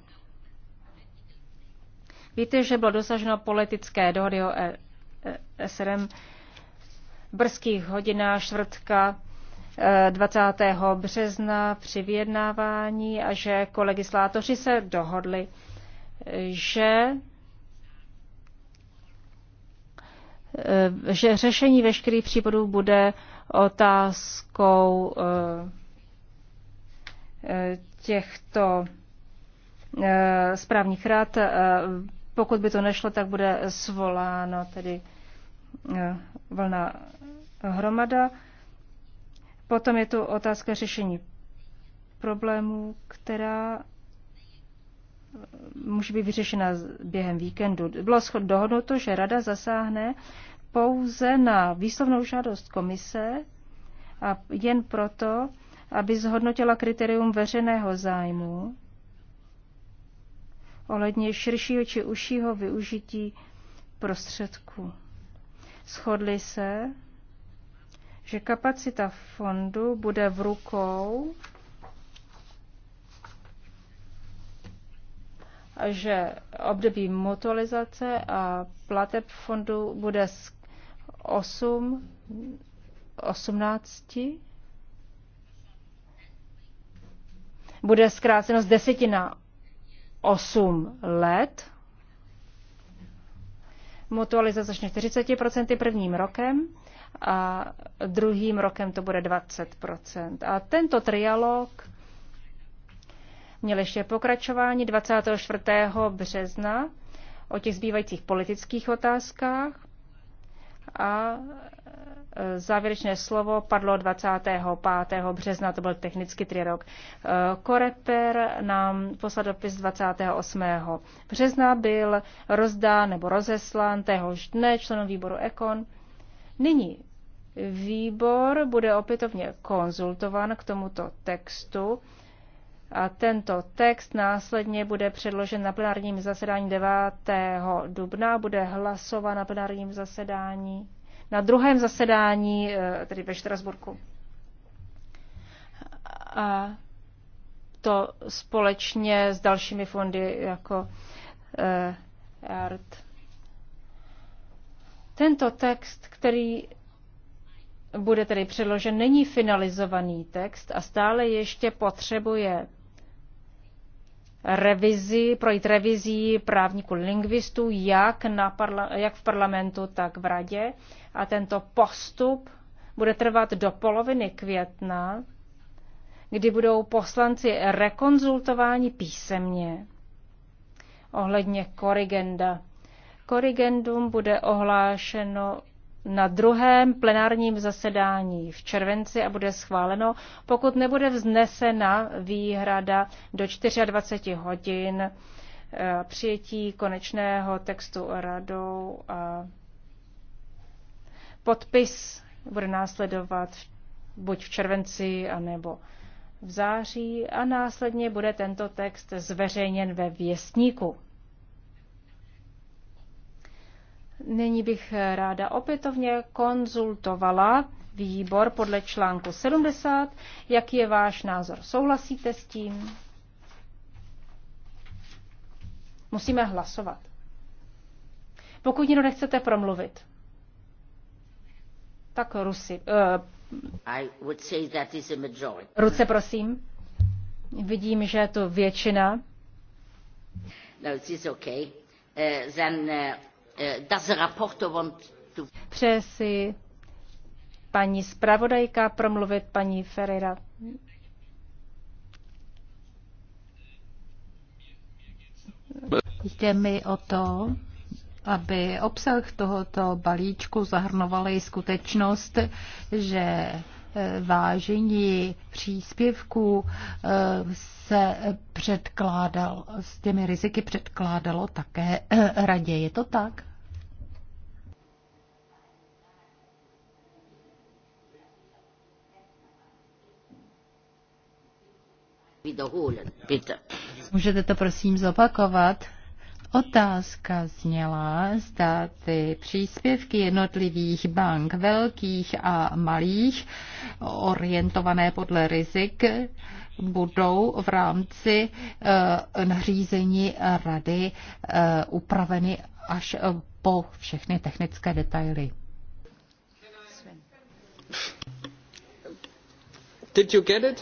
S2: Víte, že bylo dosaženo politické dohody o e- e- SRM v brzkých hodinách čtvrtka 20. E- března při vyjednávání a že kolegislátoři se dohodli, že že řešení veškerých případů bude otázkou eh, těchto eh, správních rad. Eh, pokud by to nešlo, tak bude svoláno tedy vlna hromada. Potom je tu otázka řešení problémů, která může být vyřešena během víkendu. Bylo dohodnuto, že rada zasáhne pouze na výslovnou žádost komise a jen proto, aby zhodnotila kritérium veřejného zájmu ohledně širšího či užšího využití prostředků. Shodli se, že kapacita fondu bude v rukou že období motorizace a plateb fondu bude 8, 18 bude zkráceno z 10 na 8 let. Mutualizace začne 40% prvním rokem a druhým rokem to bude 20%. A tento trialog měl ještě pokračování 24. března o těch zbývajících politických otázkách a e, závěrečné slovo padlo 25. března, to byl technický rok. E, Koreper nám poslal dopis 28. března, byl rozdán nebo rozeslán téhož dne členům výboru Ekon. Nyní výbor bude opětovně konzultován k tomuto textu a tento text následně bude předložen na plenárním zasedání 9. dubna, bude hlasován na plenárním zasedání, na druhém zasedání, eh, tedy ve Štrasburku. A to společně s dalšími fondy jako ERT. Eh, tento text, který bude tedy předložen, není finalizovaný text a stále ještě potřebuje revizi, projít revizí právníků lingvistů, jak, na parla, jak v parlamentu, tak v radě. A tento postup bude trvat do poloviny května, kdy budou poslanci rekonzultováni písemně ohledně korigenda. Korigendum bude ohlášeno na druhém plenárním zasedání v červenci a bude schváleno, pokud nebude vznesena výhrada do 24 hodin eh, přijetí konečného textu radou. A podpis bude následovat buď v červenci, anebo v září a následně bude tento text zveřejněn ve věstníku. Nyní bych ráda opětovně konzultovala výbor podle článku 70. Jaký je váš názor? Souhlasíte s tím? Musíme hlasovat. Pokud někdo nechcete promluvit,
S1: tak Rusy. Eh, uh, ruce, prosím.
S2: Vidím, že je to většina.
S1: No, it is okay. Uh, then, uh... Eh,
S2: Přeje si paní zpravodajka promluvit paní Ferreira.
S4: Jde mi o to, aby obsah tohoto balíčku zahrnoval i skutečnost, že vážení příspěvků eh, se předkládal, s těmi riziky předkládalo také eh, radě. Je to tak? Můžete to prosím zopakovat? Otázka zněla, zda ty příspěvky jednotlivých bank, velkých a malých, orientované podle rizik, budou v rámci eh, nařízení rady eh, upraveny až eh, po všechny technické detaily. Did you get it?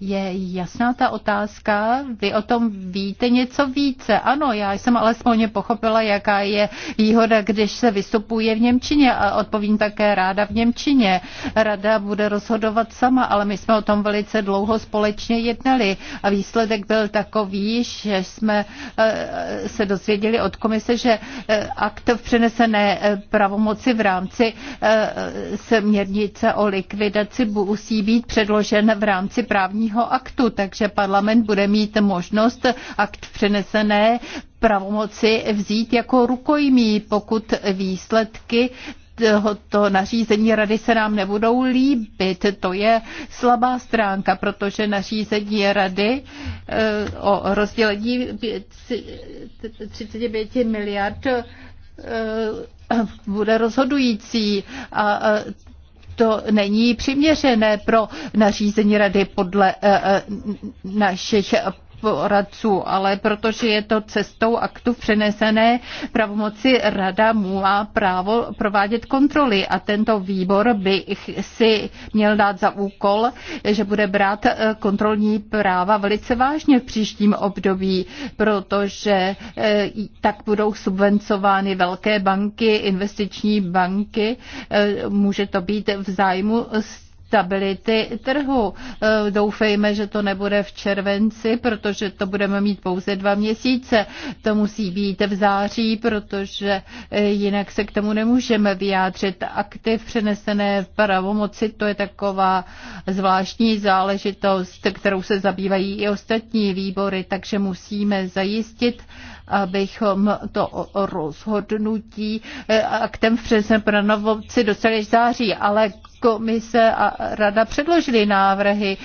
S4: je jasná ta otázka, vy o tom víte něco více. Ano, já jsem alespoň pochopila, jaká je výhoda, když se vystupuje v Němčině a odpovím také ráda v Němčině. Rada bude rozhodovat sama, ale my jsme o tom velice dlouho společně jednali a výsledek byl takový, že jsme eh, se dozvěděli od komise, že eh, akt v přenesené eh, pravomoci v rámci směrnice o likvidaci musí být předložen v rámci právní právního aktu, takže parlament bude mít možnost akt přenesené pravomoci vzít jako rukojmí, pokud výsledky to nařízení rady se nám nebudou líbit. To je slabá stránka, protože nařízení rady o rozdělení 35 miliard bude rozhodující a to není přiměřené pro nařízení rady podle eh, eh, našich poradců, ale protože je to cestou aktu přenesené pravomoci, rada má právo provádět kontroly a tento výbor by si měl dát za úkol, že bude brát eh, kontrolní práva velice vážně v příštím období, protože eh, tak budou subvencovány velké banky, investiční banky, eh, může to být v zájmu stability trhu. E, doufejme, že to nebude v červenci, protože to budeme mít pouze dva měsíce. To musí být v září, protože e, jinak se k tomu nemůžeme vyjádřit. Aktiv přenesené v pravomoci, to je taková zvláštní záležitost, kterou se zabývají i ostatní výbory, takže musíme zajistit, abychom to rozhodnutí eh, aktem v přesném pranovoci dostali září, ale komise a rada předložili návrhy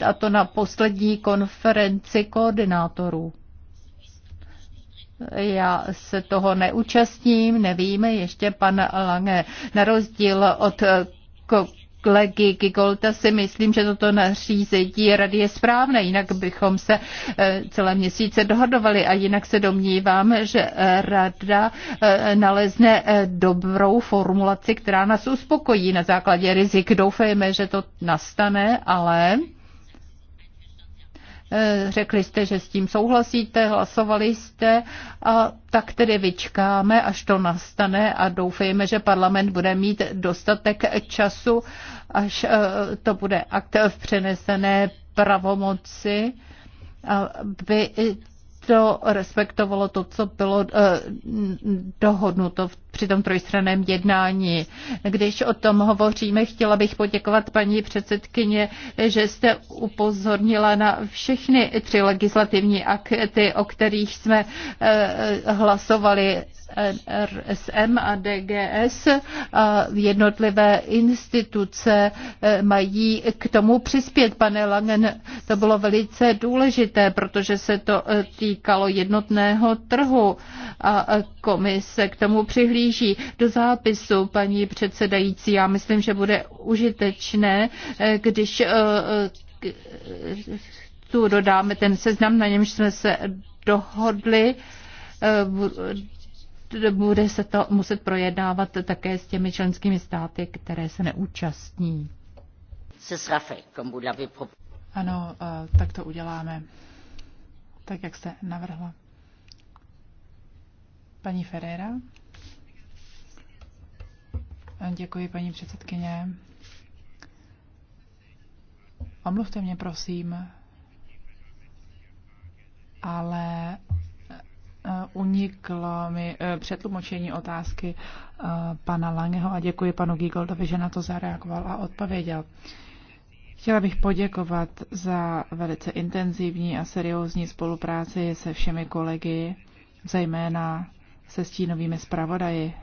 S4: eh, a to na poslední konferenci koordinátorů. Já se toho neúčastním, nevíme, ještě pan Lange, na rozdíl od eh, kolegy Gigolta si myslím, že toto nařízení rady je správné, jinak bychom se eh, celé měsíce dohodovali a jinak se domnívám, že rada eh, nalezne eh, dobrou formulaci, která nás uspokojí na základě rizik. Doufejme, že to nastane, ale řekli jste, že s tím souhlasíte, hlasovali jste a tak tedy vyčkáme, až to nastane a doufejme, že parlament bude mít dostatek času až eh, to bude akt v přenesené pravomoci, aby to respektovalo to, co bylo eh, dohodnuto v při tom trojstraném jednání. Když o tom hovoříme, chtěla bych poděkovat paní předsedkyně, že jste upozornila na všechny tři legislativní akty, o kterých jsme eh, hlasovali RSM a DGS a jednotlivé instituce eh, mají k tomu přispět. Pane Langen, to bylo velice důležité, protože se to eh, týkalo jednotného trhu a komise k tomu přihlíží potíží. Do zápisu, paní předsedající, já myslím, že bude užitečné, eh, když eh, eh, tu dodáme ten seznam, na němž jsme se dohodli, bude se to muset projednávat také s těmi členskými státy, které se neúčastní.
S3: Ano, tak to uděláme. Tak, jak jste navrhla. Paní Ferreira? Děkuji, paní předsedkyně. Omluvte mě, prosím, ale eh, uniklo mi eh, přetlumočení otázky eh, pana Langeho a děkuji panu Gigoldovi, že na to zareagoval a odpověděl. Chtěla bych poděkovat za velice intenzivní a seriózní spolupráci se všemi kolegy, zejména se stínovými zpravodaji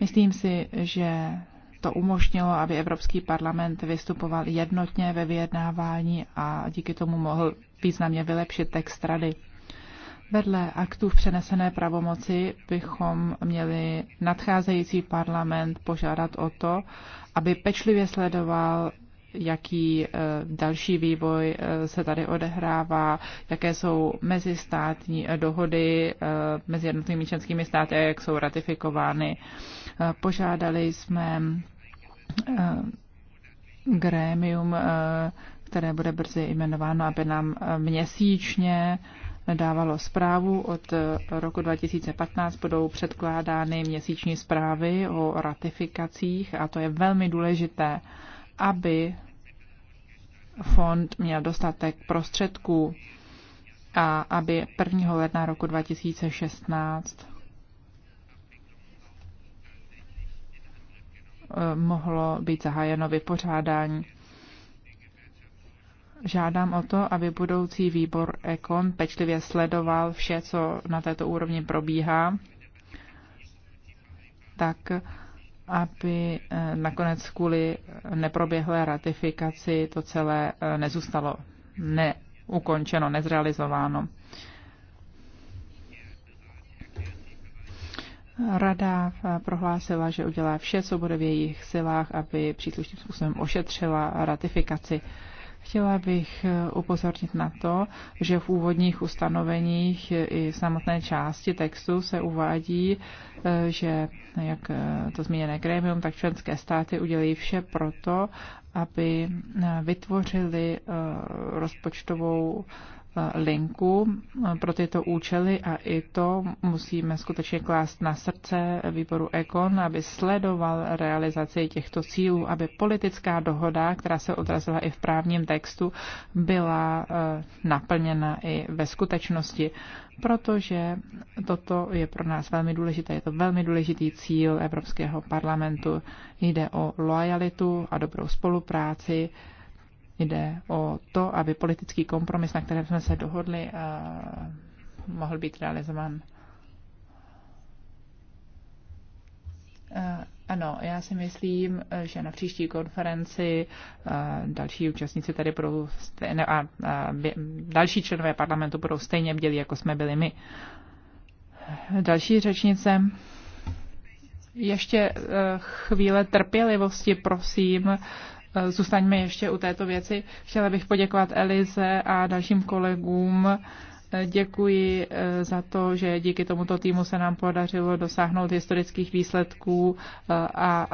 S3: Myslím si, že to umožnilo, aby Evropský parlament vystupoval jednotně ve vyjednávání a díky tomu mohl významně vylepšit text rady. Vedle aktů v přenesené pravomoci bychom měli nadcházející parlament požádat o to, aby pečlivě sledoval jaký eh, další vývoj eh, se tady odehrává, jaké jsou mezistátní eh, dohody mezi jednotlivými členskými státy a jak jsou ratifikovány. Požádali jsme grémium, které bude brzy jmenováno, aby nám měsíčně dávalo zprávu. Od roku 2015 budou předkládány měsíční zprávy o ratifikacích a to je velmi důležité, aby fond měl dostatek prostředků a aby 1. ledna roku 2016 eh, mohlo být zahájeno vypořádání. Žádám o to, aby budoucí výbor Ekon pečlivě sledoval vše, co na této úrovni probíhá, tak aby eh, nakonec kvůli neproběhlé ratifikaci to celé eh, nezůstalo neukončeno, nezrealizováno. Rada eh, prohlásila, že udělá vše, co bude v jejich silách, aby příslušným způsobem ošetřila ratifikaci Chtěla bych eh, upozornit na to, že v úvodních ustanoveních eh, i samotné části textu se uvádí, eh, že jak to zmíněné grémium, tak členské státy udělají vše proto, aby vytvořili rozpočtovou linku pro tyto účely a i to musíme skutečně klást na srdce výboru Ekon, aby sledoval realizaci těchto cílů, aby politická dohoda, která se odrazila i v právním textu, byla eh, naplněna i ve skutečnosti, protože toto je pro nás velmi důležité. Je to velmi důležitý cíl Evropského parlamentu. Jde o lojalitu a dobrou spolupráci Jde o to, aby politický kompromis, na kterém jsme se dohodli, eh, mohl být realizován. Eh, ano, já si myslím, že na příští konferenci eh, další účastníci tady budou stejné, a, a další členové parlamentu budou stejně bdělí, jako jsme byli my. Další řečnice. Ještě chvíle trpělivosti, prosím zůstaňme ještě u této věci. Chtěla bych poděkovat Elize a dalším kolegům. Děkuji eh, za to, že díky tomuto týmu se nám podařilo dosáhnout historických výsledků eh, a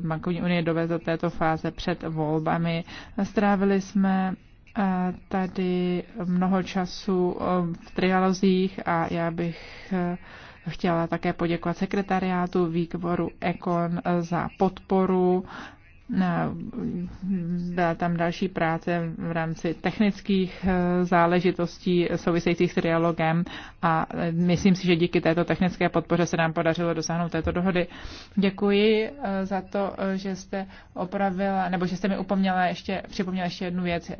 S3: bankovní unie dovést do této fáze před volbami. Strávili jsme eh, tady mnoho času v trialozích a já bych chtěla také poděkovat sekretariátu výboru Ekon za podporu byla tam další práce v rámci technických eh, záležitostí souvisejících s dialogem a eh, myslím si, že díky této technické podpoře se nám podařilo dosáhnout této dohody. Děkuji eh, za to, že jste opravila, nebo že jste mi upomněla ještě, připomněla ještě jednu věc.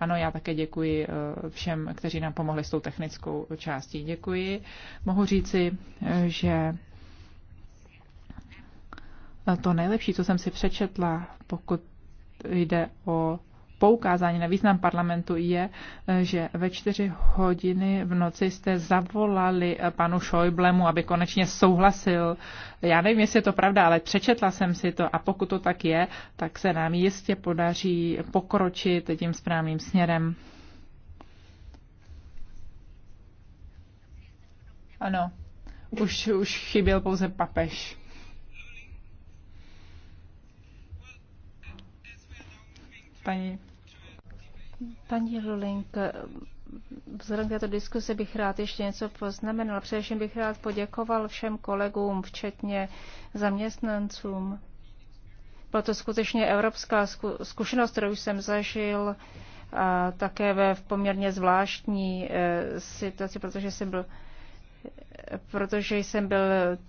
S3: Ano, já také děkuji všem, kteří nám pomohli s tou technickou částí. Děkuji. Mohu říci, že to nejlepší, co jsem si přečetla, pokud jde o poukázání na význam parlamentu je, že ve čtyři hodiny v noci jste zavolali panu Šojblemu, aby konečně souhlasil. Já nevím, jestli je to pravda, ale přečetla jsem si to a pokud to tak je, tak se nám jistě podaří pokročit tím správným směrem. Ano, už, už chyběl pouze papež. paní. Paní Lulink,
S2: vzhledem k této diskuse bych rád ještě něco poznamenal. Především bych rád poděkoval všem kolegům, včetně zaměstnancům. Byla to skutečně evropská zkušenost, kterou jsem zažil a také ve poměrně zvláštní e, situaci, protože jsem byl protože jsem byl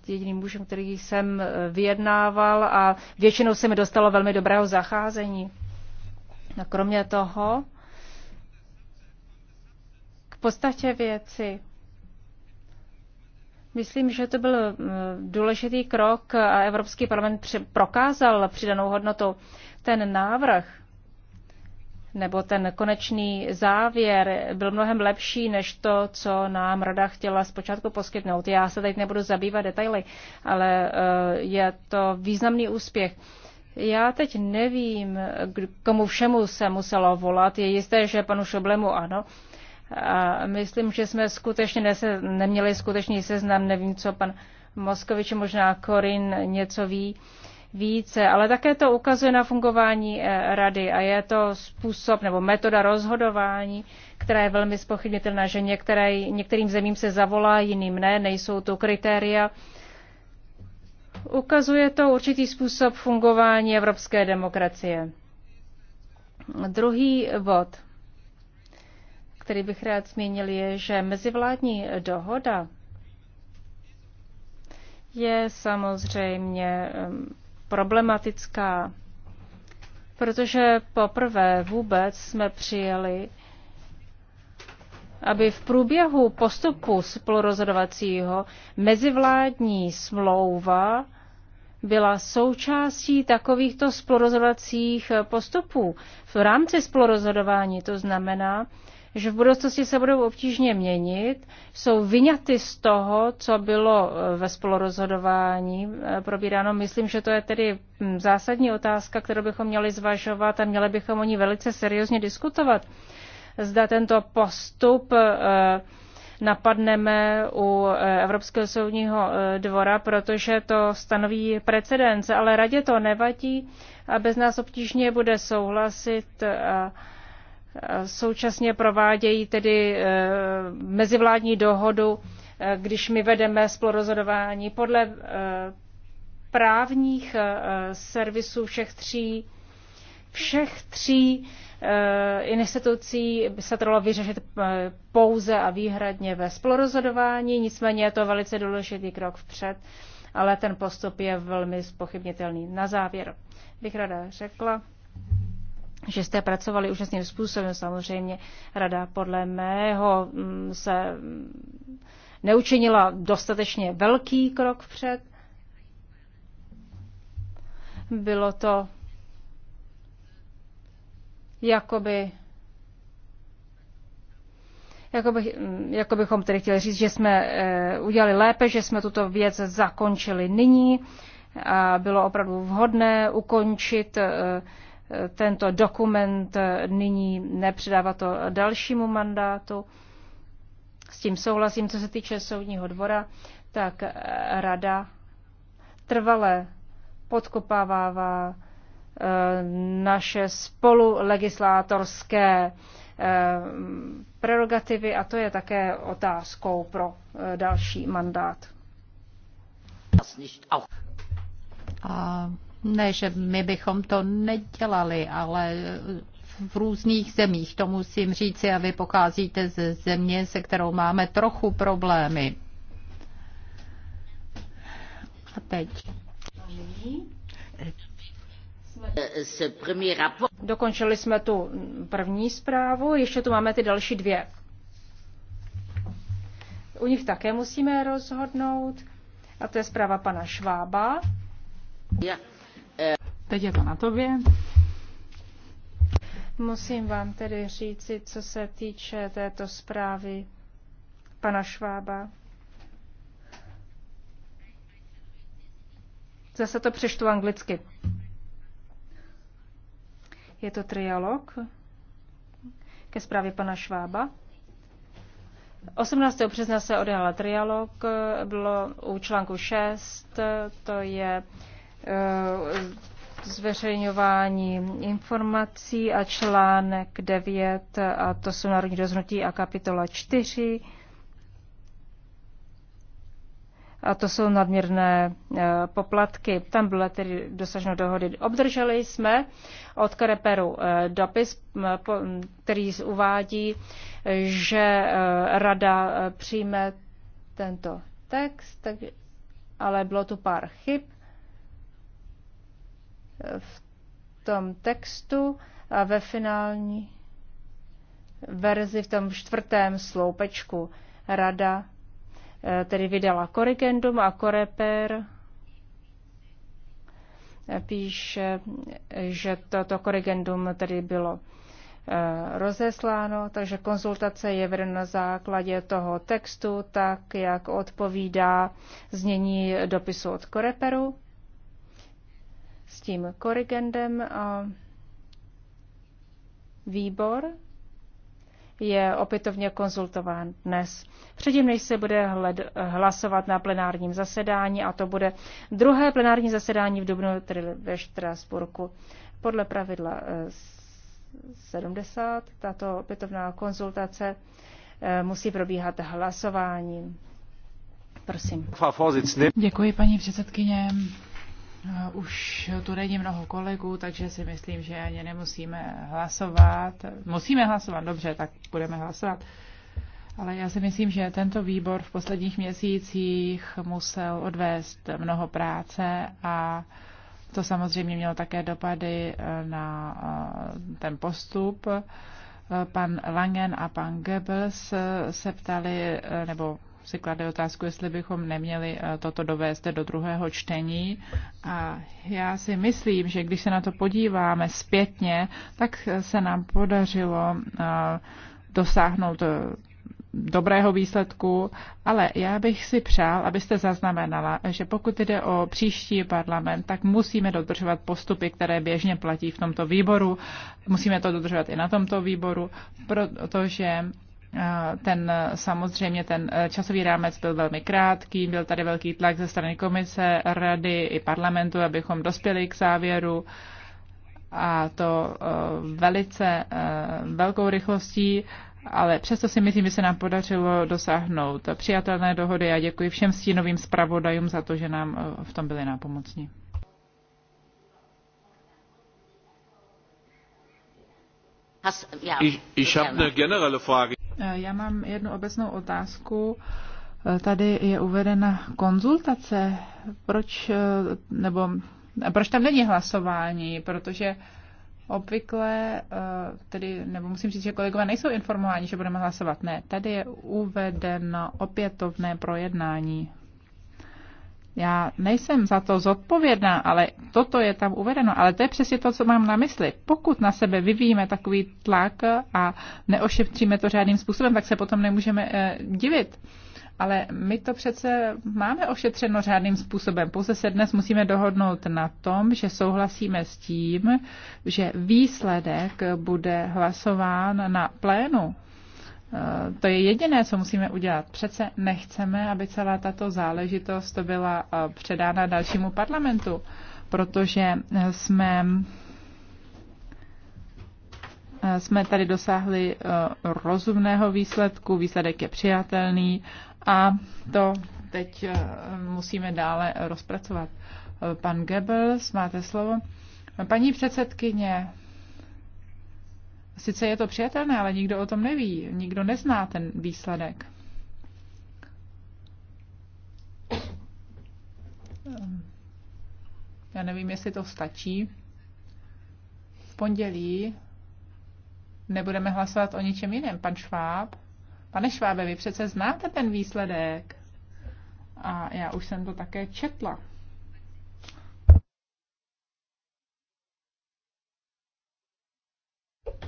S2: jediným mužem, který jsem vyjednával a většinou se mi dostalo velmi dobrého zacházení. No, kromě toho, k podstatě věci, Myslím, že to byl eh, důležitý krok a Evropský parlament prokázal přidanou hodnotu. Ten návrh nebo ten konečný závěr byl mnohem lepší než to, co nám Rada chtěla zpočátku poskytnout. Já se teď nebudu zabývat detaily, ale eh, je to významný úspěch. Já teď nevím, komu všemu se muselo volat. Je jisté, že panu Šoblemu ano. A myslím, že jsme skutečně nese, neměli skutečný seznam, nevím, co pan Moskovič, možná Korin něco ví více, ale také to ukazuje na fungování eh, rady a je to způsob nebo metoda rozhodování, která je velmi spochybnitelná, že některé, některým zemím se zavolá, jiným ne, nejsou to kritéria, Ukazuje to určitý způsob fungování evropské demokracie. Druhý bod, který bych rád zmínil, je, že mezivládní dohoda je samozřejmě problematická, protože poprvé vůbec jsme přijeli aby v průběhu postupu spolurozhodovacího mezivládní smlouva byla součástí takovýchto spolurozhodovacích postupů. V rámci spolurozhodování to znamená, že v budoucnosti se budou obtížně měnit, jsou vyňaty z toho, co bylo eh, ve spolurozhodování eh, probíráno. Myslím, že to je tedy hm, zásadní otázka, kterou bychom měli zvažovat a měli bychom o ní velice seriózně diskutovat zda tento postup eh, napadneme u eh, Evropského soudního eh, dvora, protože to stanoví precedence, ale radě to nevadí a bez nás obtížně bude souhlasit. A současně provádějí tedy mezivládní dohodu, když my vedeme spolurozhodování podle právních servisů všech tří všech tří eh, institucí by se trvalo vyřešit eh, pouze a výhradně ve spolurozhodování, nicméně je to velice důležitý krok vpřed, ale ten postup je velmi spochybnitelný. Na závěr bych rada řekla, že jste pracovali úžasným způsobem. Samozřejmě rada podle mého mm, se mm, neučinila dostatečně velký krok vpřed. Bylo to jakoby Jakoby, jako bychom tedy chtěli říct, že jsme e, udělali lépe, že jsme tuto věc zakončili nyní a bylo opravdu vhodné ukončit e, tento dokument eh, nyní, nepředávat to dalšímu mandátu. S tím souhlasím, co se týče soudního dvora, tak rada trvale podkopává Eh, naše spolulegislátorské eh, prerogativy a to je také otázkou pro eh, další mandát.
S4: A ne, že my bychom to nedělali, ale v různých zemích, to musím říci, a vy pocházíte ze země, se kterou máme trochu problémy. A teď.
S2: Dokončili jsme tu první zprávu, ještě tu máme ty další dvě. U nich také musíme rozhodnout. A to je zpráva pana Švába. Teď je to na tobě. Musím vám tedy říci, co se týče této zprávy pana Švába. Zase to přeštu anglicky. Je to trialog ke zprávě pana Švába. 18. března se odehrál trialog, bylo u článku 6, to je eh, zveřejňování informací a článek 9, a to jsou národní rozhodnutí a kapitola 4 a to jsou nadměrné eh, poplatky. Tam bylo tedy dosaženo dohody. Obdrželi jsme od Kareperu eh, dopis, který uvádí, že eh, rada přijme tento text, tak, ale bylo tu pár chyb v tom textu a ve finální verzi v tom čtvrtém sloupečku rada Eh, tedy vydala korrigendum a koreper píše, že toto korigendum tedy bylo eh, rozesláno, takže konzultace je vedena na základě toho textu, tak jak odpovídá znění dopisu od Koreperu s tím korigendem a výbor je opětovně konzultován dnes. Předtím, než se bude hled, hlasovat na plenárním zasedání, a to bude druhé plenární zasedání v Dubnu, tedy ve Štrasburku. Podle pravidla 70 eh, tato opětovná konzultace eh, musí probíhat hlasováním. Prosím. Děkuji,
S3: paní předsedkyně. Uh, už tu není mnoho kolegů, takže si myslím, že ani nemusíme hlasovat. Musíme hlasovat, dobře, tak budeme hlasovat. Ale já si myslím, že tento výbor v posledních měsících musel odvést mnoho práce a to samozřejmě mělo také dopady eh, na eh, ten postup. Eh, pan Langen a pan Goebbels se ptali, nebo si klade otázku, jestli bychom neměli eh, toto dovést do druhého čtení. A já si myslím, že když se na to podíváme zpětně, tak se nám podařilo eh, dosáhnout eh, dobrého výsledku, ale já bych si přál, abyste zaznamenala, že pokud jde o příští parlament, tak musíme dodržovat postupy, které běžně platí v tomto výboru. Musíme to dodržovat i na tomto výboru, protože ten samozřejmě ten eh, časový rámec byl velmi krátký, byl tady velký tlak ze strany komise, rady i parlamentu, abychom dospěli k závěru a to eh, velice eh, velkou rychlostí, ale přesto si myslím, že se nám podařilo dosáhnout přijatelné dohody a děkuji všem stínovým zpravodajům za to, že nám v tom byli nápomocní.
S1: Ich, ich habe eine generelle Frage.
S3: Eh, já mám jednu obecnou otázku. Eh, tady je uvedena konzultace. Proč, eh, nebo, proč tam není hlasování? Protože obvykle, tedy, nebo musím říct, že kolegové nejsou informováni, že budeme hlasovat. Ne, tady je uvedeno opětovné projednání. Já nejsem za to zodpovědná, ale toto je tam uvedeno. Ale to je přesně to, co mám na mysli. Pokud na sebe vyvíjíme takový tlak a neošetříme to žádným způsobem, tak se potom nemůžeme eh, divit. Ale my to přece máme ošetřeno řádným způsobem. Pouze se dnes musíme dohodnout na tom, že souhlasíme s tím, že výsledek bude hlasován na plénu to je jediné, co musíme udělat. Přece nechceme, aby celá tato záležitost byla eh, předána dalšímu parlamentu, protože eh, jsme eh, jsme tady dosáhli rozumného výsledku, výsledek je přijatelný a to teď musíme dále rozpracovat. Pan Goebbels, máte slovo. Paní předsedkyně, Sice je to přijatelné, ale nikdo o tom neví, nikdo nezná ten výsledek. Já nevím, jestli to stačí. V pondělí nebudeme hlasovat o ničem jiném. Pan Šváb, pane Švábe, vy přece znáte ten výsledek. A já už jsem to také četla.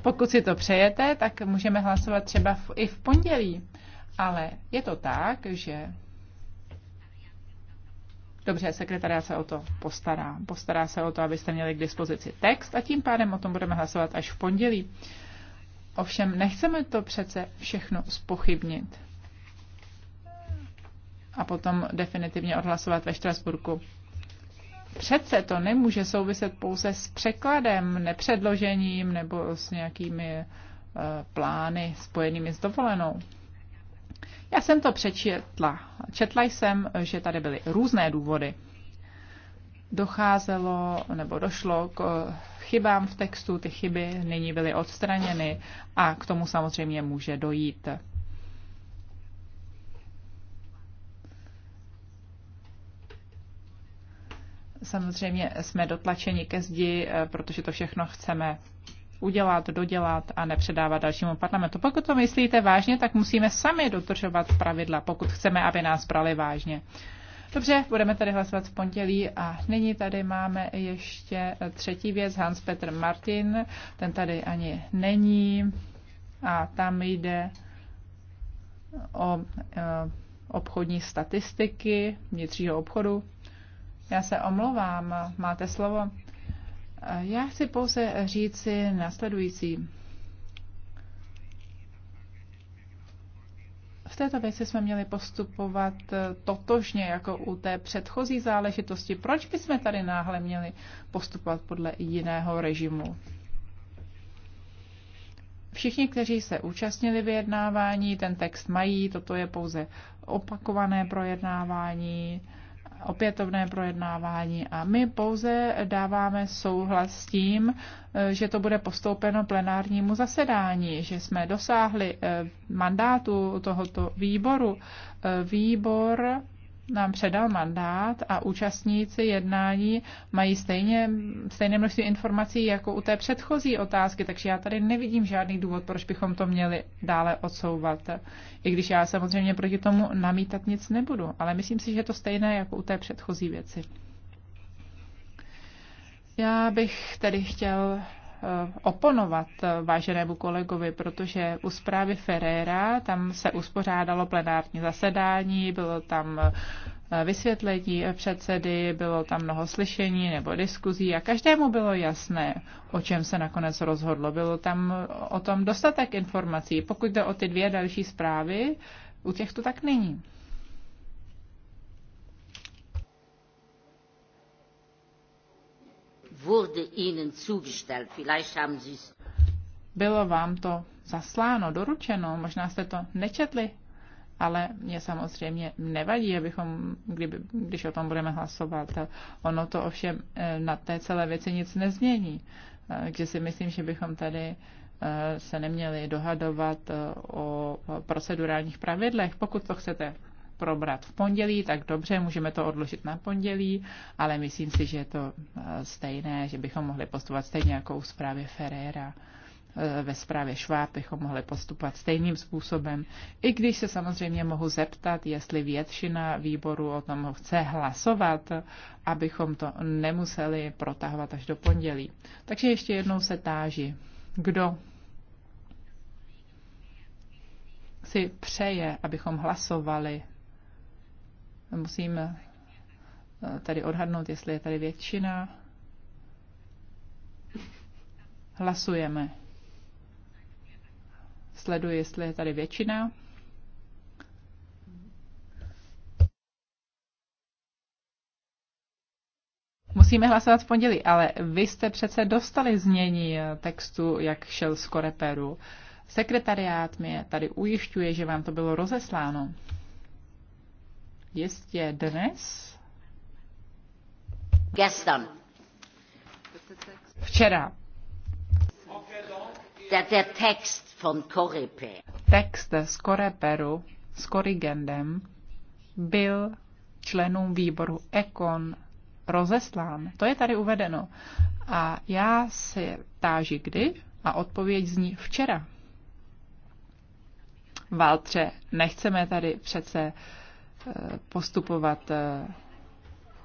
S3: Pokud si to přejete, tak můžeme hlasovat třeba v, i v pondělí. Ale je to tak, že Dobře, sekretář se o to postará. Postará se o to, abyste měli k dispozici text a tím pádem o tom budeme hlasovat až v pondělí. Ovšem, nechceme to přece všechno spochybnit a potom definitivně odhlasovat ve Štrasburku přece to nemůže souviset pouze s překladem, nepředložením nebo s nějakými eh, plány spojenými s dovolenou. Já jsem to přečetla. Četla jsem, že tady byly různé důvody. Docházelo nebo došlo k eh, chybám v textu, ty chyby nyní byly odstraněny a k tomu samozřejmě může dojít. Samozřejmě jsme dotlačeni ke zdi, eh, protože to všechno chceme udělat, dodělat a nepředávat dalšímu parlamentu. Pokud to myslíte vážně, tak musíme sami dodržovat pravidla, pokud chceme, aby nás brali vážně. Dobře, budeme tady hlasovat v pondělí a nyní tady máme ještě třetí věc, Hans Petr Martin, ten tady ani není a tam jde o eh, obchodní statistiky vnitřního obchodu. Já se omlouvám, máte slovo. Já chci pouze říci následující. V této věci jsme měli postupovat totožně jako u té předchozí záležitosti. Proč bychom tady náhle měli postupovat podle jiného režimu? Všichni, kteří se účastnili vyjednávání, ten text mají, toto je pouze opakované projednávání opětovné projednávání a my pouze dáváme souhlas s tím, eh, že to bude postoupeno plenárnímu zasedání, že jsme dosáhli eh, mandátu tohoto výboru. Eh, výbor nám předal mandát a účastníci jednání mají stejně, stejné množství informací jako u té předchozí otázky, takže já tady nevidím žádný důvod, proč bychom to měli dále odsouvat. I když já samozřejmě proti tomu namítat nic nebudu, ale myslím si, že je to stejné jako u té předchozí věci. Já bych tedy chtěl Eh, oponovat eh, váženému kolegovi, protože u zprávy Ferrera tam se uspořádalo plenární zasedání, bylo tam eh, vysvětlení předsedy, bylo tam mnoho slyšení nebo diskuzí a každému bylo jasné, o čem se nakonec rozhodlo. Bylo tam o tom dostatek informací. Pokud jde o ty dvě další zprávy, u těch to tak není.
S1: wurde Ihnen zugestellt. Vielleicht haben Sie es.
S3: Bylo vám to zasláno, doručeno, možná jste to nečetli, ale mě samozřejmě nevadí, abychom, kdyby, když o tom budeme hlasovat. Ono to ovšem eh, na té celé věci nic nezmění. Eh, takže si myslím, že bychom tady eh, se neměli dohadovat o procedurálních pravidlech. Pokud to chcete probrat v pondělí, tak dobře, můžeme to odložit na pondělí, ale myslím si, že je to eh, stejné, že bychom mohli postupovat stejně jako u zprávy Ferrera eh, ve zprávě Šváb bychom mohli postupovat stejným způsobem, i když se samozřejmě mohu zeptat, jestli většina výboru o tom chce hlasovat, abychom to nemuseli protahovat až do pondělí. Takže ještě jednou se táži, kdo si přeje, abychom hlasovali Musím eh, tady odhadnout, jestli je tady většina. Hlasujeme. Sleduji, jestli je tady většina. Musíme hlasovat v pondělí, ale vy jste přece dostali znění eh, textu, jak šel z Koreperu. Sekretariát mě tady ujišťuje, že vám to bylo rozesláno jistě dnes. Gestan. Včera.
S1: Der text von
S3: Text z Koreperu s korigendem byl členům výboru Ekon rozeslán. To je tady uvedeno. A já se táži kdy a odpověď zní včera. Valtře, nechceme tady přece uh, postupovat eh,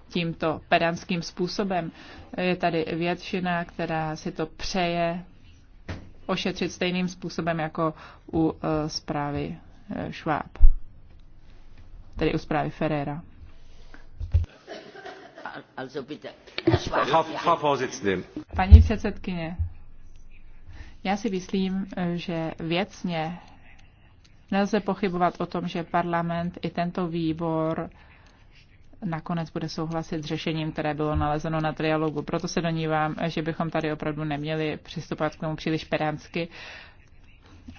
S3: tímto pedantským způsobem. Je tady většina, která si to přeje ošetřit stejným způsobem jako u eh, zprávy eh, Schwab, tedy u zprávy Ferrera. Paní předsedkyně, já si myslím, že věcně Nelze pochybovat o tom, že parlament i tento výbor nakonec bude souhlasit s řešením, které bylo nalezeno na trialogu. Proto se donívám, že bychom tady opravdu neměli přistupovat k tomu příliš peránsky.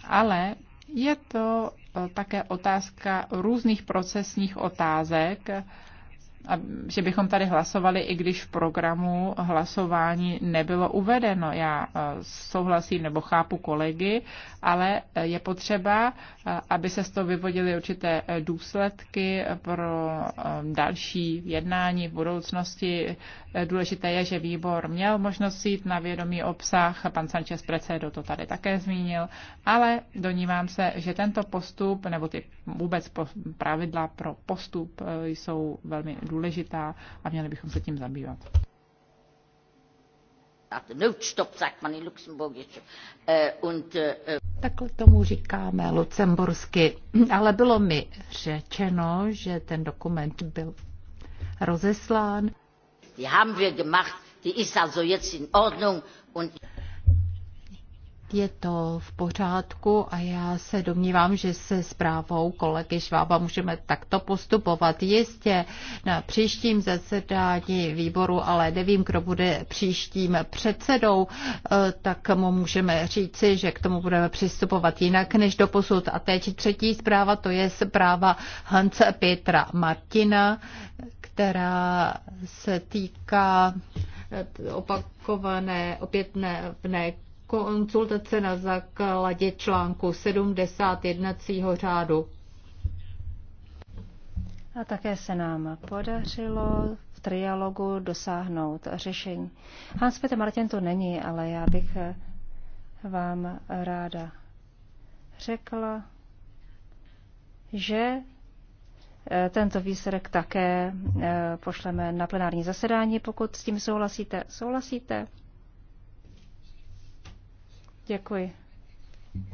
S3: Ale je to eh, také otázka různých procesních otázek, že bychom tady hlasovali, i když v programu hlasování nebylo uvedeno. Já eh, souhlasím nebo chápu kolegy, ale eh, je potřeba, eh, aby se z toho vyvodily určité důsledky pro další jednání v budoucnosti. Důležité je, že výbor měl možnost jít na vědomý obsah, pan Sanchez Precedo to tady také zmínil, ale donívám se, že tento postup nebo ty vůbec pravidla pro postup jsou velmi důležitá a měli bychom se tím zabývat.
S1: Äh, äh, äh,
S3: Takhle tomu říkáme
S4: lucembursky, ale bylo mi řečeno, že ten dokument byl rozeslán.
S1: Die haben wir gemacht, die ist also jetzt in Ordnung und
S4: je to v pořádku a já se domnívám, že se zprávou kolegy Švába můžeme takto postupovat. Jistě na příštím zasedání výboru, ale nevím, kdo bude příštím předsedou, eh, tak mu můžeme říci, že k tomu budeme přistupovat jinak než do posud. A teď třetí zpráva, to je zpráva Hance Petra Martina, která se týká opakované opětné konzultace na základě článku 70 jednacího řádu. A také se nám
S2: podařilo v trialogu dosáhnout řešení. Hans Peter Martin to není, ale já bych vám ráda řekla, že eh, tento výsledek také eh, pošleme na plenární zasedání, pokud s tím souhlasíte. Souhlasíte?
S4: Děkuji.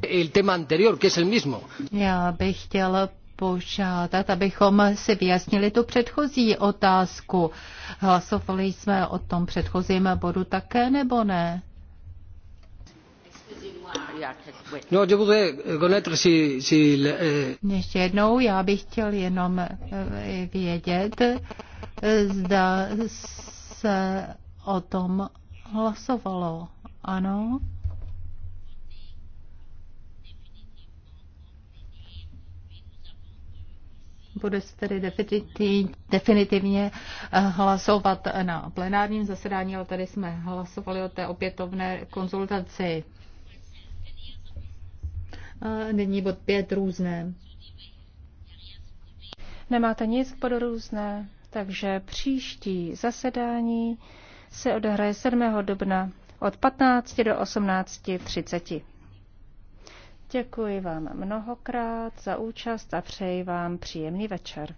S1: El
S4: Já bych chtěl požádat, abychom si vyjasnili tu předchozí otázku. Hlasovali jsme o tom předchozím bodu také, nebo ne?
S1: No, eh, si, eh,
S4: Ještě jednou, já bych chtěl jenom eh, vědět, zda se o tom hlasovalo. Ano? Bude se tedy definitivně eh, hlasovat na plenárním zasedání, ale tady jsme hlasovali o té opětovné konzultaci. A nyní bod pět různé. Nemáte nic k bodu různé,
S2: takže příští zasedání se odehraje 7. dubna od 15 do 18.30. Děkuji vám mnohokrát za účast a přeji vám příjemný večer.